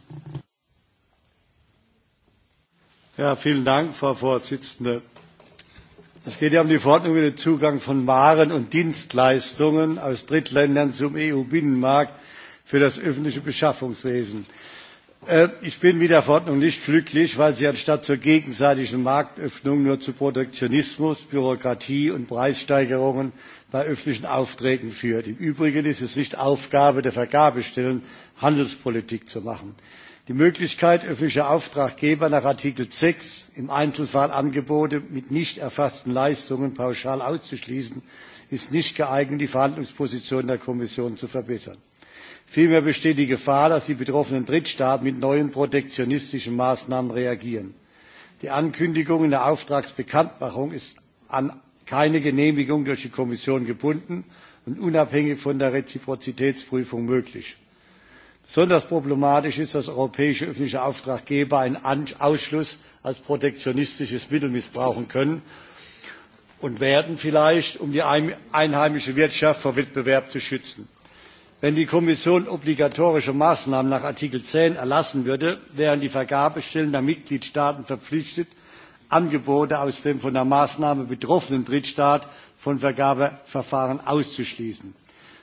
Ja, vielen Dank, Frau Vorsitzende. Es geht ja um die Verordnung über den Zugang von Waren und Dienstleistungen aus Drittländern zum EU-Binnenmarkt für das öffentliche Beschaffungswesen. Äh, ich bin mit der Verordnung nicht glücklich, weil sie anstatt zur gegenseitigen Marktöffnung nur zu Protektionismus, Bürokratie und Preissteigerungen bei öffentlichen Aufträgen führt. Im Übrigen ist es nicht Aufgabe der Vergabestellen, Handelspolitik zu machen die Möglichkeit öffentlicher Auftraggeber nach Artikel 6 im Einzelfall Angebote mit nicht erfassten Leistungen pauschal auszuschließen, ist nicht geeignet, die Verhandlungsposition der Kommission zu verbessern. Vielmehr besteht die Gefahr, dass die betroffenen Drittstaaten mit neuen protektionistischen Maßnahmen reagieren. Die Ankündigung in der Auftragsbekanntmachung ist an keine Genehmigung durch die Kommission gebunden und unabhängig von der Reziprozitätsprüfung möglich. Besonders problematisch ist dass europäische öffentliche Auftraggeber einen Ausschluss als protektionistisches Mittel missbrauchen können und werden vielleicht, um die einheimische Wirtschaft vor Wettbewerb zu schützen. Wenn die Kommission obligatorische Maßnahmen nach Artikel 10 erlassen würde, wären die Vergabestellen der Mitgliedstaaten verpflichtet, Angebote aus dem von der Maßnahme betroffenen Drittstaat von Vergabeverfahren auszuschließen.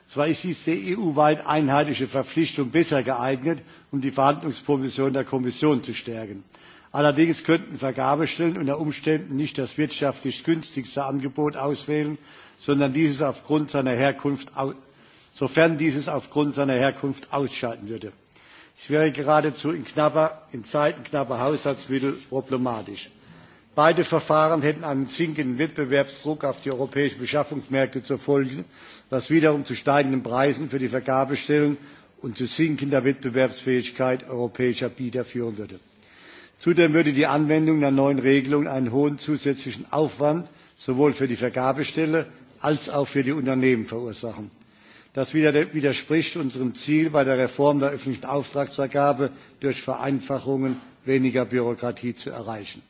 Zwar ist diese EU-weit einheitliche Verpflichtung besser geeignet, um die Verhandlungsposition der Kommission zu stärken. Allerdings könnten Vergabestellen unter Umständen nicht das wirtschaftlich günstigste Angebot auswählen, sondern dieses aufgrund seiner Herkunft, sofern dieses aufgrund seiner Herkunft ausschalten würde. Es wäre geradezu in, knapper, in Zeiten knapper Haushaltsmittel problematisch. Beide Verfahren hätten einen sinkenden Wettbewerbsdruck auf die europäischen Beschaffungsmärkte zur Folge, was wiederum zu steigenden Preisen für die Vergabestellung und zu sinkender Wettbewerbsfähigkeit europäischer Bieter führen würde. Zudem würde die Anwendung der neuen Regelung einen hohen zusätzlichen Aufwand sowohl für die Vergabestelle als auch für die Unternehmen verursachen. Das widerspricht unserem Ziel bei der Reform der öffentlichen Auftragsvergabe durch Vereinfachungen weniger Bürokratie zu erreichen.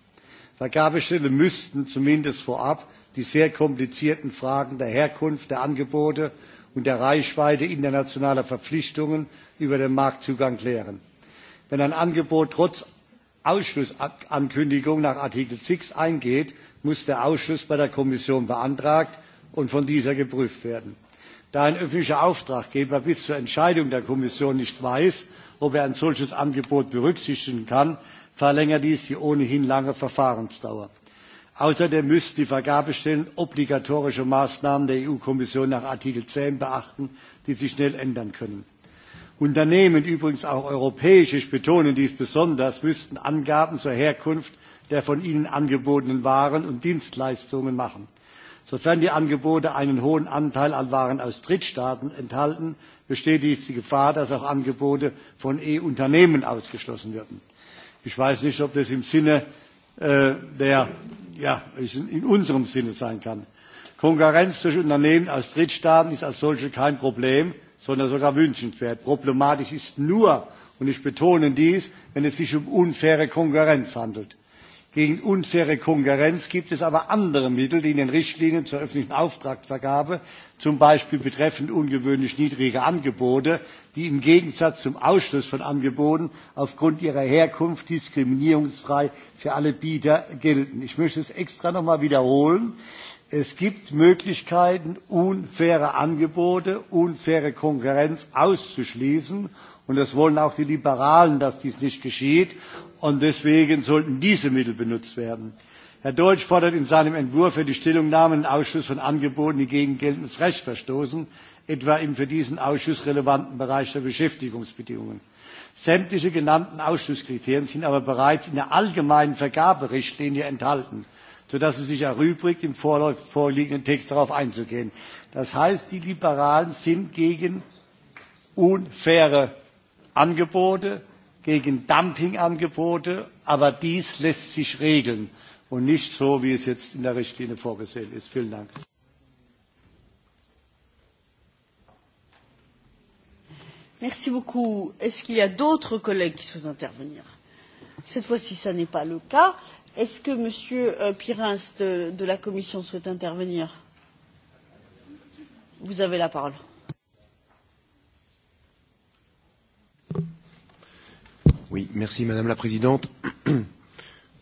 Vergabestellen müssten zumindest vorab die sehr komplizierten Fragen der Herkunft, der Angebote und der Reichweite internationaler Verpflichtungen über den Marktzugang klären. Wenn ein Angebot trotz Ausschlussankündigung nach Artikel 6 eingeht, muss der Ausschuss bei der Kommission beantragt und von dieser geprüft werden. Da ein öffentlicher Auftraggeber bis zur Entscheidung der Kommission nicht weiß, ob er ein solches Angebot berücksichtigen kann, verlängert dies die ohnehin lange Verfahrensdauer. Außerdem müssen die Vergabestellen obligatorische Maßnahmen der EU-Kommission nach Artikel 10 beachten, die sich schnell ändern können. Unternehmen, übrigens auch europäische, ich betone dies besonders, müssten Angaben zur Herkunft der von ihnen angebotenen Waren und Dienstleistungen machen. Sofern die Angebote einen hohen Anteil an Waren aus Drittstaaten enthalten, besteht dies die Gefahr, dass auch Angebote von EU-Unternehmen ausgeschlossen werden. Ich weiß nicht, ob das im Sinne äh, der ja, in unserem Sinne sein kann. Konkurrenz zwischen Unternehmen aus Drittstaaten ist als solche kein Problem, sondern sogar wünschenswert. Problematisch ist nur, und ich betone dies, wenn es sich um unfaire Konkurrenz handelt. Gegen unfaire Konkurrenz gibt es aber andere Mittel, die in den Richtlinien zur öffentlichen Auftragsvergabe, zum Beispiel betreffend ungewöhnlich niedrige Angebote, die im Gegensatz zum Ausschluss von Angeboten aufgrund ihrer Herkunft diskriminierungsfrei für alle Bieter gelten. Ich möchte es extra nochmal wiederholen. Es gibt Möglichkeiten, unfaire Angebote, unfaire Konkurrenz auszuschließen. Und das wollen auch die Liberalen, dass dies nicht geschieht. Und deswegen sollten diese Mittel benutzt werden. Herr Deutsch fordert in seinem Entwurf für die Stellungnahme einen Ausschuss von Angeboten, die gegen geltendes Recht verstoßen etwa im für diesen Ausschuss relevanten Bereich der Beschäftigungsbedingungen. Sämtliche genannten Ausschlusskriterien sind aber bereits in der allgemeinen Vergaberichtlinie enthalten, sodass es sich erübrigt, im vorliegenden Text darauf einzugehen. Das heißt, die Liberalen sind gegen unfaire Angebote, gegen Dumpingangebote, aber dies lässt sich regeln und nicht so, wie es jetzt in der Richtlinie vorgesehen ist. Vielen Dank. Merci beaucoup. Est-ce qu'il y a d'autres collègues qui souhaitent intervenir Cette fois-ci, ça n'est pas le cas. Est-ce que Monsieur euh, Pirins de, de la Commission souhaite intervenir Vous avez la parole. Oui, merci Madame la Présidente.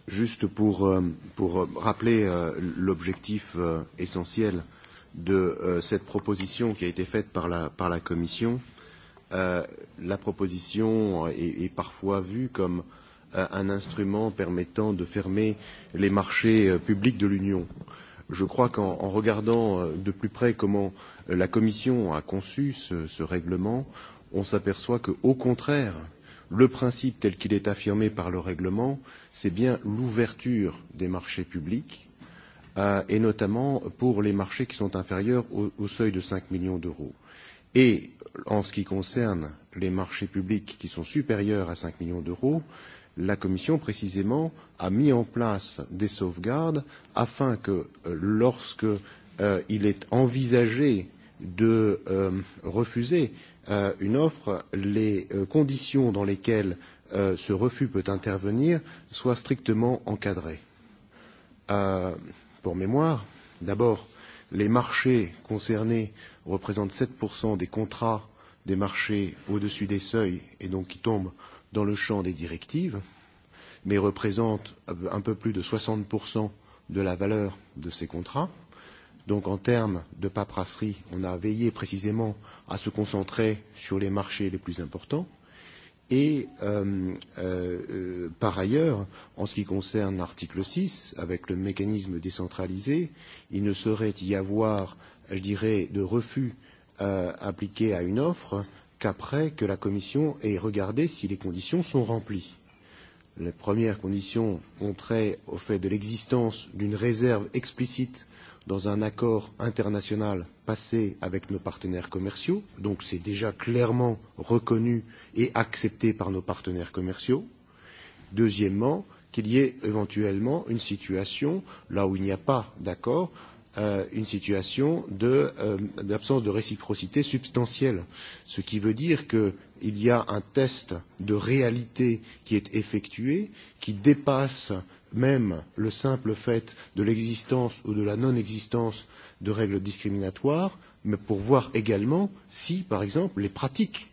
Juste pour, euh, pour rappeler euh, l'objectif euh, essentiel de cette proposition qui a été faite par la, par la Commission, Euh, la proposition est, est parfois vue comme euh, un instrument permettant de fermer les marchés euh, publics de l'Union. Je crois qu'en en regardant euh, de plus près comment euh, la Commission a conçu ce, ce règlement, on s'aperçoit qu'au contraire, le principe tel qu'il est affirmé par le règlement, c'est bien l'ouverture des marchés publics, euh, et notamment pour les marchés qui sont inférieurs au, au seuil de 5 millions d'euros. Et en ce qui concerne les marchés publics qui sont supérieurs à 5 millions d'euros, la Commission précisément a mis en place des sauvegardes afin que euh, lorsque euh, il est envisagé de euh, refuser euh, une offre, les euh, conditions dans lesquelles euh, ce refus peut intervenir soient strictement encadrées. Euh, pour mémoire, d'abord, Les marchés concernés représentent 7% des contrats des marchés au-dessus des seuils et donc qui tombent dans le champ des directives, mais représentent un peu plus de 60% de la valeur de ces contrats. Donc en termes de paperasserie, on a veillé précisément à se concentrer sur les marchés les plus importants. Et euh, euh, par ailleurs, en ce qui concerne l'article 6, avec le mécanisme décentralisé, il ne saurait y avoir, je dirais, de refus euh, appliqué à une offre qu'après que la Commission ait regardé si les conditions sont remplies. Les premières conditions ont trait au fait de l'existence d'une réserve explicite dans un accord international passé avec nos partenaires commerciaux, donc c'est déjà clairement reconnu et accepté par nos partenaires commerciaux. Deuxièmement, qu'il y ait éventuellement une situation, là où il n'y a pas d'accord, euh, une situation d'absence de, euh, de réciprocité substantielle, ce qui veut dire que il y a un test de réalité qui est effectué, qui dépasse euh, même le simple fait de l'existence ou de la non-existence de règles discriminatoires, mais pour voir également si, par exemple, les pratiques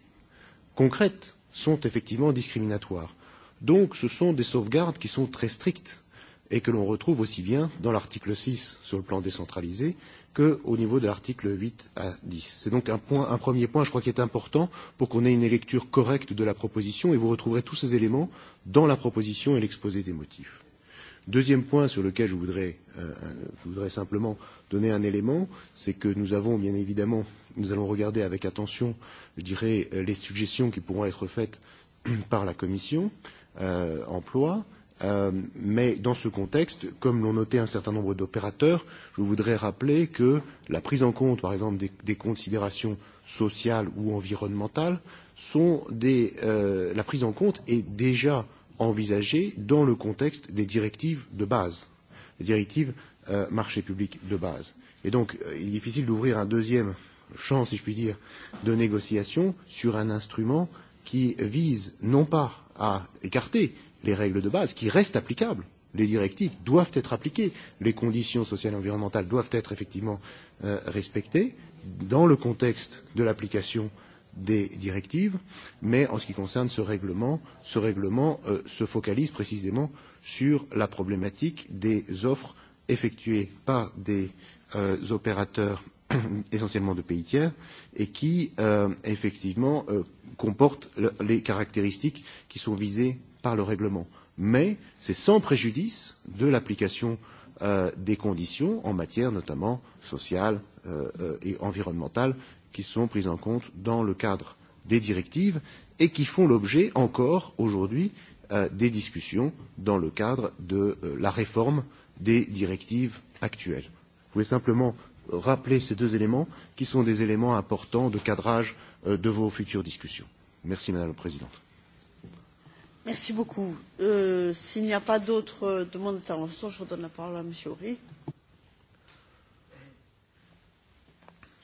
concrètes sont effectivement discriminatoires. Donc ce sont des sauvegardes qui sont très strictes et que l'on retrouve aussi bien dans l'article 6 sur le plan décentralisé qu'au niveau de l'article 8 à 10. C'est donc un, point, un premier point, je crois, qui est important pour qu'on ait une lecture correcte de la proposition et vous retrouverez tous ces éléments dans la proposition et l'exposé des motifs. Deuxième point sur lequel je voudrais, euh, euh, je voudrais simplement donner un élément, c'est que nous avons bien évidemment, nous allons regarder avec attention, je dirais, euh, les suggestions qui pourront être faites par la Commission euh, emploi, euh, mais dans ce contexte, comme l'ont noté un certain nombre d'opérateurs, je voudrais rappeler que la prise en compte, par exemple, des, des considérations sociales ou environnementales sont des, euh, la prise en compte est déjà envisagée dans le contexte des directives de base, des directives euh, marché public de base. Et donc, euh, il est difficile d'ouvrir un deuxième champ, si je puis dire, de négociation sur un instrument qui vise non pas à écarter les règles de base qui restent applicables. Les directives doivent être appliquées, les conditions sociales et environnementales doivent être effectivement euh, respectées dans le contexte de l'application euh, des directives, mais en ce qui concerne ce règlement, ce règlement euh, se focalise précisément sur la problématique des offres effectuées par des euh, opérateurs essentiellement de pays tiers et qui euh, effectivement euh, comportent le, les caractéristiques qui sont visées par le règlement. Mais c'est sans préjudice de l'application euh, des conditions en matière notamment sociale euh, euh et environnementale qui sont prises en compte dans le cadre des directives et qui font l'objet encore aujourd'hui euh, des discussions dans le cadre de euh, la réforme des directives actuelles. Je voulais simplement rappeler ces deux éléments qui sont des éléments importants de cadrage euh, de vos futures discussions. Merci Madame la Présidente. Merci beaucoup. Euh, S'il n'y a pas d'autres demandes d'intervention, je redonne la parole à M. Horry.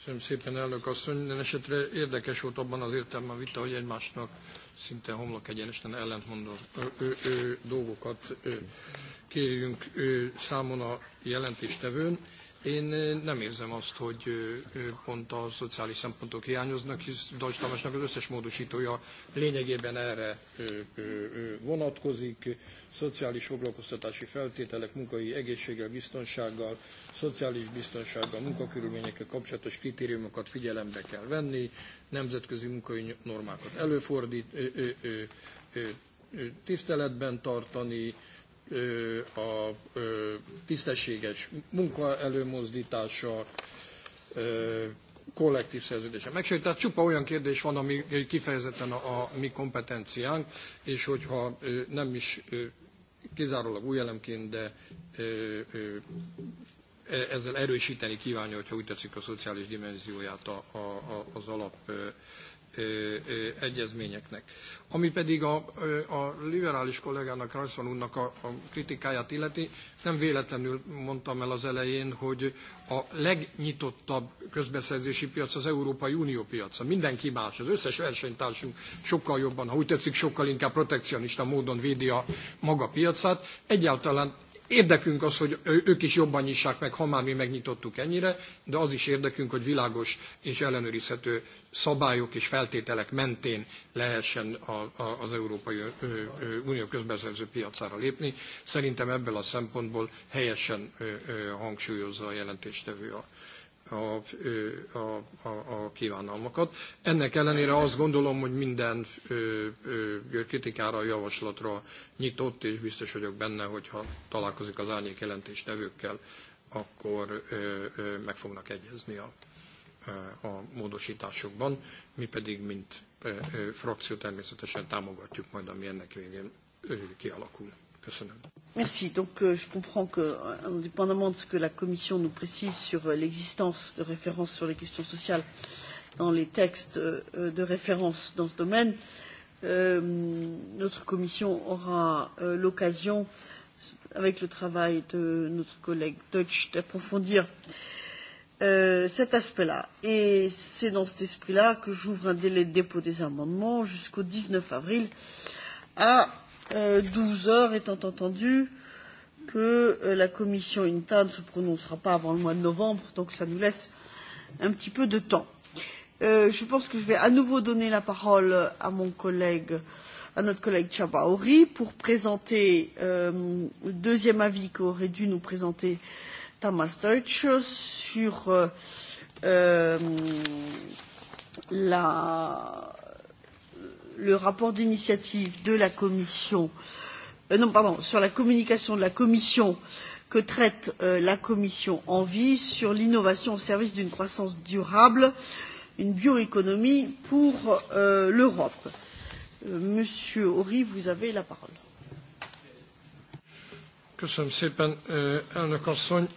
Köszönöm szépen, elnök asszony. Minden esetre érdekes volt abban az értelme a vita, hogy egymásnak szinte homlok egyenesen ellentmondó ö, ö, dolgokat ö, kérjünk ö, számon a jelentéstevőn. Én eh, nem érzem azt, hogy eh, eh, pont a szociális szempontok hiányoznak, hisz Dajs Tamásnak az összes módosítója lényegében erre vonatkozik, szociális foglalkoztatási feltételek, munkai egészséggel, biztonsággal, szociális biztonsággal, munkakörülményekkel kapcsolatos kritériumokat figyelembe kell venni, nemzetközi munkai normákat előfordít, tiszteletben tartani, a tisztességes munka előmozdítása, kollektív szerződése megsérült. Tehát csupa olyan kérdés van, ami kifejezetten a, a mi kompetenciánk, és hogyha nem is kizárólag új elemként, de e, ezzel erősíteni kívánja, hogyha úgy tetszik a szociális dimenzióját a, a, a, az alap egyezményeknek. Ami pedig a, a liberális kollégának, Rajszon úrnak a, a kritikáját illeti, nem véletlenül mondtam el az elején, hogy a legnyitottabb közbeszerzési piac az Európai Unió piaca. Mindenki más, az összes versenytársunk sokkal jobban, ha úgy tetszik, sokkal inkább protekcionista módon védi a maga piacát. Egyáltalán Érdekünk az, hogy ők is jobban nyissák meg, ha már mi megnyitottuk ennyire, de az is érdekünk, hogy világos és ellenőrizhető szabályok és feltételek mentén lehessen a, a, az Európai Unió közbeszerző piacára lépni. Szerintem ebből a szempontból helyesen hangsúlyozza a jelentéstevő a a, a, a, a kívánalmakat. Ennek ellenére azt gondolom, hogy minden ö, ö, kritikára, javaslatra nyitott, és biztos vagyok benne, hogyha találkozik az árnyék jelentés nevőkkel, akkor ö, ö, meg fognak egyezni a, a módosításokban. Mi pedig, mint ö, ö, frakció természetesen támogatjuk majd, ami ennek végén ö, kialakul. Merci. Donc, euh, je comprends que, euh, indépendamment de ce que la Commission nous précise sur euh, l'existence de références sur les questions sociales dans les textes euh, de référence dans ce domaine, euh, notre Commission aura euh, l'occasion, avec le travail de notre collègue Deutsch, d'approfondir euh, cet aspect-là. Et c'est dans cet esprit-là que j'ouvre un délai de dépôt des amendements jusqu'au 19 avril à euh, 12 heures étant entendu que euh, la commission INTA ne se prononcera pas avant le mois de novembre, donc ça nous laisse un petit peu de temps. Euh, je pense que je vais à nouveau donner la parole à mon collègue, à notre collègue Chabaori pour présenter euh, le deuxième avis qu'aurait dû nous présenter Thomas Deutsch sur euh, euh, la le rapport d'initiative de la Commission, euh, non, pardon, sur la communication de la Commission que traite euh, la Commission Envie sur l'innovation au service d'une croissance durable, une bioéconomie pour euh, l'Europe. Euh, Monsieur Horry, vous avez la parole. Köszönöm szépen, euh, elnök asszony.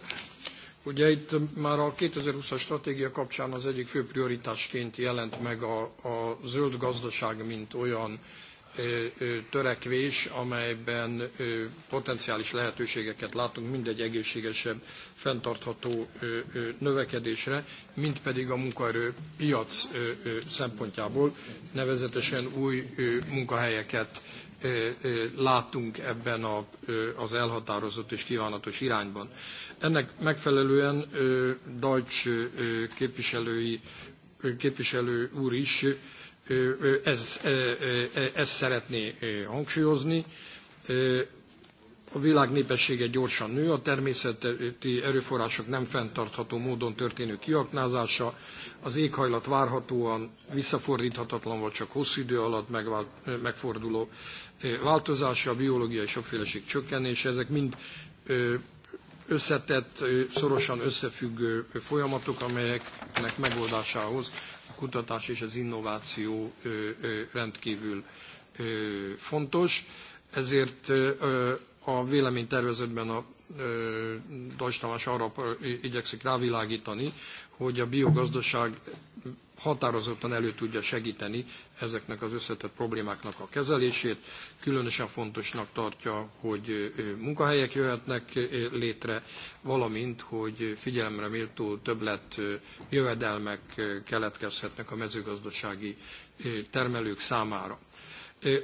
Ugye itt már a 2020-as stratégia kapcsán az egyik fő prioritásként jelent meg a, a zöld gazdaság, mint olyan ö, ö, törekvés, amelyben ö, potenciális lehetőségeket látunk mindegy egészségesebb, fenntartható ö, ö, növekedésre, mint pedig a munkaerő piac ö, ö, szempontjából, nevezetesen új ö, munkahelyeket ö, ö, látunk ebben a, ö, az elhatározott és kívánatos irányban. Ennek megfelelően Deutsch képviselői, képviselő úr is ez, szeretné hangsúlyozni. A világ népessége gyorsan nő, a természeti erőforrások nem fenntartható módon történő kiaknázása, az éghajlat várhatóan visszafordíthatatlan vagy csak hosszú idő alatt megvált, megforduló változása, a biológia és sokféleség csökkenése, ezek mind összetett, szorosan összefüggő folyamatok, amelyeknek megoldásához a kutatás és az innováció rendkívül fontos. Ezért a véleménytervezetben a Dajs Tamás arra igyekszik rávilágítani, hogy a biogazdaság határozottan elő tudja segíteni ezeknek az összetett problémáknak a kezelését. Különösen fontosnak tartja, hogy munkahelyek jöhetnek létre, valamint, hogy figyelemre méltó többlet jövedelmek keletkezhetnek a mezőgazdasági termelők számára.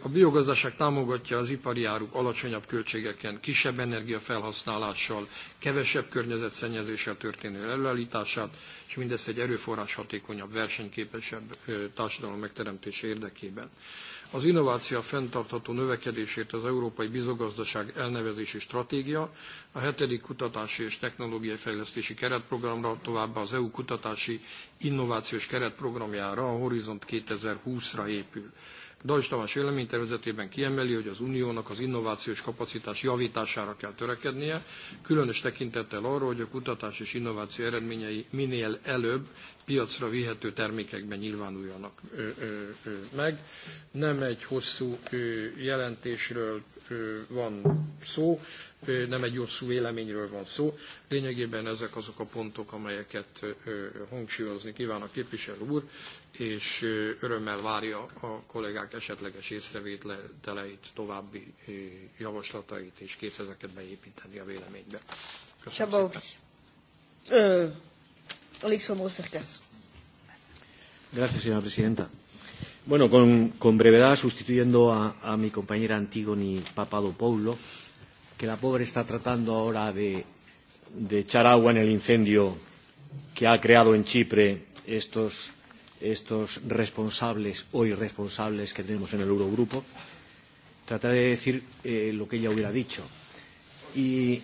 A biogazdaság támogatja az ipari áruk alacsonyabb költségeken, kisebb energiafelhasználással, kevesebb környezetszennyezéssel történő előállítását, és mindezt egy erőforrás hatékonyabb, versenyképesebb társadalom megteremtése érdekében. Az innováció a fenntartható növekedésért az Európai Bizogazdaság elnevezési stratégia, a hetedik kutatási és technológiai fejlesztési keretprogramra, továbbá az EU kutatási innovációs keretprogramjára, a Horizont 2020-ra épül. Dajs Tamás véleménytervezetében kiemeli, hogy az Uniónak az innovációs kapacitás javítására kell törekednie, különös tekintettel arra, hogy a kutatás és innováció eredményei minél előbb piacra vihető termékekben nyilvánuljanak ö, ö, ö, meg. Nem egy hosszú ö, jelentésről ö, van szó, nem egy hosszú véleményről van szó. Lényegében ezek azok a pontok, amelyeket hangsúlyozni kíván a képviselő úr, és örömmel várja a kollégák esetleges észrevételeit, további javaslatait, és kész ezeket beépíteni a véleménybe. Köszönöm szépen. Gracias, señora presidenta. Bueno, con, con brevedad, sustituyendo a, a mi compañera Antigoni Papadopoulos, que la pobre está tratando ahora de, de echar agua en el incendio que ha creado en Chipre estos, estos responsables o irresponsables que tenemos en el Eurogrupo. Trataré de decir eh, lo que ella hubiera dicho. Y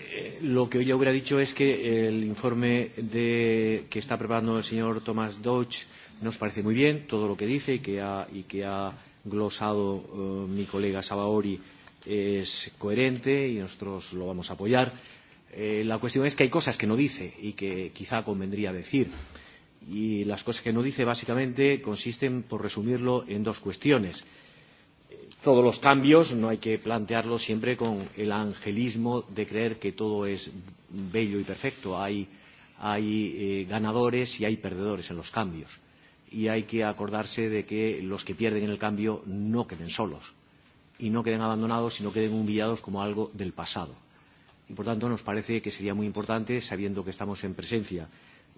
eh, lo que ella hubiera dicho es que el informe de, que está preparando el señor Thomas Deutsch nos parece muy bien, todo lo que dice y que ha, y que ha glosado eh, mi colega Sabaori es coherente y nosotros lo vamos a apoyar. Eh, la cuestión es que hay cosas que no dice y que quizá convendría decir. Y las cosas que no dice básicamente consisten, por resumirlo, en dos cuestiones. todos los cambios no hay que plantearlos siempre con el angelismo de creer que todo es bello y perfecto. Hay, hay eh, ganadores y hay perdedores en los cambios. Y hay que acordarse de que los que pierden en el cambio no queden solos y no queden abandonados, sino queden humillados como algo del pasado. Y por tanto nos parece que sería muy importante, sabiendo que estamos en presencia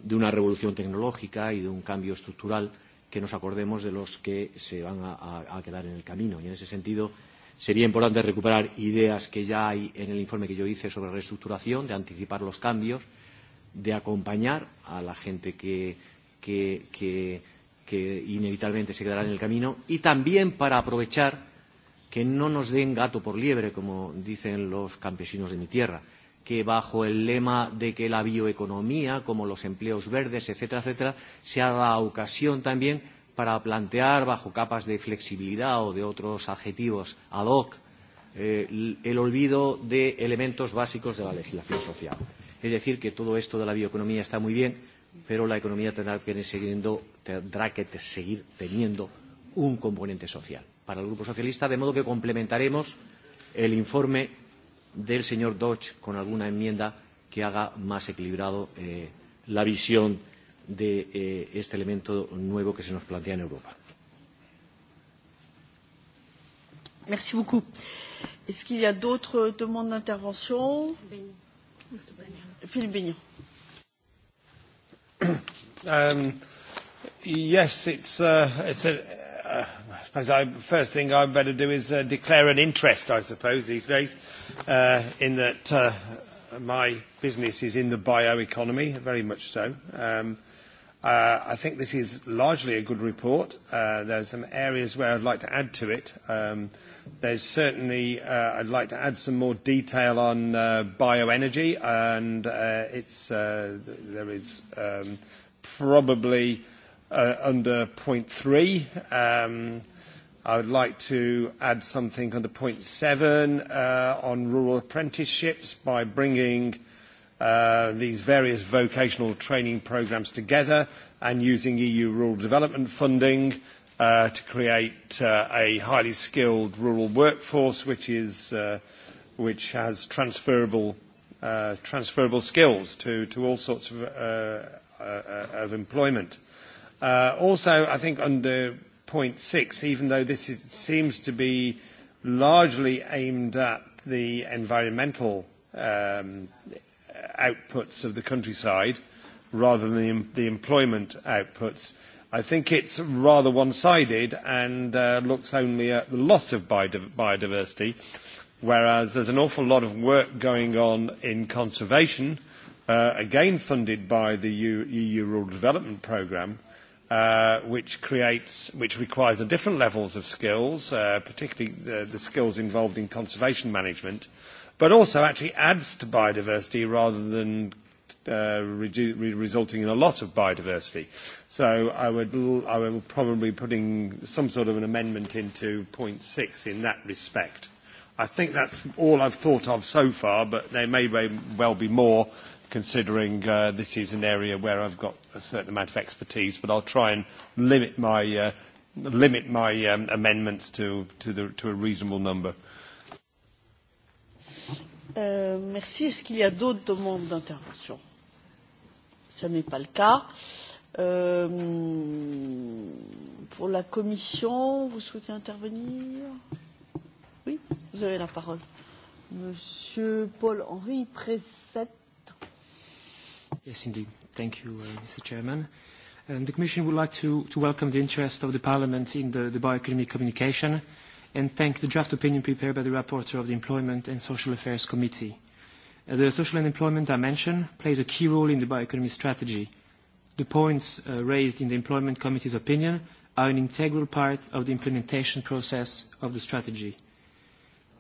de una revolución tecnológica y de un cambio estructural, que nos acordemos de los que se van a, a, a quedar en el camino. Y en ese sentido sería importante recuperar ideas que ya hay en el informe que yo hice sobre reestructuración, de anticipar los cambios, de acompañar a la gente que, que, que, que inevitablemente se quedará en el camino y también para aprovechar que no nos den gato por liebre, como dicen los campesinos de mi tierra, que bajo el lema de que la bioeconomía, como los empleos verdes, etcétera, etcétera, sea la ocasión también para plantear bajo capas de flexibilidad o de otros adjetivos ad hoc eh, el olvido de elementos básicos de la legislación social. Es decir, que todo esto de la bioeconomía está muy bien, pero la economía tendrá que, tendrá que seguir teniendo un componente social para el Grupo Socialista, de modo que complementaremos el informe del señor Dodge con alguna enmienda que haga más equilibrado eh, la visión de eh, este elemento nuevo que se nos plantea en Europa. Merci beaucoup. Est-ce qu'il y a d'autres demandes d'intervention Philippe Bignon. Um, yes, it's, uh, it's a, uh, as I, first thing I better do is uh, declare an interest, I suppose, these days, uh, in that uh, my business is in the bioeconomy, very much so. Um, uh, I think this is largely a good report. Uh, there's some areas where I'd like to add to it. Um, there's certainly, uh, I'd like to add some more detail on uh, bioenergy, and uh, it's, uh, there is um, probably uh, under point three, um, I would like to add something under point seven uh, on rural apprenticeships by bringing uh, these various vocational training programs together and using EU rural development funding uh, to create uh, a highly skilled rural workforce which, is, uh, which has transferable, uh, transferable skills to, to all sorts of, uh, uh, uh of employment. Uh, also, I think under point six, even though this is, seems to be largely aimed at the environmental um, outputs of the countryside rather than the, the employment outputs. I think it's rather one-sided and uh, looks only at the loss of biodiversity, whereas there's an awful lot of work going on in conservation, uh, again funded by the EU, EU Rural Development Programme, uh, which creates, which requires a different levels of skills, uh, particularly the, the skills involved in conservation management, but also actually adds to biodiversity rather than uh, re resulting in a loss of biodiversity. So I would, I will probably be putting some sort of an amendment into point six in that respect. I think that's all I've thought of so far, but there may well be more considering uh, this is an area where I've got a certain amount of expertise, but I'll try and limit my, uh, limit my um, amendments to, to, the, to a reasonable number. Euh, merci. Est-ce qu'il y a d'autres demandes d'intervention Ce n'est pas le cas. Euh, pour la Commission, vous souhaitez intervenir Oui, vous avez la parole. Monsieur Paul-Henri Pressette Yes, indeed. Thank you, uh, Mr. Chairman. And um, the Commission would like to, to welcome the interest of the Parliament in the, the bioeconomic communication and thank the draft opinion prepared by the rapporteur of the Employment and Social Affairs Committee. Uh, the social and employment dimension plays a key role in the bioeconomy strategy. The points uh, raised in the Employment Committee's opinion are an integral part of the implementation process of the strategy.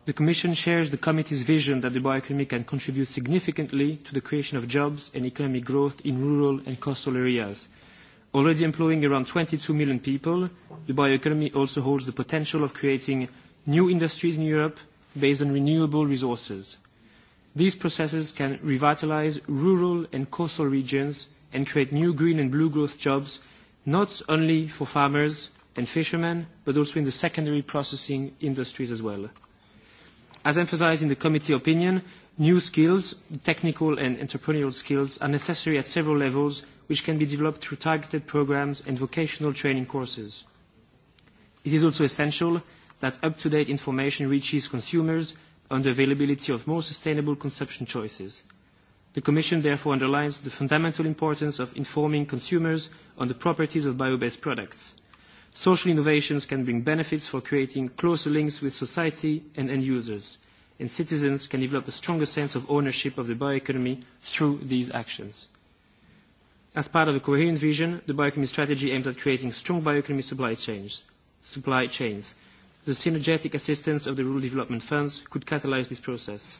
The Commission shares the Committee's vision that the bioeconomy can contribute significantly to the creation of jobs and economic growth in rural and coastal areas. Already employing around 22 million people, the bioeconomy also holds the potential of creating new industries in Europe based on renewable resources. These processes can revitalize rural and coastal regions and create new green and blue growth jobs, not only for farmers and fishermen, but also in the secondary processing industries as well. As emphasized in the committee opinion, new skills, technical and entrepreneurial skills, are necessary at several levels which can be developed through targeted programs and vocational training courses. It is also essential that up-to-date information reaches consumers on the availability of more sustainable consumption choices. The Commission therefore underlines the fundamental importance of informing consumers on the properties of bio-based products – Social innovations can bring benefits for creating closer links with society and end users, and citizens can develop a stronger sense of ownership of the bioeconomy through these actions. As part of a coherent vision, the bioeconomy strategy aims at creating strong bioeconomy supply chains. Supply chains. The synergetic assistance of the rural development funds could catalyse this process.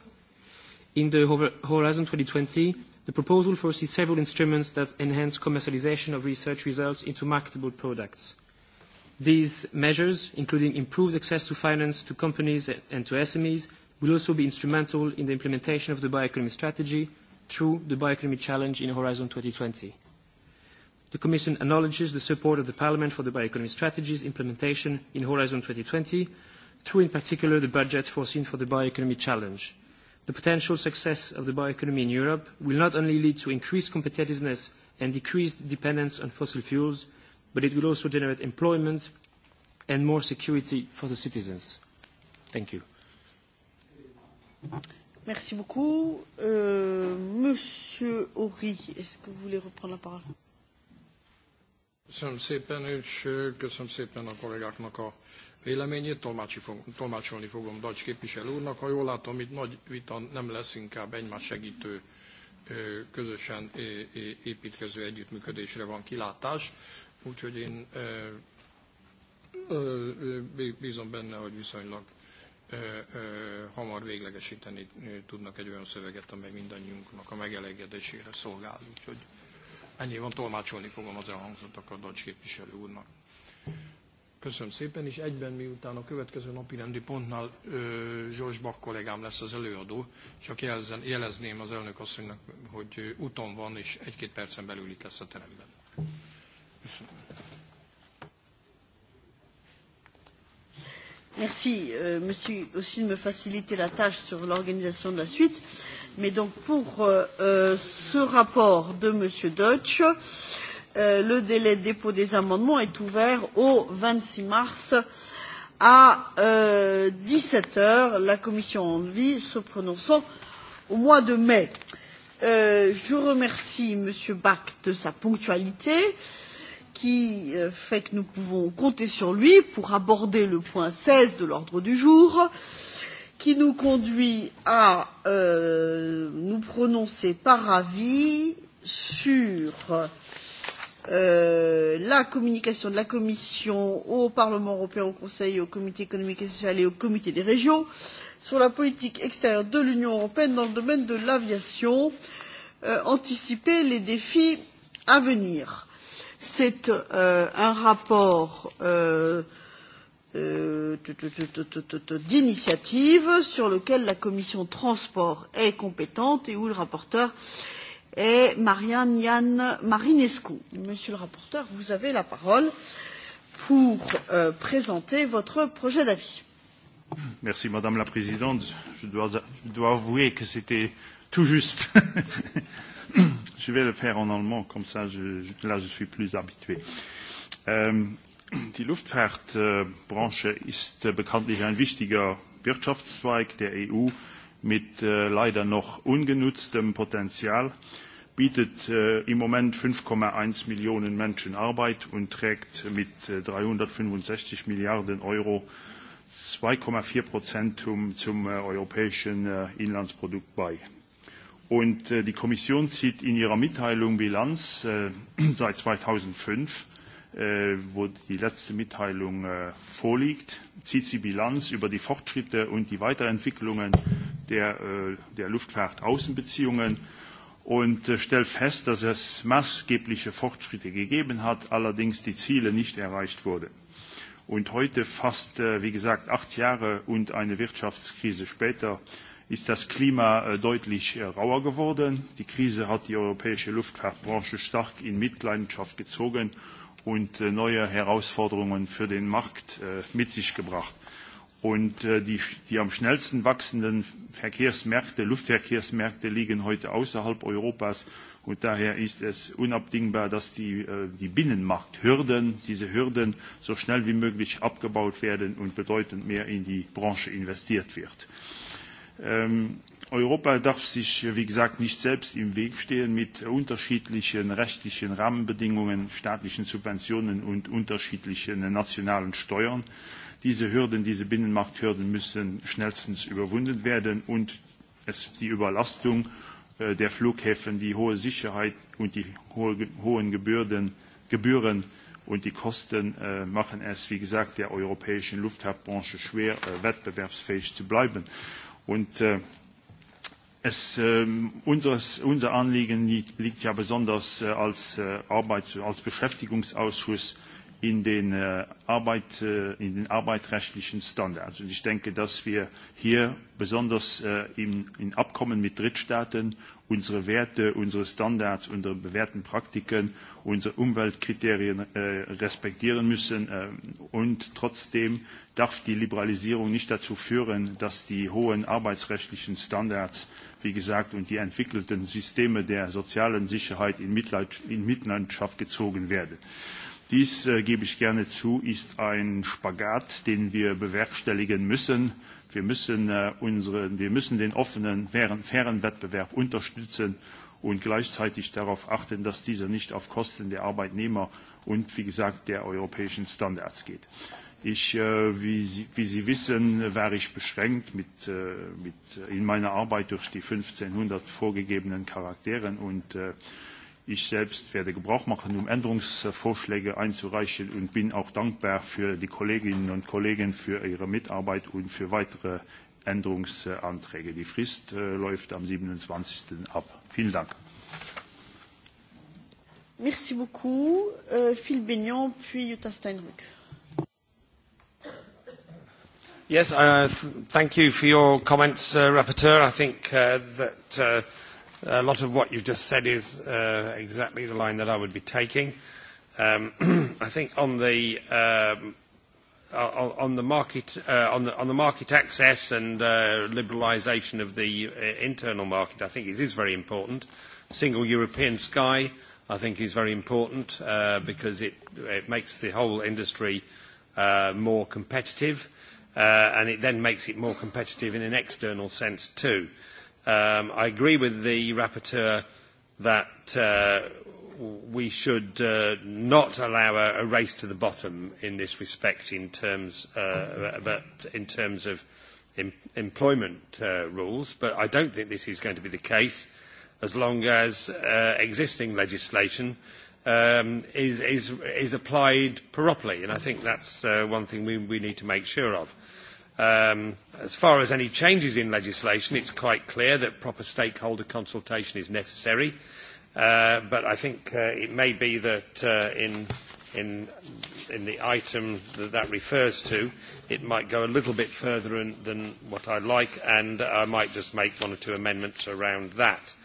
In the Horizon 2020, the proposal foresees several instruments that enhance commercialisation of research results into marketable products. These measures, including improved access to finance to companies and to SMEs, will also be instrumental in the implementation of the bioeconomy strategy through the bioeconomy challenge in Horizon 2020. The Commission acknowledges the support of the Parliament for the bioeconomy strategy's implementation in Horizon 2020 through in particular the budget foreseen for the bioeconomy challenge. The potential success of the bioeconomy in Europe will not only lead to increased competitiveness and decreased dependence on fossil fuels, but it will also generate employment and more security for the citizens. Thank you. Merci beaucoup. Euh, Monsieur Horry, est-ce que vous voulez reprendre la parole Köszönöm szépen, és köszönöm szépen a kollégáknak a véleményét. Tolmácsi fog, tolmácsolni fogom Dacs képviselő úrnak. Ha jól látom, itt nagy vita nem lesz, inkább egymás segítő, közösen építkező együttműködésre van kilátás. Úgyhogy én bízom benne, hogy viszonylag hamar véglegesíteni tudnak egy olyan szöveget, amely mindannyiunknak a megelégedésére szolgál. Úgyhogy ennyi van, tolmácsolni fogom az elhangzottak a Dacs képviselő úrnak. Köszönöm szépen, és egyben miután a következő napi rendi pontnál Zsors Bak kollégám lesz az előadó, csak jelzen, jelezném az elnök asszonynak, hogy úton van, és egy-két percen belül itt lesz a teremben. Merci, euh, monsieur, aussi de me faciliter la tâche sur l'organisation de la suite. Mais donc, pour euh, euh ce rapport de monsieur Deutsch, euh, le délai de dépôt des amendements est ouvert au 26 mars à euh, 17 heures, la commission en vie se prononçant au mois de mai. Euh, je remercie monsieur Bach de sa ponctualité. Euh, qui euh, fait que nous pouvons compter sur lui pour aborder le point 16 de l'ordre du jour, qui nous conduit à euh, nous prononcer par avis sur euh, la communication de la Commission au Parlement européen, au Conseil, au Comité économique et social et au Comité des régions sur la politique extérieure de l'Union européenne dans le domaine de l'aviation, euh, anticiper les défis à venir. C'est euh, un rapport euh, euh, d'initiative sur lequel la commission transport est compétente et où le rapporteur est Marianne Yann Marinescu. Monsieur le rapporteur, vous avez la parole pour euh, présenter votre projet d'avis. Merci Madame la Présidente. Je dois, je dois avouer que c'était tout juste. Je vais le faire en allemand, comme ça, je, là, je suis plus habitué. Ähm, die Luftfahrtbranche ist äh, bekanntlich ein wichtiger Wirtschaftszweig der EU mit äh, leider noch ungenutztem Potenzial, bietet äh, im Moment 5,1 Millionen Menschen Arbeit und trägt mit äh, 365 Milliarden Euro 2,4 Prozent zum, zum äh, europäischen äh, Inlandsprodukt bei. Und äh, die Kommission zieht in ihrer Mitteilung Bilanz äh, seit 2005, äh, wo die letzte Mitteilung äh, vorliegt, zieht sie Bilanz über die Fortschritte und die Weiterentwicklungen der, äh, der Luftfahrtaußenbeziehungen und äh, stellt fest, dass es maßgebliche Fortschritte gegeben hat, allerdings die Ziele nicht erreicht wurden. Und heute, fast, äh, wie gesagt, acht Jahre und eine Wirtschaftskrise später, ist das Klima äh, deutlich äh, rauer geworden. Die Krise hat die europäische Luftfahrtbranche stark in Mitleidenschaft gezogen und äh, neue Herausforderungen für den Markt mit sich gebracht. Und die, die am schnellsten wachsenden Verkehrsmärkte, Luftverkehrsmärkte liegen heute außerhalb Europas. Und daher ist es unabdingbar, dass die, die Binnenmarkthürden, diese Hürden so schnell wie möglich abgebaut werden und bedeutend mehr in die Branche investiert wird. Ähm, Europa darf sich, wie gesagt, nicht selbst im Weg stehen mit unterschiedlichen rechtlichen Rahmenbedingungen, staatlichen Subventionen und unterschiedlichen nationalen Steuern. Diese Hürden, diese Binnenmarkthürden müssen schnellstens überwunden werden und es, die Überlastung äh, der Flughäfen, die hohe Sicherheit und die hohe, hohen Gebühren, Gebühren und die Kosten äh, machen es, wie gesagt, der europäischen Luftfahrtbranche schwer, äh, wettbewerbsfähig zu bleiben. Und äh, es, äh, unseres, unser Anliegen liegt, liegt ja besonders äh, als, äh, Arbeit, als Beschäftigungsausschuss in den, äh, Arbeit, äh, in den arbeitrechtlichen Standards. Und ich denke, dass wir hier besonders äh, in, in Abkommen mit Drittstaaten unsere Werte, unsere Standards, unsere bewährten Praktiken, unsere Umweltkriterien äh, respektieren müssen. Äh, und trotzdem darf die Liberalisierung nicht dazu führen, dass die hohen arbeitsrechtlichen Standards, wie gesagt, und die entwickelten Systeme der sozialen Sicherheit in, Mitleid, in Mitleidenschaft gezogen werden. Dies, äh, gebe ich gerne zu, ist ein Spagat, den wir bewerkstelligen müssen Wir müssen, äh, unseren, wir müssen den offenen, fairen, fairen Wettbewerb unterstützen und gleichzeitig darauf achten, dass dieser nicht auf Kosten der Arbeitnehmer und, wie gesagt, der europäischen Standards geht. Ich, äh, wie, Sie, wie Sie wissen, war ich beschränkt mit, äh, mit, in meiner Arbeit durch die 1500 vorgegebenen Charakteren und äh, Ich selbst werde Gebrauch machen, um Änderungsvorschläge einzureichen und bin auch dankbar für die Kolleginnen und Kollegen für ihre Mitarbeit und für weitere Änderungsanträge. Die Frist äh, läuft am 27. ab. Vielen Dank. Merci beaucoup. Euh, Phil Bignon, puis Jutta Steinrück. Yes, uh, thank you for your comments, uh, Rapporteur. I think uh, that uh, A lot of what you've just said is uh, exactly the line that I would be taking. Um, I think on the um, uh, on the market uh, on the on the market access and uh, liberalisation of the uh, internal market, I think it is very important. Single European sky, I think, is very important uh, because it it makes the whole industry uh, more competitive, uh, and it then makes it more competitive in an external sense too. Uh, Um, I agree with the rapporteur that uh, we should uh, not allow a, a race to the bottom in this respect in terms, uh, but in terms of em employment uh, rules, but I don't think this is going to be the case as long as uh, existing legislation um, is, is, is applied properly, and I think that's uh, one thing we, we need to make sure of. Um, as far as any changes in legislation, it's quite clear that proper stakeholder consultation is necessary. Uh, but I think uh, it may be that uh, in, in, in the item that that refers to, it might go a little bit further in, than what I like, and I might just make one or two amendments around that.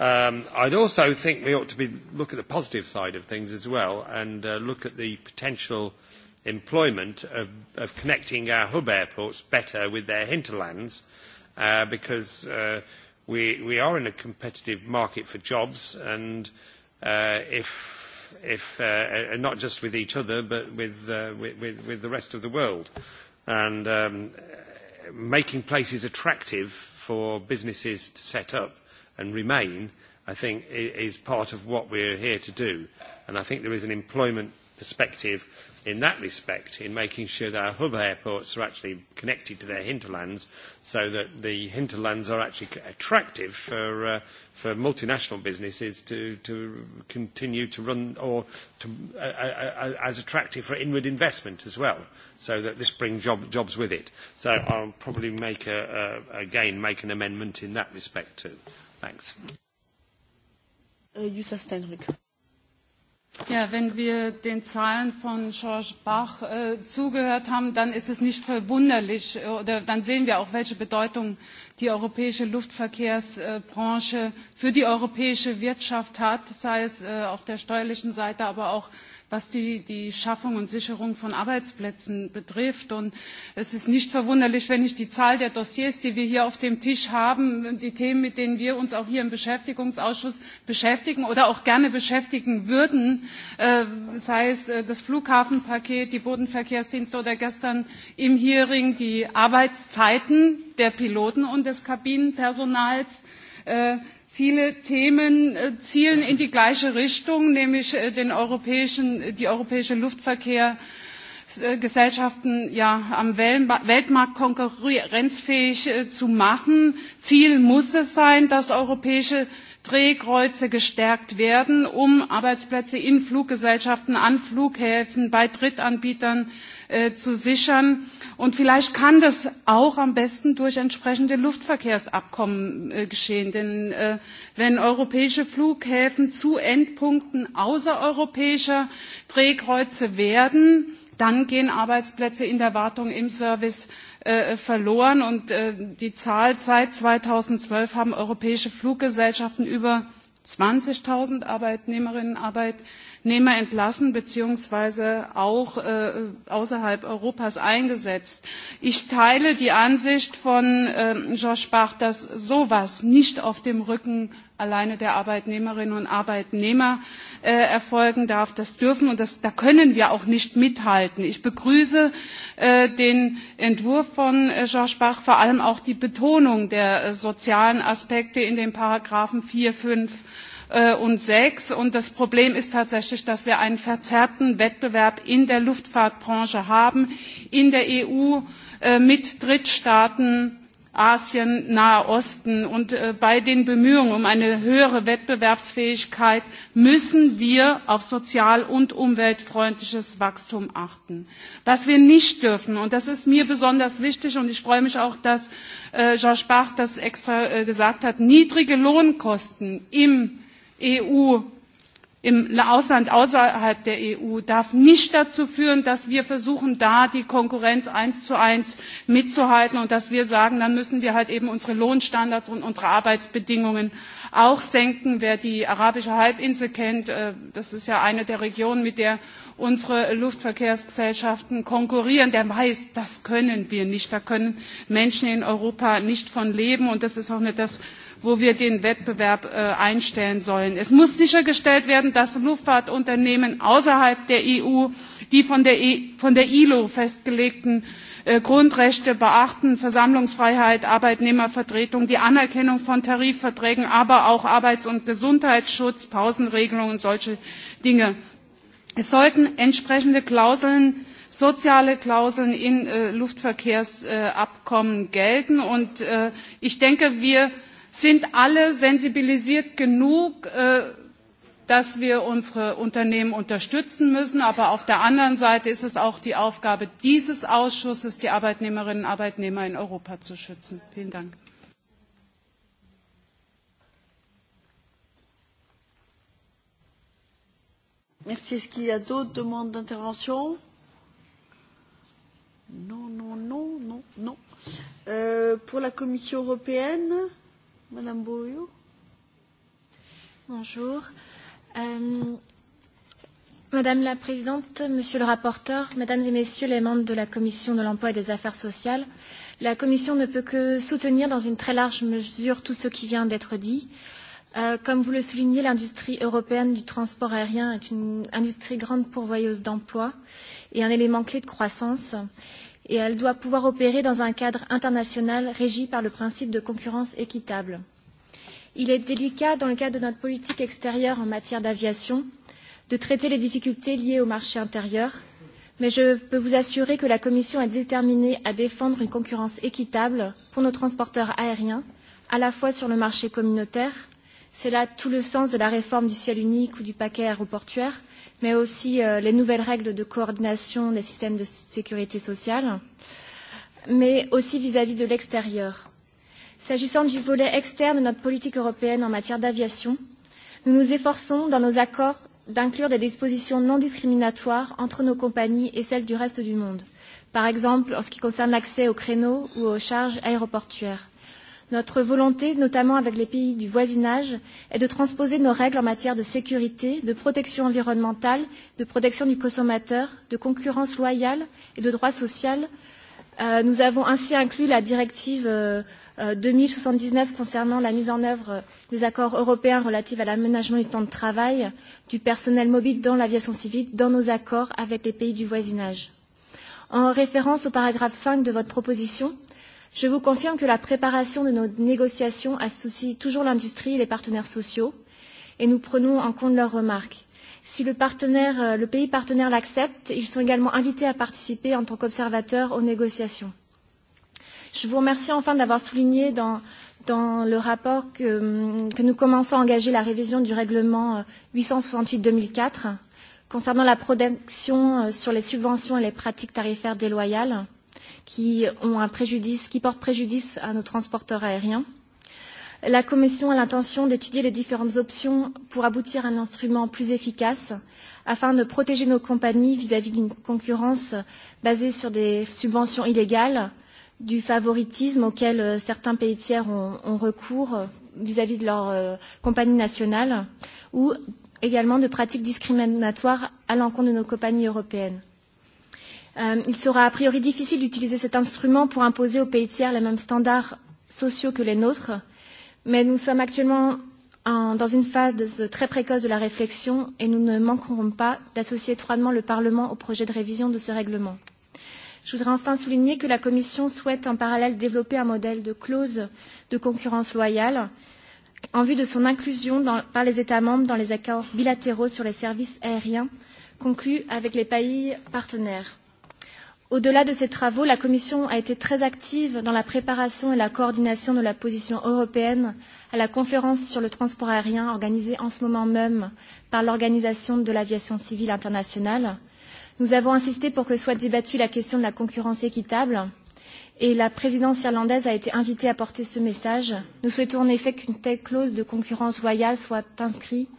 Um, I'd also think we ought to be, look at the positive side of things as well and uh, look at the potential uh, employment of, of connecting our hub airports better with their hinterlands uh, because uh, we, we are in a competitive market for jobs and uh, if, if uh, uh, not just with each other but with, uh, with, with, with the rest of the world. And um, making places attractive for businesses to set up and remain, I think, is part of what we're here to do. And I think there is an employment perspective in that respect in making sure that our hub airports are actually connected to their hinterlands so that the hinterlands are actually attractive for, uh, for multinational businesses to, to continue to run or to, uh, uh, as attractive for inward investment as well so that this brings job, jobs with it. So I'll probably make a, uh again make an amendment in that respect too. Thanks. Uh, Jutta Steinrück. Ja, wenn wir den Zahlen von George Bach äh, zugehört haben, dann ist es nicht verwunderlich äh, oder dann sehen wir auch, welche Bedeutung die europäische Luftverkehrsbranche für die europäische Wirtschaft hat, sei es äh, auf der steuerlichen Seite, aber auch was die, die Schaffung und Sicherung von Arbeitsplätzen betrifft. Und es ist nicht verwunderlich, wenn ich die Zahl der Dossiers, die wir hier auf dem Tisch haben, die Themen, mit denen wir uns auch hier im Beschäftigungsausschuss beschäftigen oder auch gerne beschäftigen würden, äh, sei es äh, das Flughafenpaket, die Bodenverkehrsdienste oder gestern im Hearing die Arbeitszeiten der Piloten und des Kabinenpersonals, äh, Viele Themen äh, zielen in die gleiche Richtung, nämlich äh, den europäischen, die europäische Luftverkehrsgesellschaften ja, am Weltmarkt konkurrenzfähig äh, zu machen. Ziel muss es sein, dass europäische Drehkreuze gestärkt werden, um Arbeitsplätze in Fluggesellschaften, an Flughäfen, bei Drittanbietern äh, zu sichern. Und vielleicht kann das auch am besten durch entsprechende Luftverkehrsabkommen äh, geschehen. Denn äh, wenn europäische Flughäfen zu Endpunkten außereuropäischer Drehkreuze werden, dann gehen Arbeitsplätze in der Wartung im Service äh, verloren. Und äh, die Zahl seit 2012 haben europäische Fluggesellschaften über 20.000 Arbeitnehmerinnen und Arbeitnehmer Arbeitnehmer entlassen bzw. auch äh, außerhalb Europas eingesetzt. Ich teile die Ansicht von äh, Georges Bach, dass sowas nicht auf dem Rücken alleine der Arbeitnehmerinnen und Arbeitnehmer äh, erfolgen darf. Das dürfen und das, da können wir auch nicht mithalten. Ich begrüße äh, den Entwurf von äh, Georges Bach, vor allem auch die Betonung der äh, sozialen Aspekte in den Paragraphen 4, 5 Äh, und sechs. Und das Problem ist tatsächlich, dass wir einen verzerrten Wettbewerb in der Luftfahrtbranche haben, in der EU äh, mit Drittstaaten, Asien, Nahe Osten. Und äh, bei den Bemühungen um eine höhere Wettbewerbsfähigkeit müssen wir auf sozial- und umweltfreundliches Wachstum achten. Was wir nicht dürfen, und das ist mir besonders wichtig, und ich freue mich auch, dass äh, Georges Bach das extra äh, gesagt hat, niedrige Lohnkosten im EU im Ausland außerhalb der EU darf nicht dazu führen, dass wir versuchen, da die Konkurrenz eins zu eins mitzuhalten und dass wir sagen, dann müssen wir halt eben unsere Lohnstandards und unsere Arbeitsbedingungen auch senken. Wer die arabische Halbinsel kennt, äh, das ist ja eine der Regionen, mit der unsere Luftverkehrsgesellschaften konkurrieren, der weiß, das können wir nicht. Da können Menschen in Europa nicht von leben und das ist auch nicht das wo wir den Wettbewerb äh, einstellen sollen. Es muss sichergestellt werden, dass Luftfahrtunternehmen außerhalb der EU die von der, e von der ILO festgelegten äh, Grundrechte beachten, Versammlungsfreiheit, Arbeitnehmervertretung, die Anerkennung von Tarifverträgen, aber auch Arbeits- und Gesundheitsschutz, Pausenregelungen und solche Dinge. Es sollten entsprechende Klauseln soziale Klauseln in äh, Luftverkehrsabkommen äh, gelten. Und äh, ich denke, wir Sind alle sensibilisiert genug, äh, dass wir unsere Unternehmen unterstützen müssen? Aber auf der anderen Seite ist es auch die Aufgabe dieses Ausschusses, die Arbeitnehmerinnen und Arbeitnehmer in Europa zu schützen. Vielen Dank. Merci. Est-ce qu'il y a d'autres demandes d'intervention Non, non, non, non, non. Euh, pour la Commission européenne Madame Bouillou. Bonjour. Euh, Madame la Présidente, Monsieur le rapporteur, Mesdames et Messieurs les membres de la Commission de l'Emploi et des Affaires sociales, la Commission ne peut que soutenir dans une très large mesure tout ce qui vient d'être dit. Euh, comme vous le soulignez, l'industrie européenne du transport aérien est une industrie grande pourvoyeuse d'emplois et un élément clé de croissance. Euh, et elle doit pouvoir opérer dans un cadre international régi par le principe de concurrence équitable. Il est délicat, dans le cadre de notre politique extérieure en matière d'aviation, de traiter les difficultés liées au marché intérieur, mais je peux vous assurer que la Commission est déterminée à défendre une concurrence équitable pour nos transporteurs aériens, à la fois sur le marché communautaire, c'est là tout le sens de la réforme du ciel unique ou du paquet aéroportuaire, mais aussi euh, les nouvelles règles de coordination des systèmes de sécurité sociale, mais aussi vis-à-vis -vis de l'extérieur. S'agissant du volet externe de notre politique européenne en matière d'aviation, nous nous efforçons dans nos accords d'inclure des dispositions non discriminatoires entre nos compagnies et celles du reste du monde, par exemple en ce qui concerne l'accès aux créneaux ou aux charges aéroportuaires. Notre volonté, notamment avec les pays du voisinage, est de transposer nos règles en matière de sécurité, de protection environnementale, de protection du consommateur, de concurrence loyale et de droit social. Euh, nous avons ainsi inclus la directive euh, euh, 2079 concernant la mise en œuvre des accords européens relatifs à l'aménagement du temps de travail du personnel mobile dans l'aviation civile dans nos accords avec les pays du voisinage. En référence au paragraphe 5 de votre proposition, Je vous confirme que la préparation de nos négociations associe toujours l'industrie et les partenaires sociaux, et nous prenons en compte leurs remarques. Si le, partenaire, euh, le pays partenaire l'accepte, ils sont également invités à participer en tant qu'observateurs aux négociations. Je vous remercie enfin d'avoir souligné dans, dans le rapport que, que nous commençons à engager la révision du règlement 868-2004 euh, concernant la protection euh, sur les subventions et les pratiques tarifaires déloyales qui ont un préjudice, qui portent préjudice à nos transporteurs aériens. La Commission a l'intention d'étudier les différentes options pour aboutir à un instrument plus efficace afin de protéger nos compagnies vis-à-vis d'une concurrence basée sur des subventions illégales, du favoritisme auquel euh, certains pays tiers ont, ont recours euh, vis-à-vis -vis de leurs euh, compagnies nationales ou également de pratiques discriminatoires à l'encontre de nos compagnies européennes. Euh, il sera a priori difficile d'utiliser cet instrument pour imposer aux pays tiers les mêmes standards sociaux que les nôtres, mais nous sommes actuellement en, dans une phase très précoce de la réflexion et nous ne manquerons pas d'associer étroitement le Parlement au projet de révision de ce règlement. Je voudrais enfin souligner que la Commission souhaite en parallèle développer un modèle de clause de concurrence loyale en vue de son inclusion dans, par les États membres dans les accords bilatéraux sur les services aériens conclus avec les pays partenaires. Au-delà de ces travaux, la Commission a été très active dans la préparation et la coordination de la position européenne à la conférence sur le transport aérien organisée en ce moment même par l'Organisation de l'aviation civile internationale. Nous avons insisté pour que soit débattue la question de la concurrence équitable et la présidence irlandaise a été invitée à porter ce message. Nous souhaitons en effet qu'une telle clause de concurrence loyale soit inscrite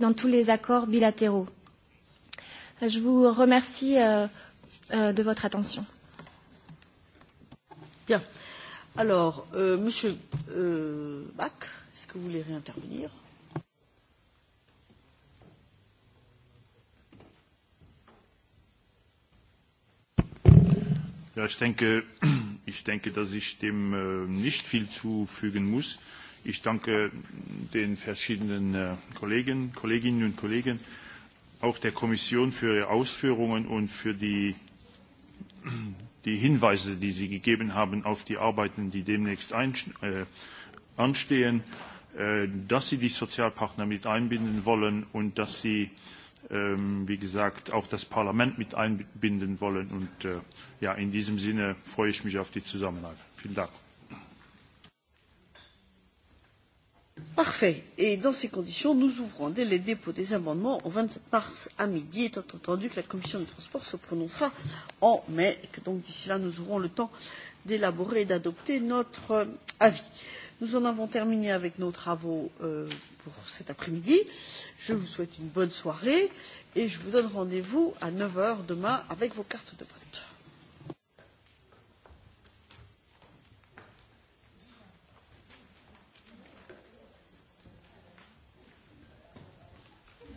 dans tous les accords bilatéraux. Je vous remercie euh, Euh, de votre attention. Bien. Alors, euh, Monsieur euh, Bach, est-ce que vous voulez réintervenir Ja, ich denke, ich denke, dass ich dem äh, nicht viel zufügen muss. Ich danke den verschiedenen äh, Kollegen, Kolleginnen und Kollegen, auch der Kommission für ihre Ausführungen und für die die Hinweise, die Sie gegeben haben auf die Arbeiten, die demnächst ein, äh, anstehen, äh, dass Sie die Sozialpartner mit einbinden wollen und dass Sie, ähm, wie gesagt, auch das Parlament mit einbinden wollen. Und äh, ja, in diesem Sinne freue ich mich auf die Zusammenarbeit. Vielen Dank. Parfait. Et dans ces conditions, nous ouvrons dès les dépôts des amendements au 27 mars à midi, étant entendu que la commission des transports se prononcera en mai, et que donc d'ici là, nous aurons le temps d'élaborer et d'adopter notre euh, avis. Nous en avons terminé avec nos travaux euh, pour cet après-midi. Je vous souhaite une bonne soirée et je vous donne rendez-vous à 9h demain avec vos cartes de presse.